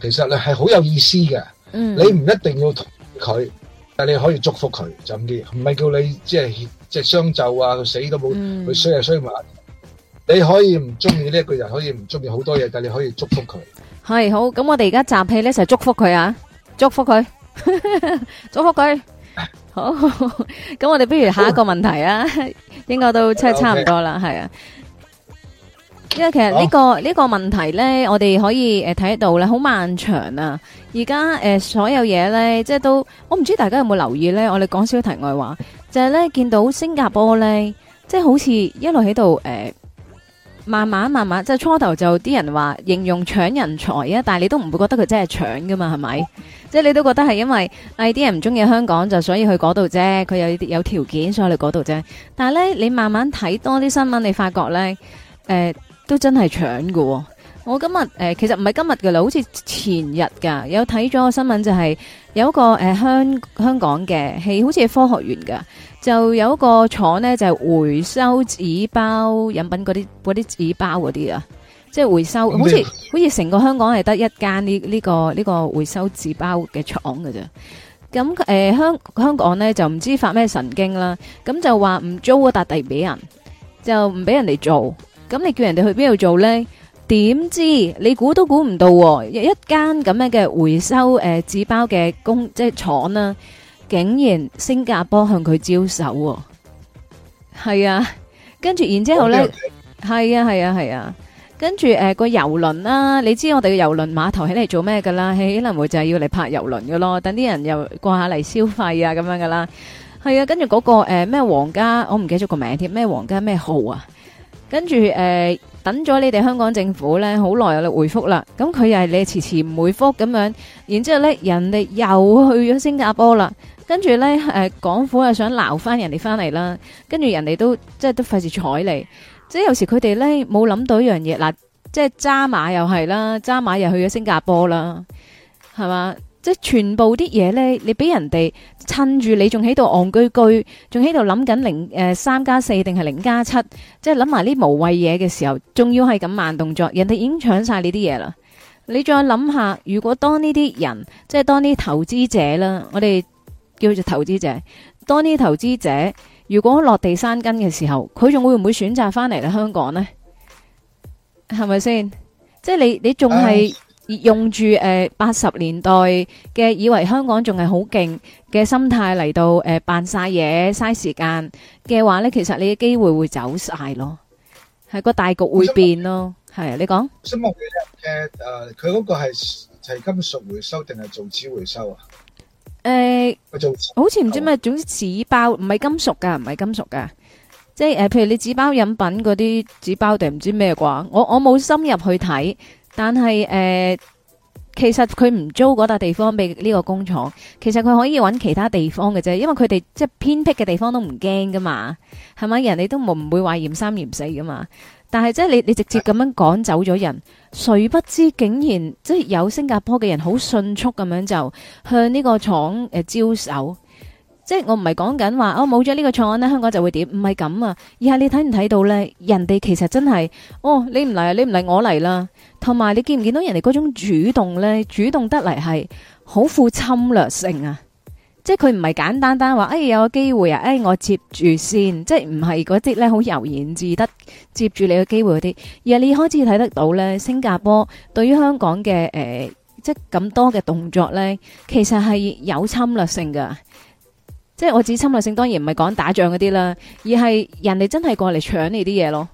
其實你係好有意思嘅，嗯、你唔一定要同佢，但係你可以祝福佢就咁啲，唔係叫你即係即係相咒啊，佢死都冇，佢衰就衰埋。你可以唔中意呢一個人，可以唔中意好多嘢，但係你可以祝福佢。係好，咁我哋而家集氣咧，一齊祝福佢啊！祝福佢，祝福佢。好，咁我哋不如下一個問題啊？應該都即係差唔多啦，係啊。因為其實呢個呢個問題咧，我哋可以誒睇得到啦，好漫長啊！而家誒所有嘢咧，即係都我唔知大家有冇留意咧。我哋講小題外話，就係咧，見到新加坡咧，即係好似一路喺度誒。慢慢慢慢，即係初頭就啲人話形容搶人才啊，但係你都唔會覺得佢真係搶噶嘛，係咪？即係你都覺得係因為誒啲人唔中意香港，就所以去嗰度啫，佢有有條件所以去嗰度啫。但係呢，你慢慢睇多啲新聞，你發覺呢，誒、呃，都真係搶噶。我今日誒、呃，其實唔係今日噶啦，好似前日噶，有睇咗個新聞就係、是。有一個誒香、呃、香港嘅係好似係科學園噶，就有一個廠呢就係、是、回收紙包飲品嗰啲嗰啲紙包嗰啲啊，即、就、係、是、回收好似麼好似成個香港係得一間呢呢個呢、這個回收紙包嘅廠噶咋？咁誒香香港呢，就唔知發咩神經啦，咁就話唔租嗰笪地俾人，就唔俾人哋做，咁你叫人哋去邊度做呢？點知你估都估唔到、哦，一間咁樣嘅回收誒紙、呃、包嘅工即係廠啦，竟然新加坡向佢招手、哦。係啊，跟住然之後咧，係、嗯、啊係啊係啊，啊，跟住誒、呃、個郵輪啦、啊，你知我哋嘅郵輪碼頭起嚟做咩噶啦？起嚟咪就係要嚟拍郵輪噶咯，等啲人又過下嚟消費啊咁樣噶啦。係啊，跟住嗰、那個誒咩皇家，我唔記得咗個名添，咩皇家咩號啊？跟住誒。呃等咗你哋香港政府呢，好耐啦回覆啦，咁佢又係你遲遲唔回覆咁樣，然之後呢人哋又去咗新加坡啦，跟住呢，誒、呃、港府又想撈翻人哋翻嚟啦，跟住人哋都即係都費事睬你，即係有時佢哋呢冇諗到一樣嘢嗱，即係揸馬又係啦，揸馬又去咗新加坡啦，係嘛？即係全部啲嘢呢，你俾人哋趁住你仲喺度戇居居，仲喺度諗緊零誒三加四定係零加七，即係諗埋啲無謂嘢嘅時候，仲要係咁慢動作，人哋已經搶晒你啲嘢啦。你再諗下，如果當呢啲人，即係當啲投資者啦，我哋叫做投資者，當啲投資者如果落地生根嘅時候，佢仲會唔會選擇翻嚟香港呢？係咪先？即係你你仲係。用住誒八十年代嘅以為香港仲係好勁嘅心態嚟到誒扮晒嘢，嘥時間嘅話咧，其實你嘅機會會走晒咯，係個大局會變咯。係你講。希望佢就誒誒，佢嗰個係係金屬回收定係造紙回收啊？誒，佢做好似唔知咩，總之紙包唔係金屬噶，唔係金屬噶，即係誒，譬如你紙包飲品嗰啲紙包定唔知咩啩？我我冇深入去睇。但係誒、呃，其實佢唔租嗰笪地方俾呢個工廠，其實佢可以揾其他地方嘅啫，因為佢哋即係偏僻嘅地方都唔驚噶嘛，係咪？人哋都冇唔會話嫌三嫌四噶嘛？但係即係你你直接咁樣趕走咗人，誰不知竟然即係有新加坡嘅人好迅速咁樣就向呢個廠誒、呃、招手。即係我唔係講緊話哦，冇咗呢個錯案呢，香港就會點？唔係咁啊，而係你睇唔睇到呢？人哋其實真係哦，你唔嚟啊，你唔嚟，我嚟啦。同埋你見唔見到人哋嗰種主動呢？主動得嚟係好富侵略性啊！即係佢唔係簡單單話誒、哎，有個機會啊，誒、哎，我接住先。即係唔係嗰啲呢，好悠然自得接住你個機會嗰啲。而係你開始睇得到呢，新加坡對於香港嘅誒、呃，即咁多嘅動作呢，其實係有侵略性噶。即係我指侵略性，當然唔係講打仗嗰啲啦，而係人哋真係過嚟搶你啲嘢咯。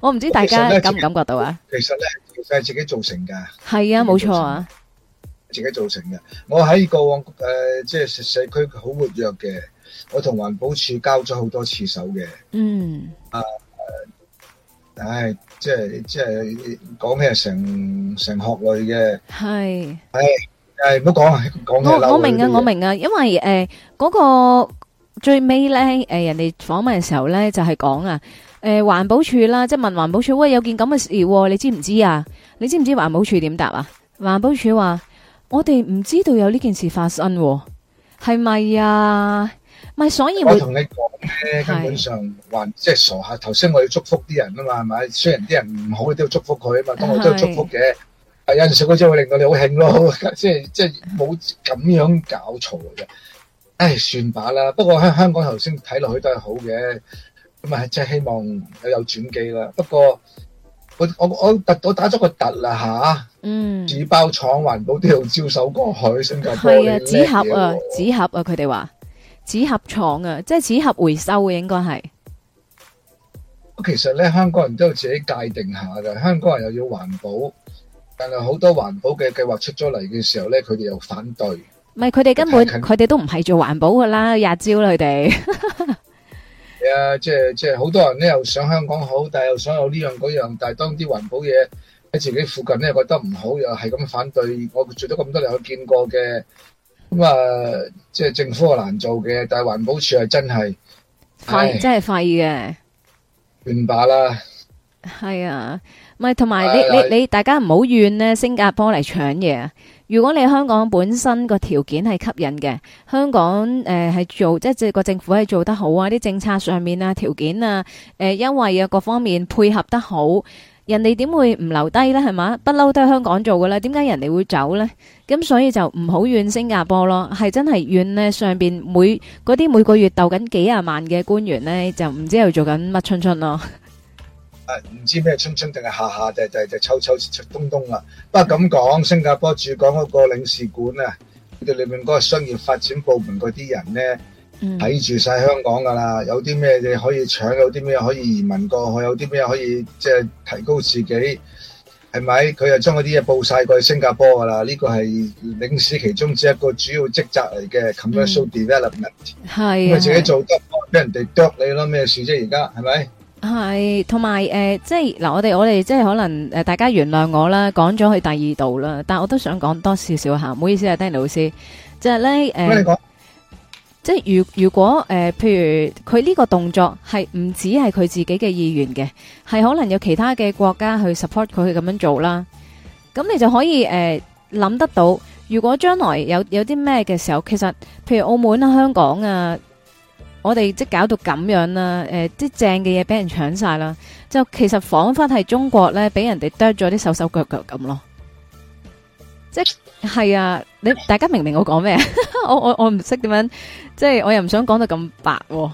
我唔知大家感唔感覺到啊？其實咧其實係自己造成噶。係啊，冇錯啊，自己造成嘅。我喺過往誒，即係社區好活躍嘅，我同環保處交咗好多次手嘅。嗯。啊，唉，即係即係講起係成成學類嘅。係。係。誒，唔好講啊，講我我明啊，我明啊，因為誒嗰、呃那個最尾咧，誒、呃、人哋訪問嘅時候咧，就係講啊，誒、呃、環保署啦，即係問環保署，喂，有件咁嘅事，你知唔知啊？你知唔知環、啊、保署點答啊？環保署話：我哋唔知道有呢件事發生，係咪啊？咪、啊、所以會我同你講咧，基是本上環即係傻下。頭先我要祝福啲人啊嘛，係咪？雖然啲人唔好，都要祝福佢啊嘛，咁我都要祝福嘅。印象嗰只會令到你好興咯，即係即係冇咁樣搞嘈嘅。唉，算罷啦。不過香香港頭先睇落去都係好嘅，咁啊即係希望有轉機啦。不過我我我突打咗個突啦吓，啊、嗯，紙包廠環保都要招手過去新加坡。係啊，紙盒啊，紙盒啊，佢哋話紙盒廠啊，啊，即係紙盒回收嘅應該係。其實咧，香港人都要自己界定下噶，香港人又要環保。但係好多環保嘅計劃出咗嚟嘅時候咧，佢哋又反對。唔係佢哋根本，佢哋都唔係做環保㗎啦，廿招佢哋。係 啊、yeah, 就是，即係即係好多人咧，又想香港好，但係又想有呢樣嗰樣，但係當啲環保嘢喺自己附近咧，覺得唔好又係咁反對。我住咗咁多年，我見過嘅咁、嗯、啊，即、就、係、是、政府係難做嘅，但係環保署係真係，係廢唉真係廢嘅亂打啦。係啊。咪同埋你你你大家唔好怨呢，新加坡嚟搶嘢。如果你香港本身個條件係吸引嘅，香港誒、係、呃、做即係個政府係做得好啊，啲政策上面啊條件啊、誒、呃，因為啊各方面配合得好，人哋點會唔留低呢？係嘛，不嬲都喺香港做噶啦。點解人哋會走呢？咁所以就唔好怨新加坡咯。係真係怨呢，上面每嗰啲每個月鬥緊幾廿萬嘅官員呢，就唔知又做緊乜春春咯。唔、啊、知咩春春定係夏夏，就就就秋秋秋冬冬啦。不過咁講，新加坡駐港嗰個領事館啊，佢哋裏面嗰個商業發展部門嗰啲人咧，睇住晒香港噶啦。有啲咩嘢可以搶，有啲咩嘢可以移民過去，有啲咩可以即係、就是、提高自己，係咪？佢又將嗰啲嘢報晒過去新加坡噶啦。呢、這個係領事其中只一個主要職責嚟嘅。commercial development，係咪、啊、自己做得，俾的人哋啄你咯？咩事啫？而家係咪？係，同埋誒，即係嗱、呃，我哋我哋即係可能誒、呃，大家原諒我啦，講咗去第二度啦，但我都想講多少少吓，唔好意思啊，Danny 老師，就是呢呃、即係咧誒，即係如如果誒、呃，譬如佢呢個動作係唔止係佢自己嘅意願嘅，係可能有其他嘅國家去 support 佢咁樣做啦，咁你就可以誒諗、呃、得到，如果將來有有啲咩嘅時候，其實譬如澳門啊、香港啊。我哋即搞到咁樣啦，誒、呃，啲正嘅嘢俾人搶晒啦，就其實仿佛係中國咧，俾人哋剁咗啲手手腳腳咁咯。即係啊，你大家明唔明我講咩？ 我我我唔識點樣，即係我又唔想講到咁白、哦。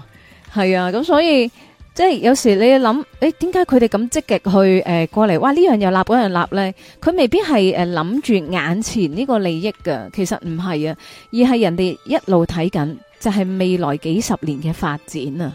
係啊，咁所以即係有時你諗，誒、欸，點解佢哋咁積極去誒、呃、過嚟？哇，呢樣又立，嗰樣立咧，佢未必係誒諗住眼前呢個利益噶，其實唔係啊，而係人哋一路睇緊。就係未來幾十年嘅發展啊！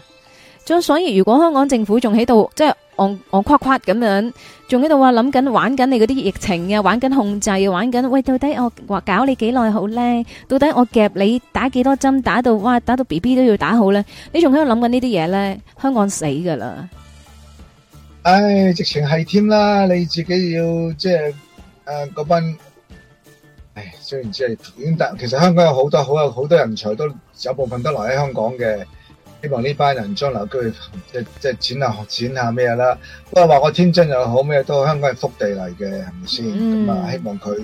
咁所以如果香港政府仲喺度即係戇戇誇誇咁樣，仲喺度話諗緊玩緊你嗰啲疫情啊，玩緊控制啊，玩緊喂，到底我話搞你幾耐好咧？到底我夾你打幾多針打到哇？打到 BB 都要打好咧？你仲喺度諗緊呢啲嘢咧？香港死噶啦！唉，直情係添啦，你自己要即係誒嗰班，唉，雖然即係點但其實香港有好多好有好多人才都。有部分都留喺香港嘅，希望呢班人將來居即即剪下學、剪下咩啦。不過話我天真又好咩都香港係福地嚟嘅，係咪先咁啊？希望佢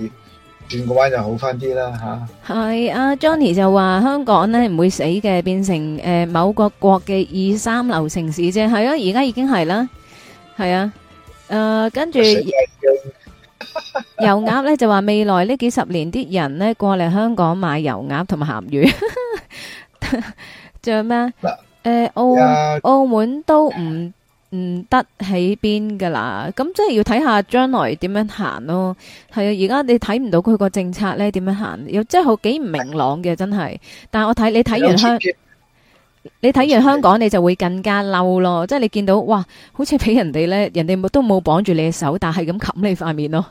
轉個彎就好翻啲啦嚇。係啊，Johnny 就話香港咧唔會死嘅，變成誒某個國嘅二三流城市啫。係啊，而家已經係啦，係啊，誒跟住。油鴨咧就話未來呢幾十年啲人呢，過嚟香港買油鴨同埋鹹魚，仲 有咩、呃？澳澳門都唔唔得喺邊噶啦，咁即係要睇下將來點樣行咯。係啊，而家你睇唔到佢個政策呢點樣行，又真係好幾唔明朗嘅，真係。但係我睇你睇完香港，你睇完香港，你就會更加嬲咯。即係你見到哇，好似俾人哋呢，人哋都冇綁住你嘅手，但係咁冚你塊面咯。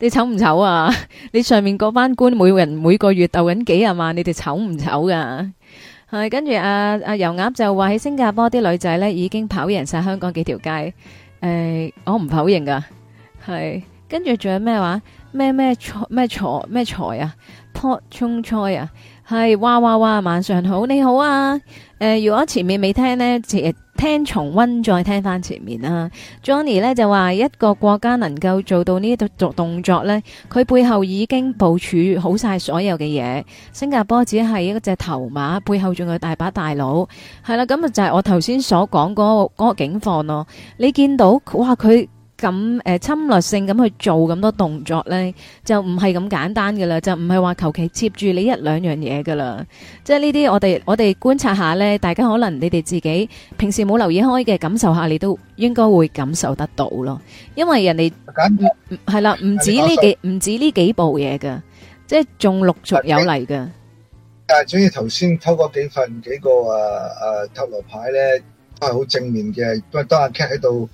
你醜唔醜啊？ 你上面嗰班官每人每個月斗緊幾十萬醜醜啊？嘛，你哋醜唔醜噶？係，跟住阿阿油鴨就話喺新加坡啲女仔呢已經跑贏晒香港幾條街。誒、欸，我唔否認噶。係，跟住仲有咩話？咩咩菜咩菜咩菜啊？potong 菜啊？係哇哇哇！晚上好，你好啊！誒、呃，如果前面未聽呢，就聽重温再聽翻前面啦。Johnny 呢就話一個國家能夠做到呢度動作呢，佢背後已經部署好晒所有嘅嘢。新加坡只係一隻頭馬，背後仲有大把大佬。係啦，咁啊就係我頭先所講嗰嗰個情況咯。你見到哇，佢。咁誒侵略性咁去做咁多動作咧，就唔係咁簡單嘅啦，就唔係話求其接住你一兩樣嘢嘅啦。即係呢啲我哋我哋觀察下咧，大家可能你哋自己平時冇留意開嘅感受下，你都應該會感受得到咯。因為人哋係啦，唔止呢幾唔止呢幾部嘢嘅，即係仲陸續有嚟嘅。總之頭先抽過幾份幾個誒誒塔羅牌咧，都係好正面嘅，都係當阿 K 喺度。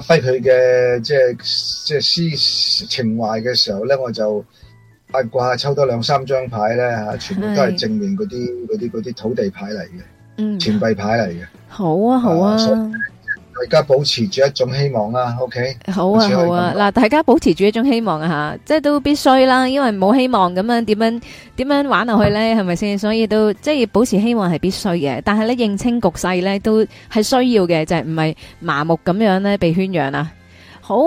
發揮佢嘅即係即係詩情懷嘅時候咧，我就八卦抽多兩三張牌咧吓，啊，全部都係正面嗰啲啲啲土地牌嚟嘅，錢幣、嗯、牌嚟嘅，啊，好啊好啊。大家保持住一種希望啦，OK？好啊，好啊，嗱，大家保持住一種希望啊，吓，即係都必須啦，因為冇希望咁樣點樣點樣玩落去咧，係咪先？所以都即係保持希望係必須嘅，但係咧認清局勢咧都係需要嘅，就係唔係麻木咁樣咧被圈養啊？好，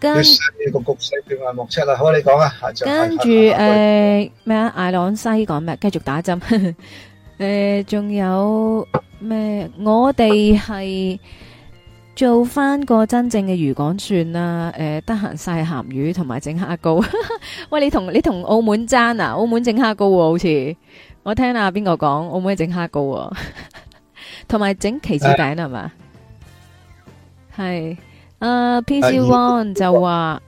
跟住個局勢變係目測啦，好啊，你講啊，跟住誒咩啊？艾朗西講咩？繼續打針，誒，仲有咩？我哋係。做翻個真正嘅魚港算啦，誒、呃，得閒曬鹹魚同埋整蝦糕。 喂，你同你同澳門爭啊？澳門整蝦糕好似，我聽阿邊個講，澳門整蝦糕的，同 埋整旗子餅係嘛？係是，誒、呃，PC One 就話，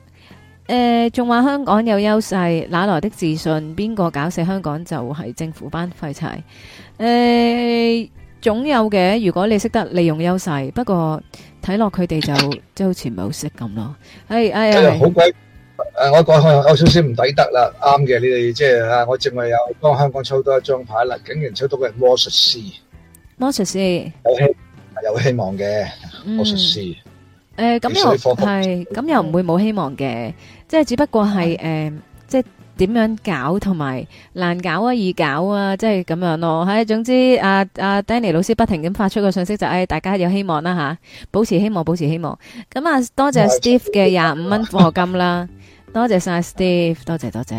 誒、 呃，仲話香港有優勢，哪來的自信？邊個搞死香港就係政府班廢柴，誒、呃。總有嘅，如果你識得利用優勢。不過睇落佢哋就即係好似唔係好識咁咯。哎哎，好鬼誒，我講開我首先唔抵得啦，啱嘅。你哋即係啊，我淨係有幫香港抽到一張牌啦，竟然抽到嘅係魔術師，魔術師有希有希望嘅魔術師。誒，咁又係，咁又唔會冇希望嘅，即係只不過係誒，即係。點樣搞同埋難搞啊，易搞啊，即係咁樣咯。喺，總之，阿阿 Danny 老師不停咁發出個信息，就，誒，大家有希望啦吓，保持希望，保持希望。咁啊，多謝 Steve 嘅廿五蚊課金啦，多謝晒 Steve，多謝多謝。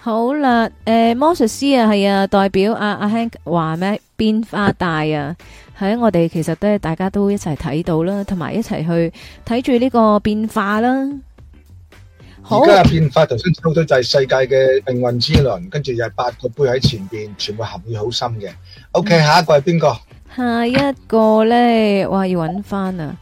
好啦，誒，魔術師啊，係啊，代表阿阿 Hank 話咩變化大啊，喺我哋其實都係大家都一齊睇到啦，同埋一齊去睇住呢個變化啦。而家嘅變化頭先抽到就係世界嘅命運之輪，跟住又係八個杯喺前邊，全部含義好深嘅。OK，下一個係邊個？下一個咧，哇，要揾翻啊！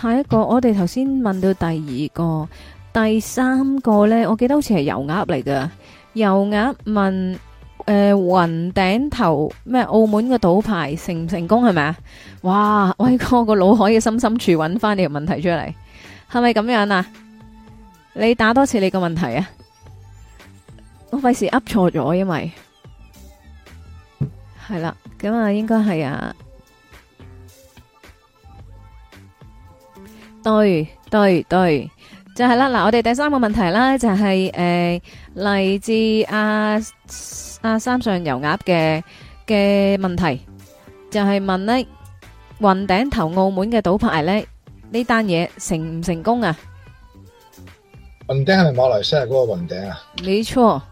下一個，我哋頭先問到第二個、第三個咧，我記得好似係油鴨嚟噶。油鴨問誒雲頂頭咩？澳門嘅賭牌成唔成功係咪啊？哇！我喺個腦海嘅深深處揾翻呢個問題出嚟，係咪咁樣啊？你打多次你個問題啊！我費事噏錯咗，因為係啦，咁啊，應該係啊，對對對，就係啦。嗱，我哋第三個問題啦，就係誒，嚟自阿阿三上油鴨嘅嘅問題，就係問呢，雲頂投澳門嘅賭牌咧，呢單嘢成唔成功啊？雲頂係咪馬來西亞嗰個雲頂啊？你錯錯。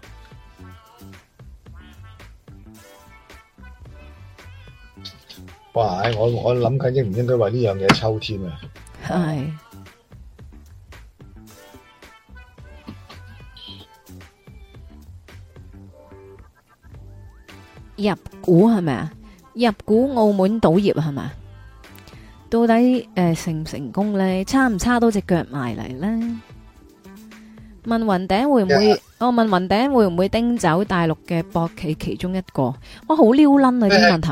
哇，我我諗緊應唔應該話呢樣嘢秋天啊？係的入股係咪啊？入股澳門賭業係咪？到底誒、呃、成唔成功咧？插唔插到隻腳埋嚟咧？問雲頂會唔會？我問雲頂會唔會叮走大陸嘅博企其中一個？哇，好撩撚啊！啲問題。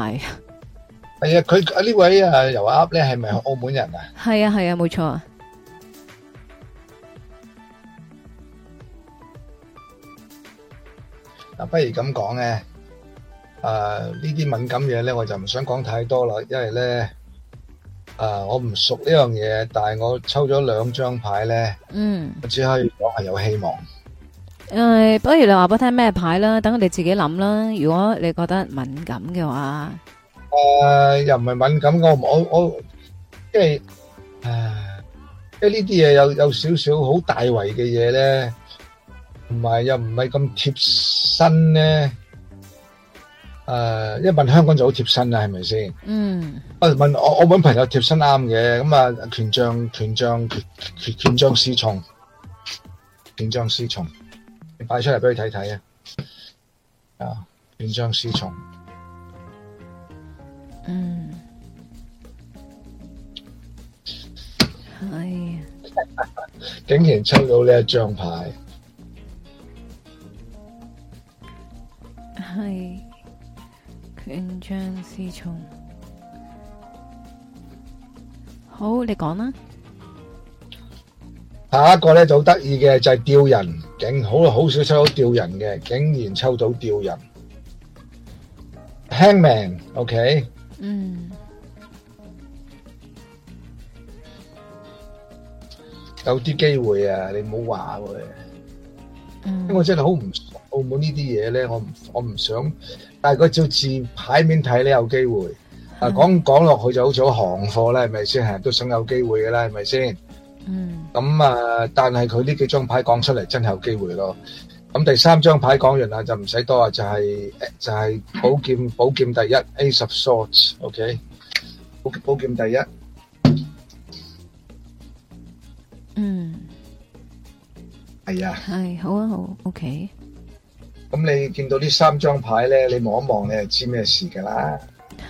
係啊，佢啊呢位啊油鴨咧，係咪澳門人啊？係啊，係啊，冇錯啊。嗱，不如咁講咧，誒，呢啲敏感嘢咧，我就唔想講太多啦，因為咧。誒，uh, 我唔熟呢樣嘢，但係我抽咗兩張牌咧，嗯、我只可以講係有希望。誒、呃，不如你話俾我聽咩牌啦？等佢哋自己諗啦。如果你覺得敏感嘅話，誒，uh, 又唔係敏感嘅，我我我因為誒，即係呢啲嘢有有少少好大圍嘅嘢咧，同埋又唔係咁貼身咧。誒一問香港就好貼身啦，係咪先？嗯。誒問我，我揾朋友貼身啱嘅，咁啊，權杖權杖權權權杖侍從，權杖侍從，你擺出嚟俾佢睇睇啊！啊，權杖侍從。嗯。係。竟然抽到呢一張牌。係。緊張思聰，好，你講啦。下一個呢就得意嘅就係吊人，竟好好少抽到吊人嘅，竟然抽到吊人。Hanged Man，OK？嗯。有啲機會啊，你唔好話佢。嗯。因為我真係好唔，澳門呢啲嘢呢，我唔我唔想。但係佢照字牌面睇咧，有機會，啊講講落去就好似行貨咧，係咪先？都想有機會嘅啦，係咪先？嗯。咁啊，但係佢呢幾張牌講出嚟真係有機會咯。咁第三張牌講完啦，就唔使多啊，就係就係寶劍寶劍第一 Ace of Swords，OK？寶寶劍第一。嗯。哎呀。係啊。係好啊，好 OK。咁、嗯、你見到三張，呢三張牌咧，你望一望，你係知咩事㗎啦？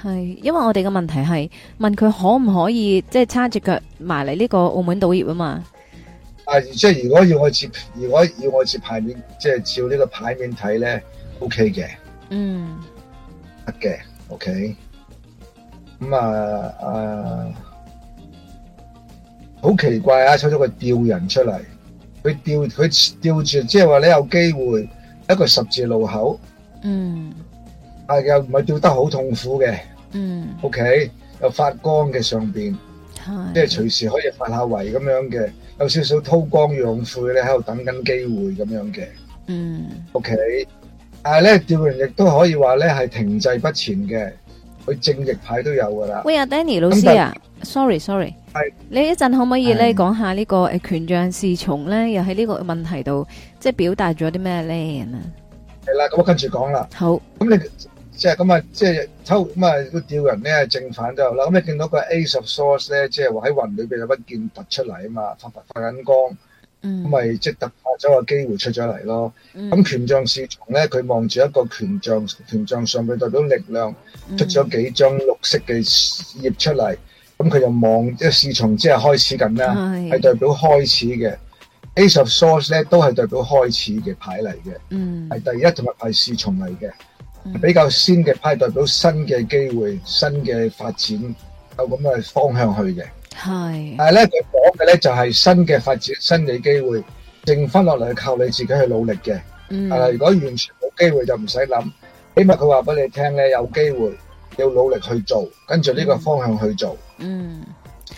係，因為我哋嘅問題係問佢可唔可以即係、就是、叉住腳埋嚟呢個澳門賭業啊嘛。啊，即係如果要我接，如果要我接牌面，即係照呢個牌面睇咧，OK 嘅、嗯 OK。嗯，得嘅，OK。咁啊，誒、啊，好奇怪啊，抽咗個吊人出嚟，佢吊佢吊住，即係話你有機會。一個十字路口，嗯，又唔係吊得好痛苦嘅，嗯，OK，又發光嘅上面，嗯、即係隨時可以發下圍咁樣嘅，有少少韜光養晦咧，喺度等緊機會咁樣嘅，嗯，OK，但係咧，吊人亦都可以話咧係停滯不前嘅。佢正逆牌都有噶啦。喂啊喂，Danny 老師啊但，sorry sorry，是你一陣可唔可以咧講是下這個呢個誒權杖侍從咧，又喺呢個問題度，即係表達咗啲咩咧？係啦，咁我跟住講啦。好，咁你即係咁啊，即係抽咁啊，要吊人咧正反都有啦。咁你見到個 Ace of Swords 咧，即係話喺雲裏邊有一劍突出嚟啊嘛，發發發緊光。咁咪、嗯、即係突破咗個機會出咗嚟咯。咁、嗯、權杖侍從咧，佢望住一個權杖，權杖上邊代表力量，出咗幾張綠色嘅葉出嚟。咁佢、嗯、就望即係侍從，即係開始緊啦，係是代表開始嘅。Ace of Swords 咧，都係代表開始嘅牌嚟嘅，嗯，係第一同埋係侍從嚟嘅，嗯、比較先嘅牌代表新嘅機會、新嘅發展有咁嘅方向去嘅。係，是但係咧，佢講嘅咧就係、是、新嘅發展，新嘅機會，剩翻落嚟係靠你自己去努力嘅。嗯，啊，如果完全冇機會就唔使諗，起碼佢話俾你聽咧，有機會要努力去做，跟住呢個方向去做。嗯，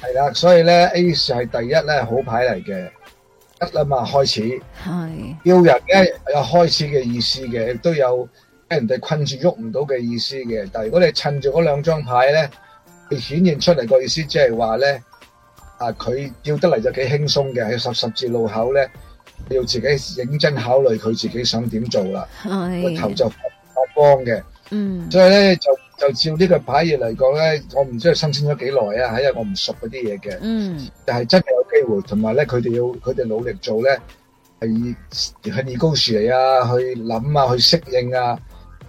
係啦，所以咧 ACE 係第一咧好牌嚟嘅，一粒嘛開始，係是要人咧有開始嘅意思嘅，亦都有俾人哋困住喐唔到嘅意思嘅。但係如果你趁住嗰兩張牌咧，你顯現出嚟個意思就是說呢，即係話咧。啊！佢叫得嚟就幾輕鬆嘅，喺十十字路口咧，要自己認真考慮佢自己想點做啦，個是頭就發光嘅。嗯，所以咧就就照呢個牌嘢嚟講咧，我唔知佢申請咗幾耐啊，因為我唔熟嗰啲嘢嘅。嗯，但係真係有機會，同埋咧佢哋要佢哋努力做咧，係以二高樹嚟啊，去諗啊，去適應啊。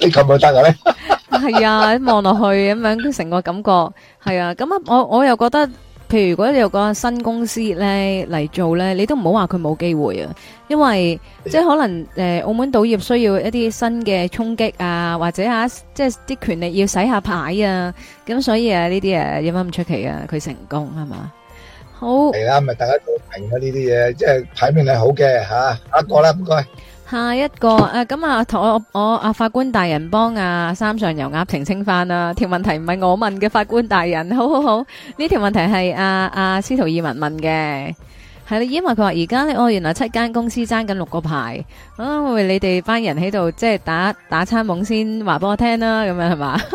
你夠唔夠得嘅咧？係啊，望落去咁樣，成個感覺係啊。咁啊，我我又覺得，譬如如果你有個新公司咧嚟做咧，你都唔好話佢冇機會啊。因為即係可能誒，澳門賭業需要一啲新嘅衝擊啊，或者啊，即係啲權力要洗下牌啊。咁所以啊，呢啲嘢有乜唔出奇啊？佢成功係嘛？好係啦，咪大家評下呢啲嘢，即係牌面係好嘅吓。阿哥啦，唔該。下一個誒，咁啊，同我我阿法官大人幫啊，三上油鴨澄清翻啦，條問題唔係我問嘅，法官大人，好好好，呢條問題係啊，阿、啊、司徒義文問嘅。係啦，因為佢話而家咧，哦，原來七間公司爭緊六個牌，啊，喂，你哋班人喺度即係打打餐懵先話俾我聽啦，啊，咁樣係嘛？是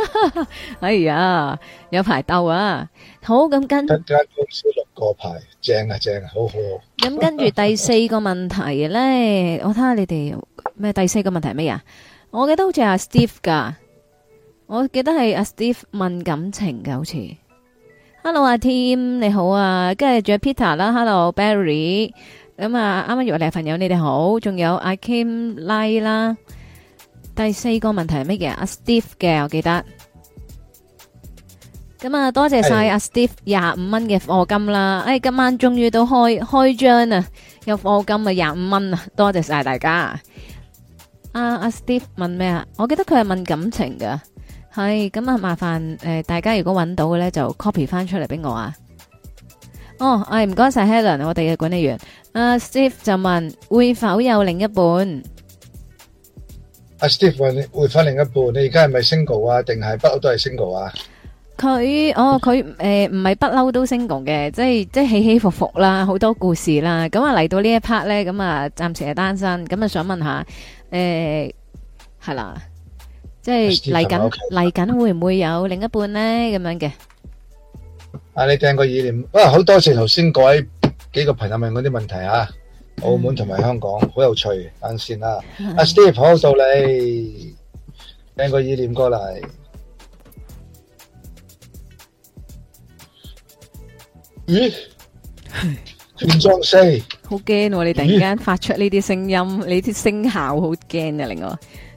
哎呀，有排鬥啊！好，咁跟住。七間公司六個牌，正啊，正啊，好，啊，好好。咁，嗯，跟住第四個問題咧，我睇下你哋咩？第四個問題係乜嘢？我記得好似阿 Steve 噶，我記得係阿 Steve 問感情嘅好似。Hello，阿 Tim，你好啊，跟住仲有 Peter 啦，Hello，Barry，咁啊，啱啱入嚟嘅朋友，你哋好，仲有阿 Kim、Lai 啦。第四個問題係乜嘢啊？阿 Steve 嘅我記得。咁啊，多謝晒阿 Steve 廿五蚊嘅課金啦。哎，今晚終於都開開張啊，有課金啊，廿五蚊啊，多謝晒大家。阿阿 Steve 問咩啊？我記得佢係問感情噶。係咁啊！麻煩誒、呃，大家如果揾到嘅咧，就 copy 翻出嚟俾我啊。哦，誒，唔該晒，Helen，我哋嘅管理員。阿、uh, Steve 就問，會否有另一半？Uh, Steve，阿 Steve 問會否另一半？你而家係咪 single 啊？定係不嬲都係 single 啊？佢，哦，佢誒，唔、呃、係不嬲都 single 嘅， 即係即係起起伏伏啦，好多故事啦。咁、嗯、啊，嚟到一呢一 part 咧，咁、嗯、啊，暫時係單身。咁、嗯、啊，想問下，誒、呃，係啦。即係嚟緊嚟緊會唔會有另一半呢，咁樣嘅？啊，你掟個意念啊，好多謝頭先各位幾個朋友問嗰啲問題啊，澳門同埋香港好有趣，等先啦。阿 Steve 好道理，掟個意念過嚟。咦？係張聲，好驚喎！你突然間發出呢啲聲音，你啲聲效好驚啊，令我。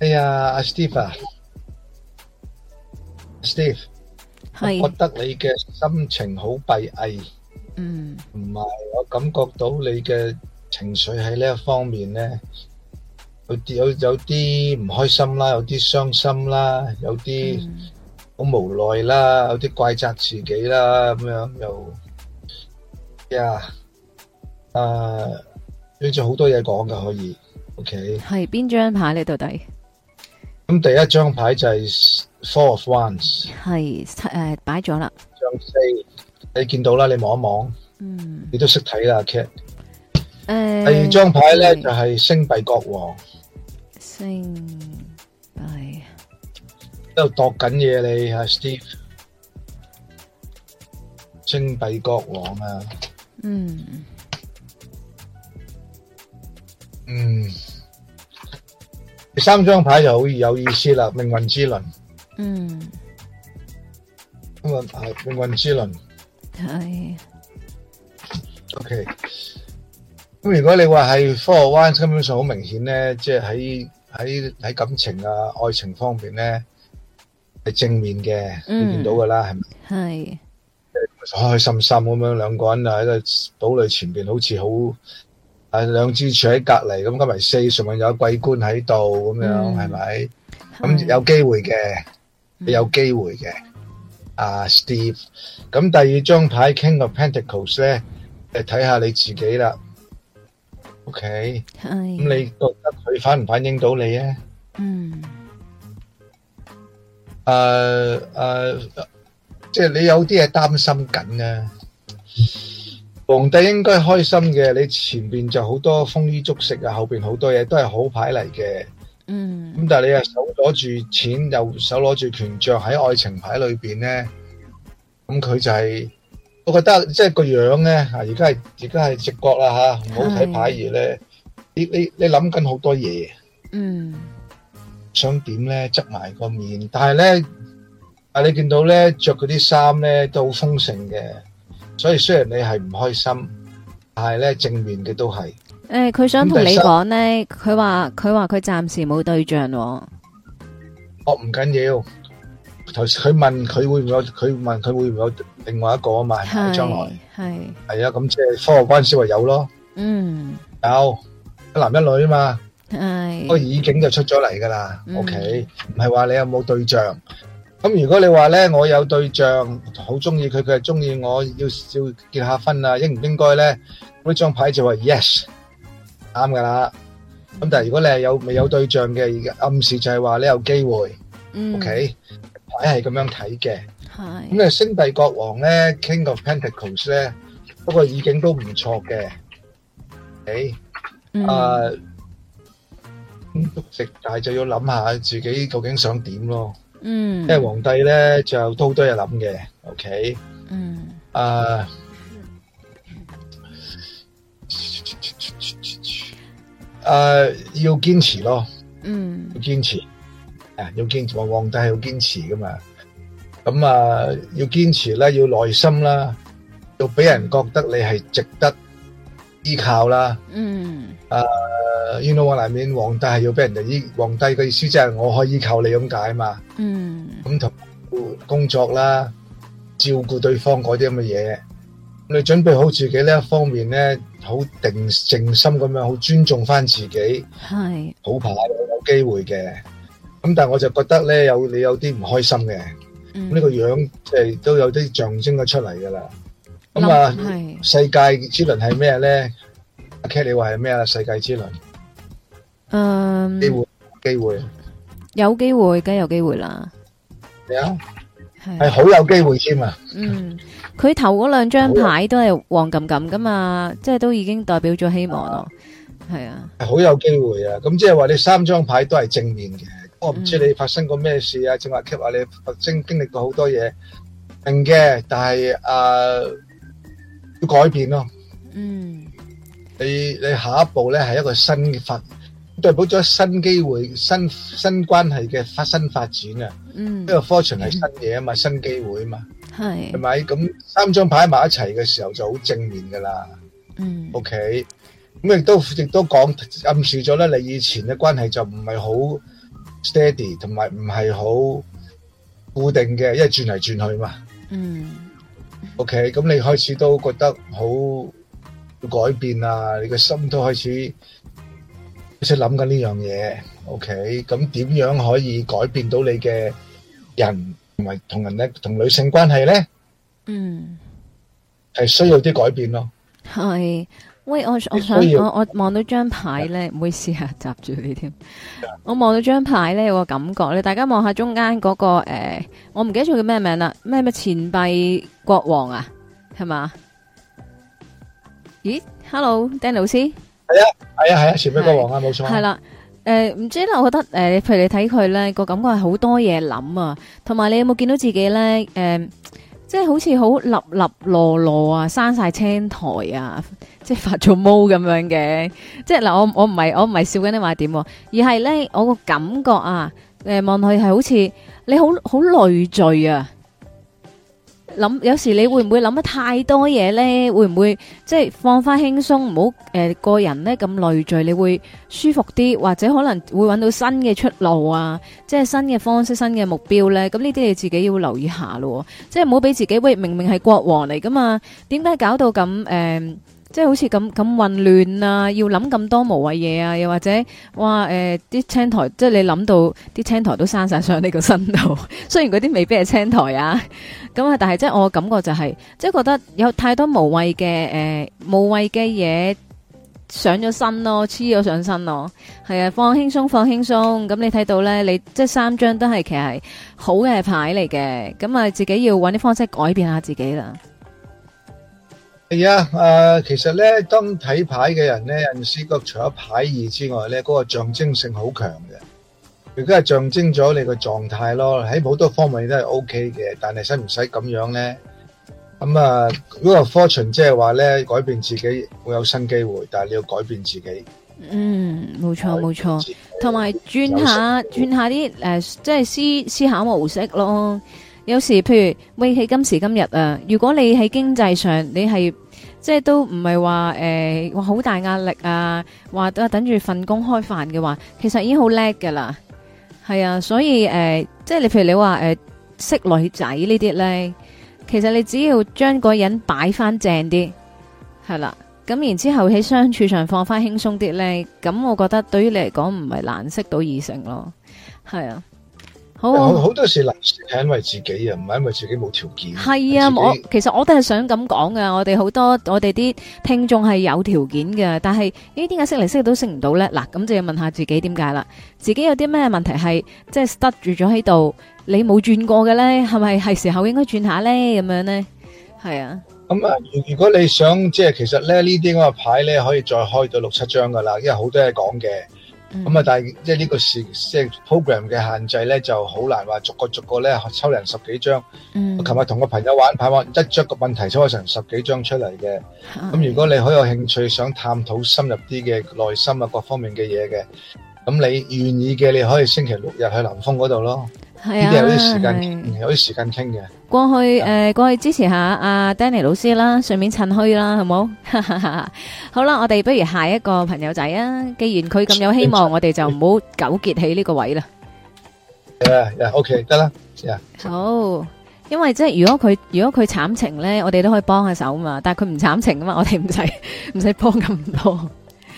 哎呀，阿 Steve 啊，Steve，我覺得你嘅心情好閉翳，嗯，唔係我感覺到你嘅情緒喺呢一方面咧，有有有啲唔開心啦，有啲傷心啦，有啲好無奈啦，有啲怪責自己啦，咁樣又，呀，誒，你仲好多嘢講噶，可以，OK？係邊張牌？你到底？咁第一張牌就係 Four of Wands，係誒擺咗啦。張四，你見到啦，你望一望，嗯，你都識睇啦，Kate。誒，第二張牌咧就係星幣國王。星幣，喺度度緊嘢你吓，Steve。星幣國王啊，嗯，嗯。第三張牌就好有意思啦，命運之輪。嗯。命運之輪。係是。O K。咁如果你話係 Four 彎根本上好明顯咧，即係喺喺喺感情啊、愛情方面咧，係正面嘅，你見、嗯、到噶啦，係咪？係是。開心心咁樣，兩個人啊喺個堡壘前邊，好似好。誒，兩支柱喺隔籬，咁加埋四，上面有貴官喺度，咁樣係咪？咁有機會嘅，有機會嘅。啊，Steve，咁第二張牌 King of Pentacles 咧，誒，睇下你自己啦。OK，咁你覺得佢反唔反應到你咧？嗯。誒誒，即係你有啲嘢擔心緊咧。皇帝應該開心嘅，你前邊就好多豐衣足食啊，後邊好多嘢都係好牌嚟嘅。嗯，咁但係你又手攞住錢，又手攞住權杖喺愛情牌裏邊咧，咁佢就係、是，我覺得即係、就是、個樣咧，而家係而家係直覺啦吓，唔好睇牌而咧的，你你你諗緊好多嘢。嗯，想點咧？執埋個面，但係咧，啊你見到咧，着嗰啲衫咧都好豐盛嘅。所以雖然你係唔開心，但係咧正面嘅都係。誒，佢想同你講咧，佢話佢話佢暫時冇對象喎。哦，唔緊要。頭先佢問佢會唔會有，佢問佢會唔會有另外一個啊嘛？係將來。係。係啊，咁即係科學官司話有咯。嗯。有一男一女啊嘛。係。個遠景就出咗嚟噶啦。O K，唔係話你有冇對象。咁如果你話咧，我有對象，好中意佢，佢係中意我，要要結下婚啊，應唔應該咧？呢張牌就話 yes，啱噶啦。咁但係如果你係有未有對象嘅，暗示就係話你有機會。嗯、o、okay? K，牌係咁樣睇嘅。係是。咁啊，星幣國王咧，King of Pentacles 咧，不過意境都唔錯嘅。誒、okay?，嗯。咁都值，但係就要諗下自己究竟想點咯。嗯，即係皇帝咧，就都都要諗嘅，OK。嗯，誒，誒，要堅持咯。嗯，堅持，誒，要堅，皇皇帝係要堅持噶嘛。咁啊，要堅持咧，要耐心啦，要俾人覺得你係值得。依靠啦，嗯，誒，喺呢個裏面，皇帝係要俾人哋依，皇帝嘅意思即係我可以依靠你咁解嘛，嗯、mm.，咁同工作啦，照顧對方嗰啲咁嘅嘢。你準備好自己呢一方面咧，好定靜心咁樣，好尊重翻自己，係、mm.，好怕有機會嘅，咁但係我就覺得咧，有你有啲唔開心嘅，呢個樣即係都有啲象徵咗出嚟噶啦。咁啊，世界之輪係咩咧？阿 K 你話係咩啊？世界之輪，嗯，機會機會，有機會，梗係有機會啦。係係好有機會添啊！嗯，佢頭嗰兩張牌都係黃錦錦噶嘛，即係都已經代表咗希望咯，係啊，好有機會啊！咁即係話你三張牌都係正面嘅，我唔知你發生過咩事啊，正話 K 話你發生經歷過好多嘢，定嘅，但係啊。要改變咯，嗯，你你下一步咧係一個新嘅發，代表咗新機會、新新關係嘅發新發展啊，嗯，呢個 fortune 係新嘢啊嘛，新機會啊嘛，係，係咪咁三張擺埋一齊嘅時候就好正面㗎喇，嗯，OK，咁亦都亦都講暗示咗咧，你以前嘅關係就唔係好 steady 同埋唔係好固定嘅，因為轉嚟轉去嘛，嗯。OK，咁你開始都覺得好改變啊，你個心都開始開始諗緊呢樣嘢。OK，咁點樣可以改變到你嘅人同埋同人咧，同女性關係咧？嗯，係需要啲改變咯。係。喂，我我想我要我望到張牌咧，唔 Yeah. 好意思啊，閘住你添 Yeah.。我望到張牌咧，有個感覺咧，你大家望下中間嗰、那個誒、呃，我唔記得咗叫咩名啦，咩咩錢幣國王啊，係嘛？咦，Hello，Danny 老師，係啊，係啊，係啊，錢幣國王啊，冇錯 Yeah.、啊。係啦，誒，唔、呃、知啦，我覺得誒、呃，譬如你睇佢咧，那個感覺係好多嘢諗啊，同埋你有冇見到自己咧，誒、呃？即係好似好立立落落啊，生晒青苔啊，即係發咗毛咁樣嘅，即係嗱，我我唔係我唔係笑緊你話點、啊，而係咧我個感覺啊，誒望佢係好似你好好累贅啊。諗有時你會唔會諗得太多嘢呢？會唔會即係放翻輕鬆，唔好誒個人呢咁累贅？你會舒服啲，或者可能會揾到新嘅出路啊，即係新嘅方式、新嘅目標呢？咁呢啲你自己要留意下咯，即係唔好俾自己，喂，明明係國王嚟噶嘛，點解搞到咁誒？呃即係好似咁咁混亂啊，要諗咁多無謂嘢啊，又或者哇誒，啲、呃、青苔，即係你諗到啲青苔都生晒上你個身度，雖然嗰啲未必係青苔啊，咁啊，但係即係我感覺就係、是，即係覺得有太多無謂嘅誒無謂嘅嘢上咗身咯，黐咗上身咯，係啊，放輕鬆，放輕鬆，咁你睇到咧，你即係三張都係其實好嘅牌嚟嘅，咁啊自己要搵啲方式改變下自己啦。係啊，誒、yeah，呃，其實咧，當睇牌嘅人咧，有陣時個除咗牌意之外咧，嗰、那個象徵性好強嘅，如果係象徵咗你個狀態咯。喺好多方面都係 OK 嘅，但係使唔使咁樣咧？咁、嗯、啊，嗰個 fortune 即係話咧，改變自己會有新機會，但係你要改變自己。嗯，冇錯冇錯，同埋轉下轉下啲誒、呃，即係思思考模式咯。有時譬如喂喺今時今日啊，如果你喺經濟上你係即係都唔係話誒話好大壓力啊，話都等住份工開飯嘅話，其實已經好叻噶啦，係啊，所以誒、呃、即係你譬如你話誒、呃、識女仔這些呢啲呢，其實你只要將個人擺翻正啲，係啦、啊，咁然之後喺相處上放翻輕鬆啲呢，咁我覺得對於你嚟講唔係難識到異性咯，係啊。好好、啊、多時嗱，係因為自己啊，唔係因為自己冇條件。係啊，己我其實我都係想咁講㗎。我哋好多我哋啲聽眾係有條件嘅，但係誒點解識嚟識去都識唔到咧？嗱，咁就要問下自己點解啦。自己有啲咩問題係即係塞住咗喺度，你冇轉過嘅咧，係咪係時候應該轉下咧？咁樣咧，係啊。咁啊、嗯，如果你想即係其實咧呢啲咁嘅牌咧，可以再開到六七張噶啦，因為好多嘢講嘅。咁啊！嗯、但係即係呢個即係 program 嘅限制咧，就好難話逐個逐個咧抽零十幾張。嗯，琴日同個朋友玩牌玩，一張個問題抽咗成十幾張出嚟嘅。咁、嗯、如果你好有興趣，想探討深入啲嘅內心啊各方面嘅嘢嘅，咁你願意嘅，你可以星期六日去南風嗰度咯。係啊，有啲時間，有啲時間傾嘅。過去誒，過去支持下阿 Danny 老師啦，順便趁虛啦，好冇？好啦，我哋不如下一個朋友仔啊。既然佢咁有希望，我哋就唔好糾結喺呢個位啦。係啊，OK 得啦。好，因為即係如果佢如果佢慘情咧，我哋都可以幫下手嘛。但係佢唔慘情啊嘛，我哋唔使唔使幫咁多。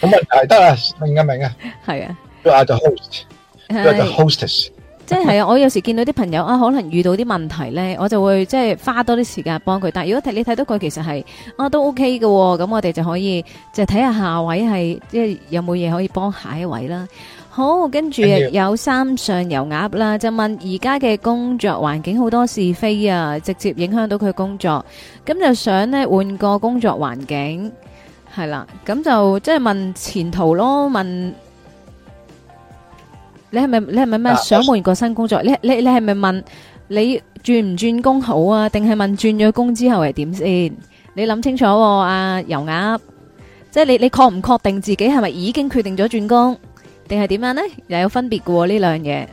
冇問題，得啦，明唔明啊？係啊，一個就 host，一個就 hostess。即係啊！我有時見到啲朋友啊，可能遇到啲問題咧，我就會即係花多啲時間幫佢。但係如果睇你睇到佢其實係啊都 OK 嘅，咁我哋就可以就睇下下位係即係有冇嘢可以幫下一位啦。好，跟住有三上油鴨啦，就問而家嘅工作環境好多是非啊，直接影響到佢工作，咁就想咧換個工作環境，係啦，咁就即係問前途咯，問。你係咪你係咪咩想換個新工作？你你你係咪問你轉唔轉工好啊？定係問轉咗工之後係點先？你諗清楚，阿油鴨，即係你你確唔確定自己係咪已經決定咗轉工，定係點樣呢？又有分別嘅呢兩嘢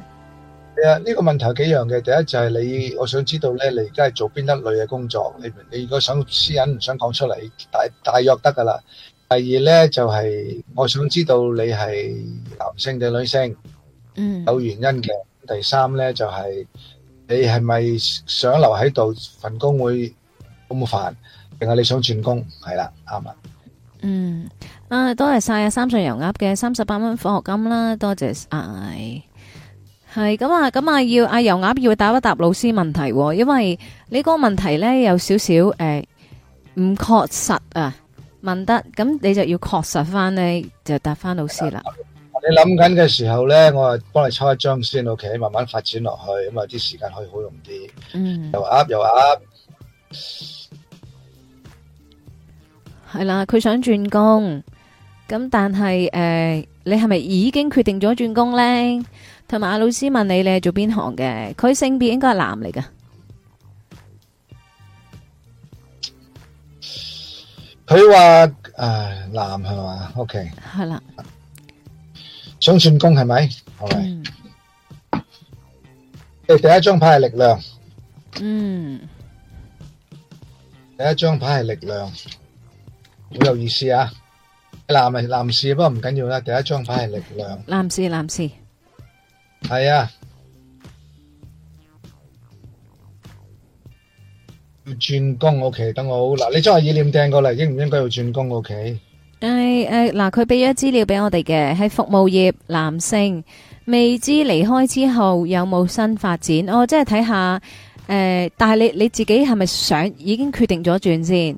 係啊？呢個問題幾樣嘅。第一就係你，我想知道呢，你而家係做邊一類嘅工作？你你如果想私隱唔想講出嚟，大大約得噶啦。第二呢就係我想知道你係男性定女性。有原因嘅。第三呢，就係、是、你係咪想留喺度份工會咁煩，定係你想轉工？係啦，啱啦。嗯，啊，多謝晒啊，三歲油鴨嘅三十八蚊放學金啦，多謝晒。係咁啊，咁啊，要阿油鴨要答一答老師問題喎，因為呢個問題呢，有少少誒唔確實啊，問得咁你就要確實翻呢，就答翻老師啦。你諗緊嘅時候呢，我啊幫你抽一張先，OK，慢慢發展落去，咁啊啲時間可以好用啲。嗯，又話又話。係啦，佢想轉工，咁但係誒、呃，你係咪已經決定咗轉工呢？同埋阿老師問你，你做哪行的，你係做邊行嘅？佢性別應該係男嚟噶。佢話誒，男係嘛？OK，係啦。想轉工係咪？係。誒，第一張牌係力量。嗯。第一張牌係力量，好有意思啊！男係男士，不過唔緊要啦。第一張牌係力量。男士，男士。係啊。要轉工，O K，等我好嗱，你將我意念掟過嚟，應唔應該要轉工？O K。誒誒，嗱、哎，佢俾咗資料俾我哋嘅，係服務業男性，未知離開之後有冇新發展。我、哦、即係睇下，誒、呃，但係你你自己係咪想已經決定咗轉先？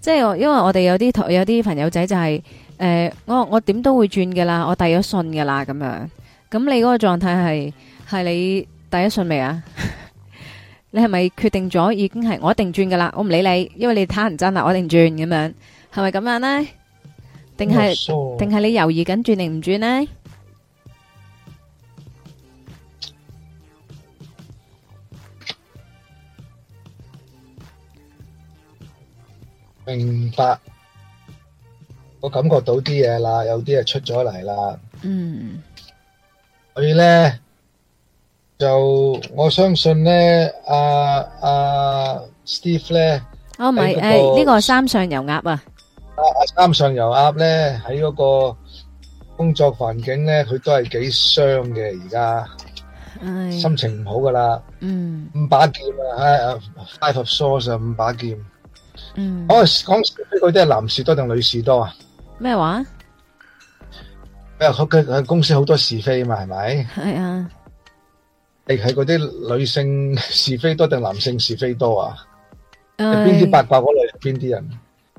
即係因為我哋有啲有啲朋友仔就係、是，誒、呃，我我點都會轉噶啦，我遞咗信噶啦，咁樣。咁你嗰個狀態係係你遞咗信未啊？ 你係咪決定咗已經係我一定轉噶啦？我唔理你，因為你太唔真啊，我一定轉咁樣，係咪咁樣呢？定係定係你猶豫緊轉定唔轉呢？明白，我感覺到啲嘢啦，有啲嘢出咗嚟啦。嗯，所以咧就我相信咧，阿阿 Steve 咧，哦唔係誒呢個三上油鴨啊。阿阿、啊、三上游鴨咧喺嗰個工作環境咧，佢都係幾傷嘅，而家、哎、呀心情唔好噶啦、嗯啊哎啊，五把劍啊，five of swords 五把劍。嗯，我講、哦、是非嗰啲係男士多定女士多啊？咩話麼？啊，佢佢公司好多是非嘛，係咪？係啊。定係嗰啲女性是非多定男性是非多啊？邊啲、哎、呀八卦嗰類邊啲人？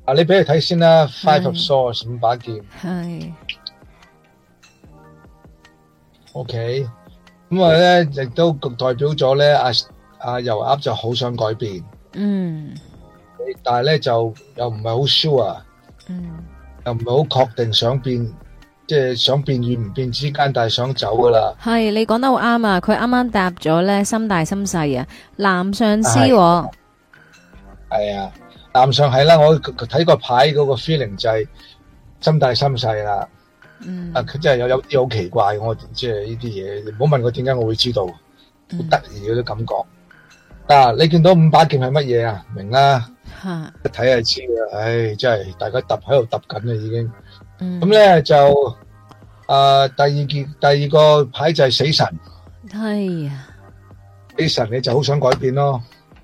嗱，你俾佢睇先啦，Five of Swords 五把劍。係。OK，咁啊咧亦都代表咗咧，阿阿油鴨就好想改變。嗯。但係咧就又唔係好 sure。嗯。又唔係好確定想變，即係想變與唔變之間，但係想走噶啦。係，你講得好啱啊！佢啱啱答咗咧，心大心細啊，男上司。係啊。南上係啦，我睇個牌嗰個 feeling 就係心大心細啦。嗯，啊，佢真係有有啲好奇怪，我即係呢啲嘢，你唔好問我點解我會知道，好得意嗰啲感覺。啊，你見到五把劍係乜嘢啊？明啦，是一睇就知。唉，真係大家揼喺度揼緊啦已經。咁咧、嗯、就啊，第二件第二個牌就係死神。係啊、哎呀，死神你就好想改變咯。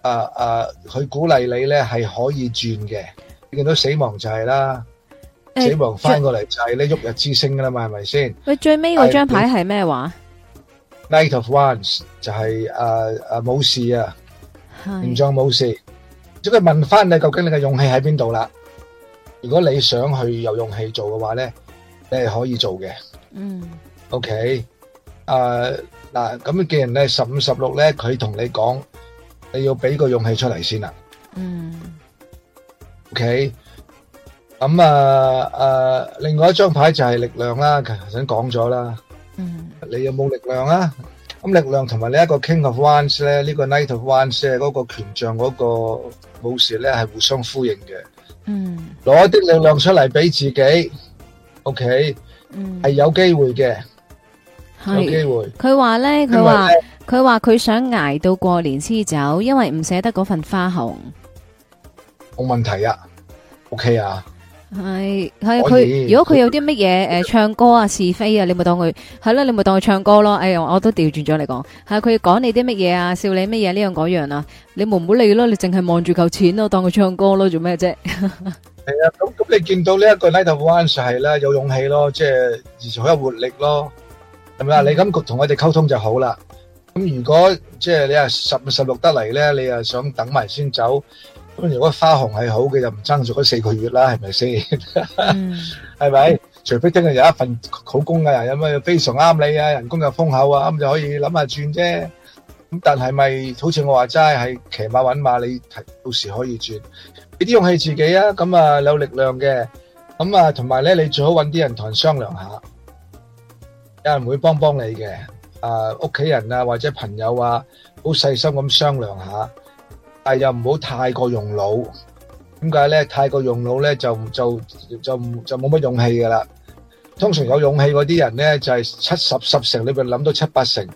誒誒，佢鼓勵你咧係可以轉嘅，你見到死亡就係啦，死亡翻過嚟就係咧旭日之星㗎啦嘛，係咪先？喂，最尾嗰張牌係咩話？Knight of Wands 就係，誒誒冇事啊，面相冇事，即係問翻你究竟你嘅勇氣喺邊度啦？如果你想去有勇氣做嘅話咧，你係可以做嘅。嗯，OK，誒嗱，咁既然咧十五十六咧，佢同你講。你要俾個勇氣出嚟先啦。嗯。O K。咁啊誒，另外一張牌就係力量啦。其實頭先講咗啦。嗯。你有冇力量啊？咁力量同埋你一個 King of Wands 咧，呢個 Knight of Wands 係嗰個權杖嗰個武士咧，係互相呼應嘅。嗯。攞一啲力量出嚟俾自己。O K。嗯。係有機會嘅。是有機會，佢話咧，佢話佢話佢想挨到過年先走，因為唔捨得嗰份花紅。冇問題啊，OK 啊。係係佢，如果佢有啲乜嘢誒唱歌啊是非啊，你咪當佢係啦，你咪當佢唱歌咯。哎呀，我都調轉咗嚟講，係佢講你啲乜嘢啊，笑你乜嘢呢樣嗰樣啊，你唔好理咯，你淨係望住嚿錢咯、啊，當佢唱歌咯，做咩啫？係啊，咁 咁、啊、你見到 of 呢一個 Knight of Wands 係啦，有勇氣咯，即係而且好有活力咯。係咪啦？你咁同我哋溝通就好啦。咁如果即係你話十十六得嚟咧，你又想等埋先走？咁如果花紅係好嘅，就唔爭住嗰四個月啦，係咪先？係咪？除非聽日有一份好工啊，有咩非常啱你啊，人工又豐厚啊，咁就可以諗下轉啫。咁但係咪好似我話齋係騎馬揾馬？你到時可以轉，俾啲勇氣自己啊。咁啊有力量嘅。咁啊同埋咧，你最好揾啲人同人商量下。有人會幫幫你嘅，誒屋企人啊，或者朋友啊，好細心咁商量下。但係又唔好太過用腦，點解咧？太過用腦咧，就就就就冇乜勇氣㗎啦。通常有勇氣嗰啲人咧，就係七十十成你咪諗到七八成，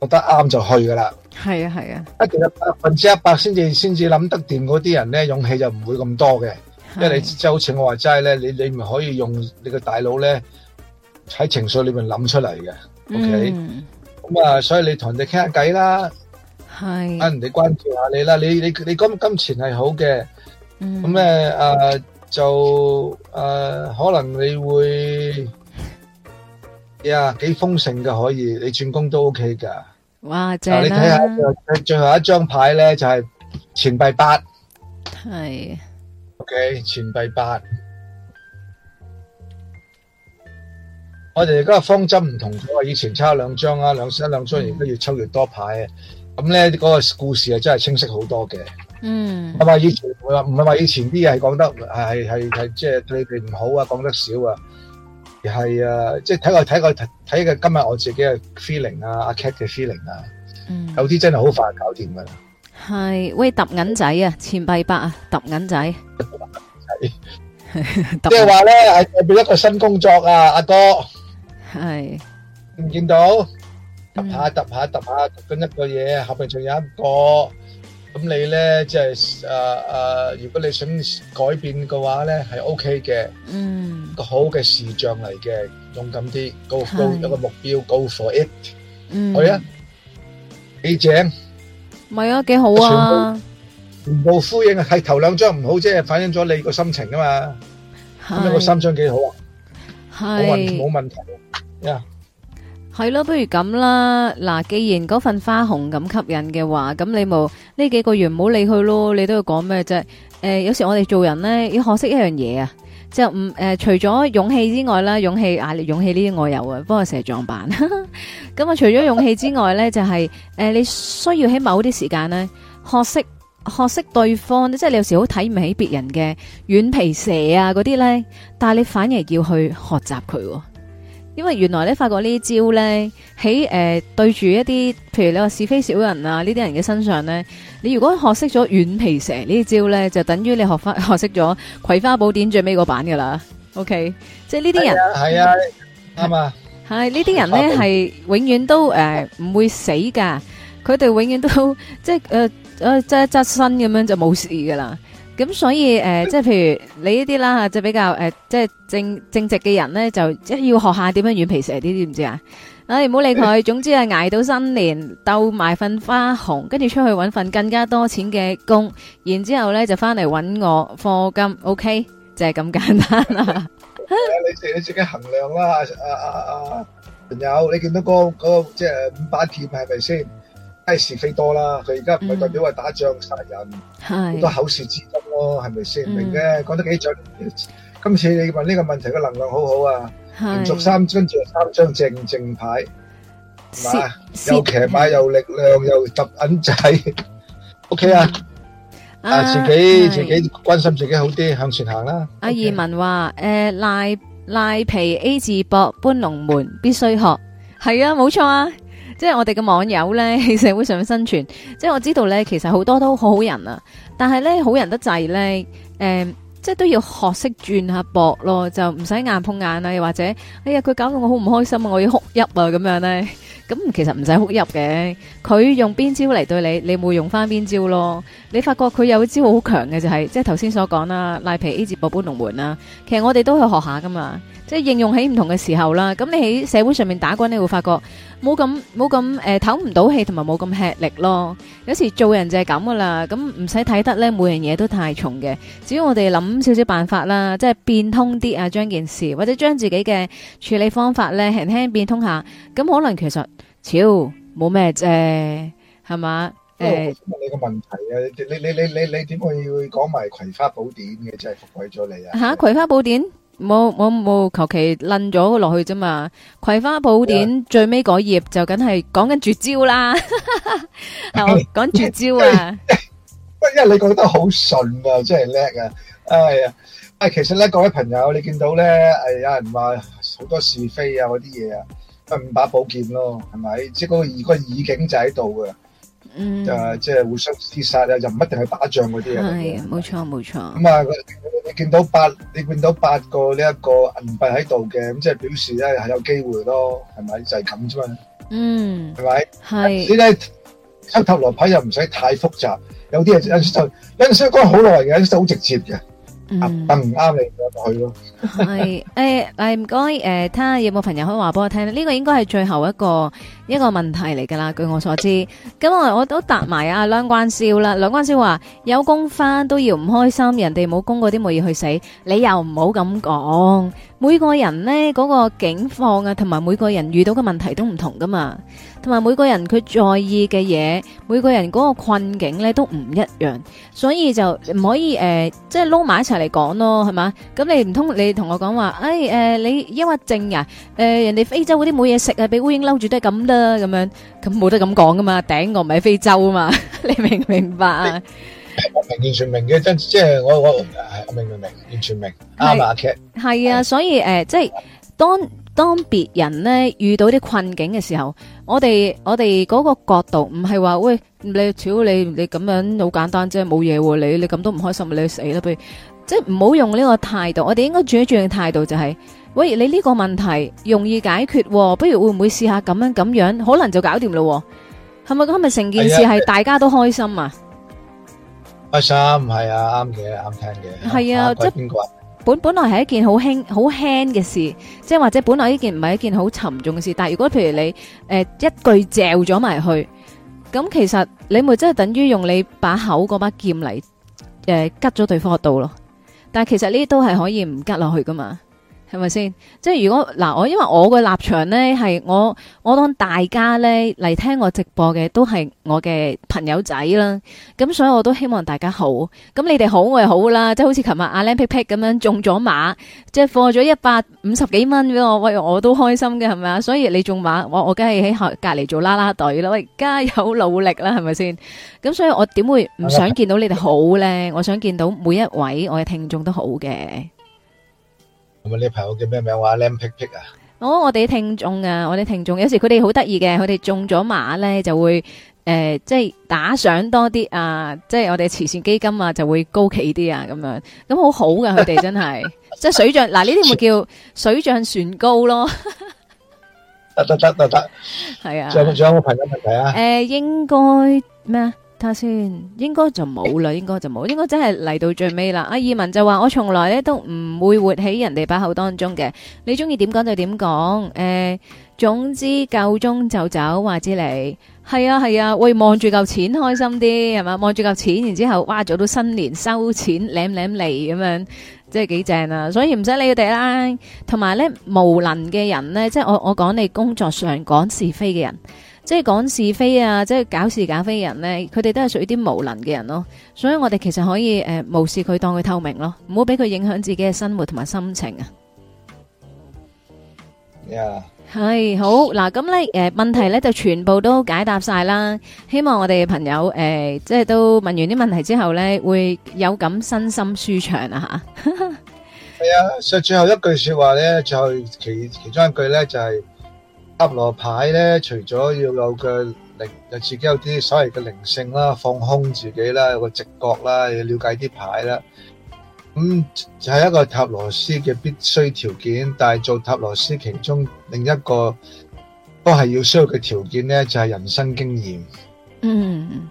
覺得啱就去㗎啦。係啊，係啊。一定有百分之一百先至先至諗得掂嗰啲人咧，勇氣就唔會咁多嘅，因為你即係好似我話齋咧，你你唔可以用你個大腦咧。喺情緒裏面諗出嚟嘅，OK，咁啊，所以你同人哋傾下偈啦，係，啊人哋關注下你啦，你你你咁金錢係好嘅，咁咧誒就誒可能你會呀幾豐盛嘅，可以你轉工都 OK 噶，哇正啦，你睇下最後一張牌咧就係錢幣八，係，OK 錢幣八。我哋而家個方針唔同咗，以前抽兩張啊，兩一兩張亦都越抽越多牌，咁咧嗰個故事啊真係清晰好多嘅。嗯，唔係話以前，唔係話以前啲嘢係講得係係係即係對佢唔好啊，講得少啊，係啊，即係睇個睇個睇個今日我自己嘅 feeling 啊，阿 Cat 嘅 feeling 啊，有啲真係好快搞掂噶啦。係喂，揼銀仔啊，錢幣八啊，揼銀仔，即係話咧係畀一個新工作啊，阿哥。係，見唔見到，揼下揼下揼下，揼緊一個嘢，後邊仲有一個，咁你咧即係誒誒，如果你想改變嘅話咧，係 OK 嘅，嗯，個好嘅事象嚟嘅，勇敢啲，go，go 一個目標，go for it，嗯，係啊，幾正，咪啊，幾好啊，全部，全部呼應啊，係頭兩張唔好，即係反映咗你個心情啊嘛，咁樣個三張幾好啊，係，冇問冇問題。係咯 Yeah.，不如咁啦。嗱，既然嗰份花紅咁吸引嘅話，咁你冇呢幾個月唔好理佢咯。你都要講咩啫？誒、呃，有時我哋做人呢，要學識一樣嘢啊，就唔誒、呃、除咗勇氣之外啦，勇氣啊，勇氣呢啲我有啊，不過成日撞板。咁 啊、嗯，除咗勇氣之外呢，就係、是、誒、呃、你需要喺某啲時間呢，學識學識對方，即係你有時好睇唔起別人嘅軟皮蛇啊嗰啲呢，但係你反而要去學習佢、哦。因為原來咧，發覺呢招咧喺、誒對住一啲，譬如你話是非小人啊呢啲人嘅身上咧，你如果學識咗軟皮蛇呢招咧，就等於你學翻學識咗葵花寶典最尾嗰版噶啦。OK，即係呢啲人係、哎、啊，係嘛？係呢啲人咧係永遠都誒唔會死噶，佢哋永遠都即係誒、誒，側一側身咁樣就冇事噶啦。咁所以誒、呃，即係譬如你呢啲啦吓、呃，即係比較誒，即係正正直嘅人咧，就即係要學下點樣軟皮蛇啲，不知唔知啊？唉、哎，唔好理佢， 總之啊，挨到新年，鬥埋份花紅，跟住出去搵份更加多錢嘅工，然之後咧就翻嚟搵我課金，OK，就係咁簡單啦、啊。 你自己衡量啦、啊啊啊，朋友，你見到嗰、嗰個即係五百 P 係咪先？那個就是係是非多啦，佢而家唔係代表係打仗殺人，係多口舌之爭咯，係咪先？明嘅，講得幾準。今次你問呢個問題嘅能量好好啊，連續三張，跟住三張正正牌，係嘛？又騎馬又力量又揼銀仔，OK 啊？啊，自己自己關心自己好啲，向前行啦。阿二汶話，誒，賴賴皮 A 字膊搬龍門，必須學。係啊，冇錯啊。即係我哋嘅網友呢，喺社會上面生存。即係我知道呢，其實好多都好好人啊，但係呢，好人得滯呢，誒、欸，即係都要學識轉下搏咯，就唔使硬碰硬啊，又或者哎呀，佢搞到我好唔開心啊，我要哭泣啊咁樣呢，咁其實唔使哭泣嘅，佢用邊招嚟，對你你會用翻邊招咯。你發覺佢有招好強嘅，就係即係頭先所講啦，賴皮一字步搬龍門啦、啊。其實我哋都去學下噶嘛，即係應用喺唔同嘅時候啦。咁你喺社會上面打滾，你會發覺，冇咁冇咁誒唞唔到氣，同埋冇咁吃力咯。有時做人就係咁噶啦，咁唔使睇得咧每樣嘢都太重嘅。只要我哋諗少少辦法啦，即係變通啲啊，將件事或者將自己嘅處理方法咧輕輕變通下，咁可能其實超冇咩啫，係嘛？誒，我想問你個問題啊！你你你你你點會講埋《葵花寶典》嘅？真係服鬼咗你啊！嚇，《葵花寶典》。冇冇冇，求其攆咗落去啫嘛！《葵花寶典》最尾嗰頁就梗係講緊絕招啦，講 絕招啊！喂， 因為你覺得好順啊，真係叻啊！哎呀，其實咧，各位朋友，你見到咧，哎有人話好多是非啊，嗰啲嘢啊，五把寶劍咯，係咪？即係嗰個、嗰個意境就喺度啊。嗯，就係即係互相廝殺啊，又唔一定係打仗嗰啲啊。係，冇錯冇錯。咁啊，你見到八，你見到八個呢一個銀幣喺度嘅，咁即係表示咧係有機會咯，係咪就係咁啫嘛？嗯，係咪？係。你咧出塔羅牌又唔使太複雜，有啲嘢有啲有啲需要講好耐嘅，有啲好直接嘅，嗯，掟唔啱你咪去咯。係，誒，唔該，誒，睇下有冇朋友可以話俾我聽，呢個應該係最後一個。一個問題嚟噶啦，據我所知，咁我我都答埋阿梁關少啦。梁關少話有工返都要唔開心，人哋冇工嗰啲咪要去死，你又唔好咁講。每個人呢嗰、那個境況啊，同埋每個人遇到嘅問題都唔同噶嘛，同埋每個人佢在意嘅嘢，每個人嗰個困境呢都唔一樣，所以就唔可以誒、呃，即係撈埋一齊嚟講咯，係嘛？咁你唔通你同我講話，誒、哎、誒、呃，你抑鬱症啊？誒、呃，人哋非洲嗰啲冇嘢食啊，俾烏蠅撈住都係咁啦啦咁樣，咁冇得咁講噶嘛，頂我唔係非洲啊嘛，你明唔明白？明，完全明嘅，真即係我我明唔明？完全明啱唔啱？劇係啊，所以誒，即係當當別人咧遇到啲困境嘅時候，我哋我哋嗰個角度唔係話喂，你屌你你咁樣好簡單即係，冇嘢喎，你你咁都唔開心，你去死啦！不如即係唔好用呢個態度，我哋應該轉一轉嘅態度就係。喂，你呢個問題容易解決，不如會唔會試下咁樣咁樣，可能就搞掂咯？係咪係咪成件事係大家都開心啊？開心係啊，啱嘅，啱聽嘅係啊。即係邊個本本來係一件好輕好輕嘅事，即係或者本來呢件唔係一件好沉重嘅事。但係如果譬如你誒一句嚼咗埋去，咁其實你咪真係等於用你把口嗰把劍嚟誒吉咗對方個度咯。但係其實呢啲都係可以唔吉落去噶嘛。係咪先？即係如果嗱，我因為我個立場咧，係我我當大家咧嚟聽我直播嘅都係我嘅朋友仔啦。咁所以我都希望大家好。咁你哋好，我又好啦。即係好似琴日阿靚 pet pet 咁樣中咗馬，即係放咗一百五十幾蚊俾我，喂，我都開心嘅，係咪啊？所以你中馬，我我梗係喺隔隔籬做啦啦隊啦，喂，加油努力啦，係咪先？咁所以我點會唔想見到你哋好咧？我想見到每一位我嘅聽眾都好嘅。咁啊！呢朋友叫咩名？我阿靚撇撇啊！哦，我哋聽眾啊，我哋聽眾有時佢哋好得意嘅，佢哋中咗馬咧就會誒，即係打賞多啲啊，即係我哋慈善基金啊就會高企啲啊，咁樣咁好好噶，佢哋真係即係水漲嗱，呢啲咪叫水漲船高咯，得得得得得，係啊，仲仲有個朋友問題啊？誒，應該咩啊？睇下先看看，應該就冇啦，應該就冇，應該真係嚟到最尾啦。阿二汶就話：我從來咧都唔會活喺人哋把口當中嘅。你中意點講就點講。誒、呃，總之夠鍾就走，話之你係啊係啊，喂，望住嚿錢開心啲係嘛？望住嚿錢，然之後，哇，做到新年收錢舐舐脷。咁樣，即係幾正啊！所以唔使理佢哋啦。同埋咧，無能嘅人咧，即係我我講你工作上講是非嘅人。即係講是非啊，即係搞是搞非嘅人咧，佢哋都係屬於啲無能嘅人咯。所以我哋其實可以誒無視佢，當佢透明咯，唔好俾佢影響自己嘅生活同埋心情啊。係啊，係好嗱，咁咧誒問題咧就全部都解答晒啦。希望我哋嘅朋友誒即係都問完啲問題之後咧，會有感身心舒暢啊吓。係啊，所以最後一句說話咧就其其中一句咧就係。塔羅牌咧，除咗要有嘅靈，又自己有啲所謂嘅靈性啦，放空自己啦，有個直覺啦，要了解啲牌啦，咁就係一個塔羅師嘅必須條件。但係做塔羅師其中另一個都係要需要嘅條件咧，就係人生經驗。嗯。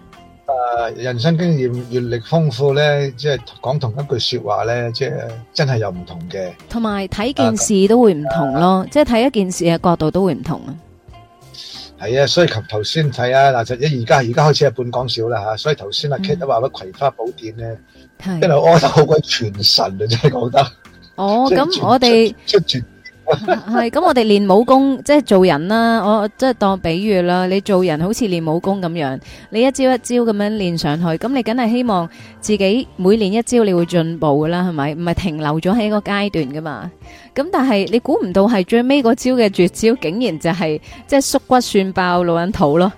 誒，人生經驗、閱歷豐富咧，即係講同一句說話咧，即係真係有唔同嘅。同埋睇件事都會唔同咯，即係睇一件事嘅角度都會唔同啊。係啊，所以頭先睇啊，嗱，而家而家開始係半講笑啦吓，所以頭先啊，K 都話乜《葵花寶典》咧，真係安得好鬼全神啊，真係講得。哦，咁我哋出全。係咁，我哋練武功即係做人啦，我即係當比喻啦。你做人好似練武功咁樣，你一招一招咁樣練上去，咁你梗係希望自己每練一招你會進步噶啦，係咪？唔係停留咗喺一個階段噶嘛。咁但係你估唔到係最尾嗰招嘅絕招，竟然就係即係縮骨算爆老人肚咯。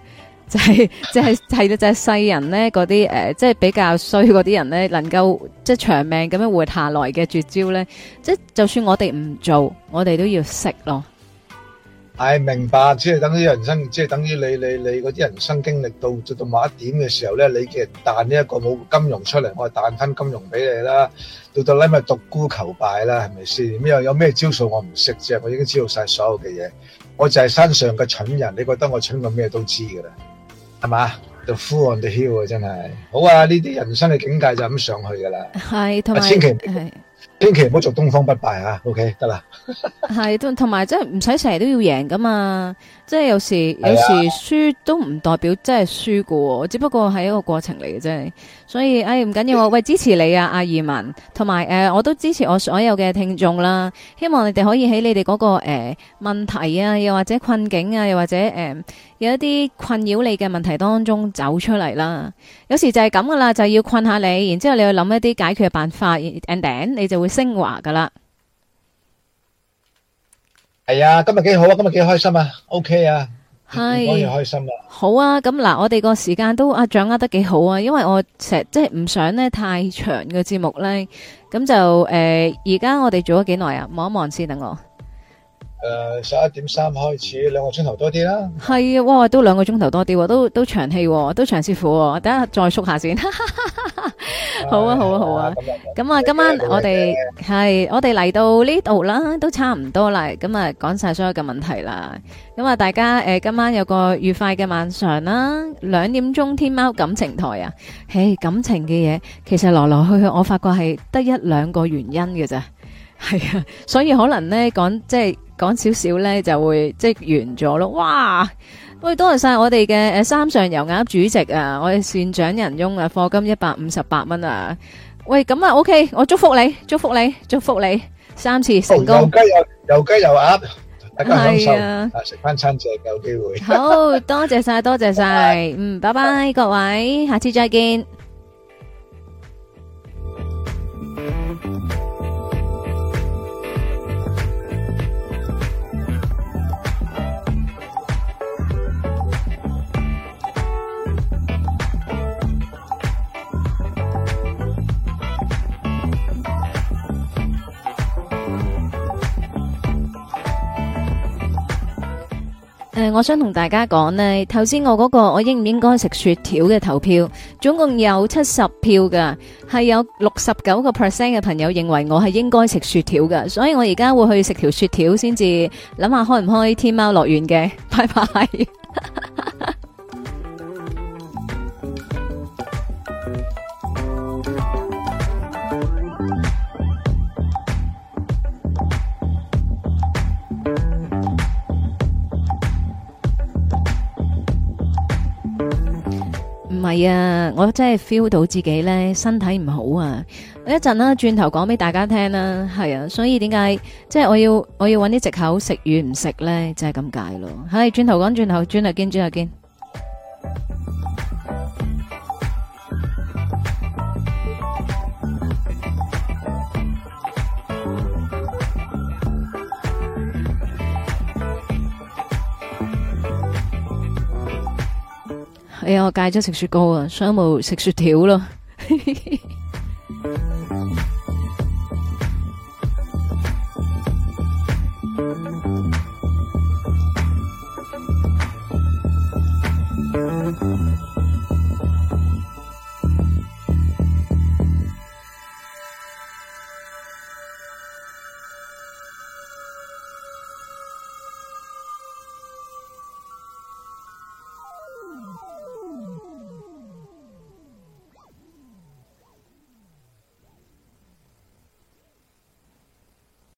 就係即係係咯，就係、是就是就是、世人咧，嗰啲誒，即係、呃就是、比較衰嗰啲人咧，能夠即係長命咁樣活下來嘅絕招咧，即、就、係、是、就算我哋唔做，我哋都要識咯。係、哎、明白，即係等於人生，即係等於你你你嗰啲人生經歷到到到某一點嘅時候咧，你嘅彈呢一個冇金融出嚟，我係彈翻金融俾你啦，到到你咪獨孤求敗啦，係咪先？咩有咩招數我唔識啫？我已經知道晒所有嘅嘢，我就係身上嘅蠢人。你覺得我蠢到咩都知噶啦？係嘛，就 full on the hill 啊，真係好啊！呢啲人生嘅境界就咁上去噶啦，係同、啊、千祈係千祈唔好做東方不敗啊。OK 得啦。係同同埋即係唔使成日都要贏噶嘛。即係有時，有時輸都唔代表真係輸噶只不過係一個過程嚟嘅啫。所以，哎唔緊要，我喂支持你啊，阿二文，同埋誒，我都支持我所有嘅聽眾啦。希望你哋可以喺你哋嗰、那個誒、呃、問題啊，又或者困境啊，又或者誒、呃、有一啲困擾你嘅問題當中走出嚟啦。有時就係咁噶啦，就要困下你，然之後你去諗一啲解決嘅辦法 and then 你就會升華噶啦係啊、哎，今日幾好啊，今日幾開心啊，OK 啊，可以開心啊，好啊，咁嗱，我哋個時間都啊掌握得幾好啊，因為我成日即係唔想咧太長嘅節目咧，咁就誒而家我哋做咗幾耐啊，望一望先、啊，等我、呃。誒，十一點三開始，兩個鐘頭多啲啦。係啊，哇，都兩個鐘頭多啲、啊，都都長氣、啊，都長師傅、啊，等下再縮下先。 好啊，好啊，好啊！咁啊，今晚我哋係我哋嚟到呢度啦，都差唔多啦。咁啊，講晒所有嘅問題啦。咁啊，大家誒，今晚有個愉快嘅晚上啦。兩點鐘天貓感情台啊，誒，感情嘅嘢其實來來去去，我發覺係得一兩個原因嘅咋，係啊。所以可能呢講即係講少少呢，就會即係完咗咯。哇！喂，多謝晒我哋嘅誒三上油鴨主席啊，我哋善長人翁啊，課金一百五十八蚊啊，喂咁啊，OK，我祝福你，祝福你，祝福你三次成功，又雞又又雞又鴨，大家享受啊，食翻餐正有機會，好多謝晒，多謝晒，嗯，拜拜各位，下次再見。誒、呃，我想同大家講呢，頭先我嗰個我應唔應該食雪條嘅投票，總共有七十票㗎，係有六十九個 percent 嘅朋友認為我係應該食雪條㗎，所以我而家會去食條雪條先至諗下開唔開天貓樂園嘅，拜拜。 唔係啊，我真係 feel 到自己呢身體唔好啊！一陣啦，轉頭講俾大家聽啦，係啊，所以點解即係我要我要揾啲藉口，食與唔食呢？就係咁解咯。係，轉頭講，轉頭，轉頭見，轉頭見。哎呀，我戒咗食雪糕啊，商務冇食雪條咯。